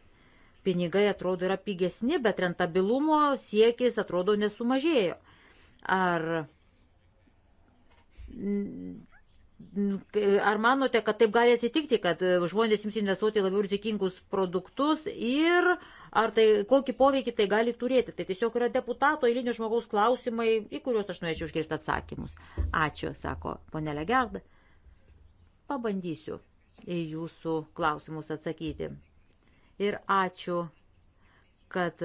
Pinigai atrodo yra pigesni, bet rentabilumo siekis atrodo nesumažėjo. Ar, ar manote, kad taip gali atsitikti, kad žmonės jums investuoti labiau rizikingus produktus ir uh, ar tai kokį poveikį tai gali turėti. Tai tiesiog yra deputato eilinio žmogaus klausimai, į kuriuos aš norėčiau išgirsti atsakymus. Ačiū, sako ponė Legerda. Pabandysiu į jūsų klausimus atsakyti. Ir ačiū, kad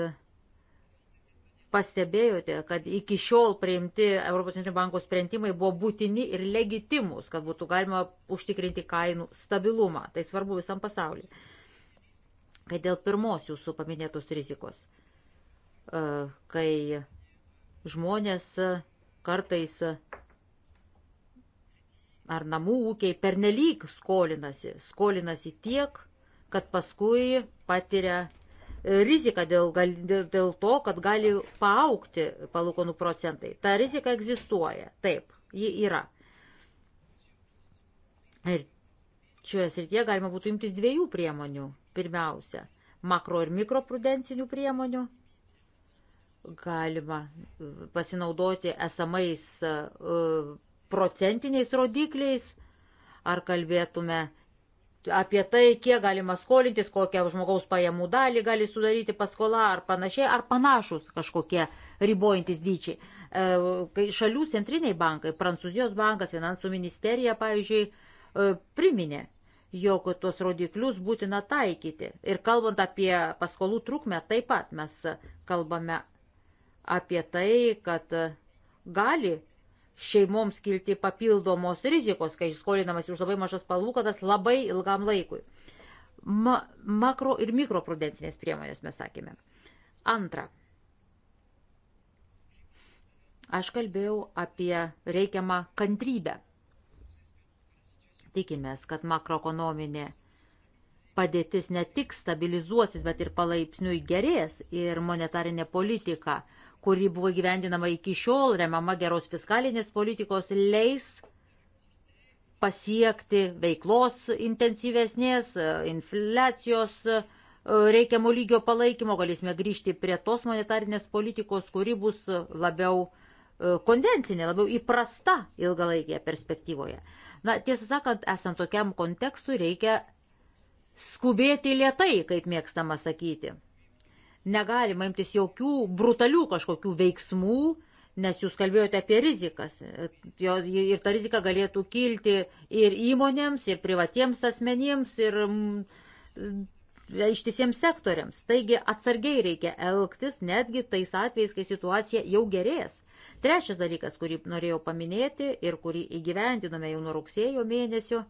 pastebėjote, kad iki šiol priimti ES banko sprendimai buvo būtini ir legitimus, kad būtų galima užtikrinti kainų stabilumą. Tai svarbu visam pasauliu. Kai dėl pirmos jūsų paminėtos rizikos, e, kai žmonės kartais ar namų ūkiai pernelyg skolinasi, skolinasi tiek, kad paskui patiria e, riziką dėl, dėl to, kad gali paaukti palūkonų procentai. Ta rizika egzistuoja, taip, ji yra. Ir šioje srityje galima būtų imtis dviejų priemonių Pirmiausia, makro ir mikroprudencinių priemonių galima e, pasinaudoti esamais e, procentiniais rodikliais, ar kalbėtume apie tai, kiek galima skolintis, kokią žmogaus pajamų dalį gali sudaryti paskola ar panašiai, ar panašus kažkokie ribojantis dydžiai. E, kai šalių centriniai bankai, Prancūzijos bankas, Finansų ministerija, pavyzdžiui, priminė, jog tuos rodiklius būtina taikyti. Ir kalbant apie paskolų trukmę, taip pat mes kalbame apie tai, kad gali šeimoms kilti papildomos rizikos, kai skolinamas už labai mažas palūkadas labai ilgam laikui. Ma makro ir mikroprudencinės priemonės mes sakėme. Antra. Aš kalbėjau apie reikiamą kantrybę. Tikimės, kad makroekonominė padėtis ne tik stabilizuosis, bet ir palaipsniui gerės ir monetarinė politika, kuri buvo gyvendinama iki šiol, remama geros fiskalinės politikos, leis pasiekti veiklos intensyvesnės, infliacijos e, reikiamo lygio palaikymo, galėsime grįžti prie tos monetarinės politikos, kuri bus labiau uh, E, konvencinė, labiau įprasta ilgalaikėje perspektyvoje. Na, tiesą sakant, esant tokiam kontekstui reikia skubėti lietai, kaip mėgstama sakyti. Negalima imtis jokių brutalių kažkokių veiksmų, nes jūs kalbėjote apie rizikas. Ir ta rizika galėtų kilti ir įmonėms, ir privatiems asmenims, ir mm, ištisiems sektoriams. Taigi atsargiai reikia elgtis, netgi tais atvejais, kai situacija jau gerės. Trečias dalykas, kurį norėjau paminėti ir kurį įgyvendinome jau nuo rugsėjo mėnesio,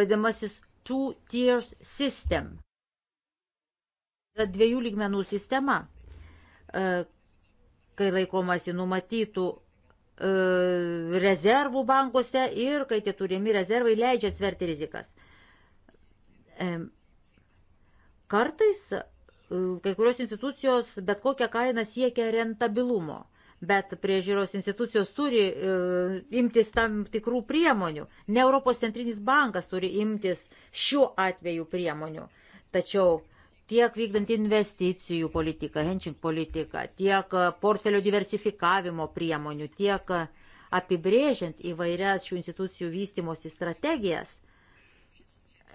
vadinamasis two tiers system. Yra dviejų lygmenų sistema, e, kai laikomasi numatytų e, rezervų bankuose ir kai tie turimi rezervai leidžia atsverti rizikas. Kartais Kai kurios institucijos bet kokią kainą siekia rentabilumo, bet priežiūros institucijos turi e, imtis tam tikrų priemonių. Ne Europos centrinis bankas turi imtis šiuo atveju priemonių. Tačiau tiek vykdant investicijų politiką, henching politiką, tiek e, portfelio diversifikavimo priemonių, tiek e, apibrėžiant įvairias šių institucijų vystimosi strategijas,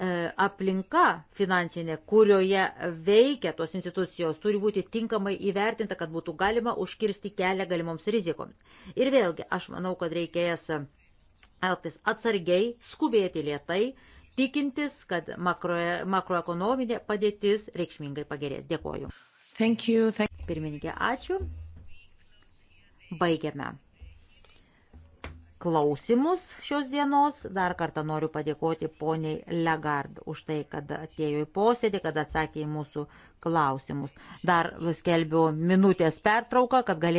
E, aplinka finansinė, kurioje veikia tos institucijos, turi būti tinkamai įvertinta, kad būtų galima užkirsti kelią galimoms rizikoms. Ir vėlgi, aš manau, kad reikės elgtis atsargiai, skubėti lietai, tikintis, kad makro, makroekonominė padėtis reikšmingai pagerės. Dėkoju. Thank you, thank... Pirmininkė, ačiū. Baigiame klausimus šios dienos. Dar kartą noriu padėkoti poniai Legard už tai, kad atėjo į posėdį, kad atsakė į mūsų klausimus. Dar skelbiu minutės pertrauką, kad galėtume.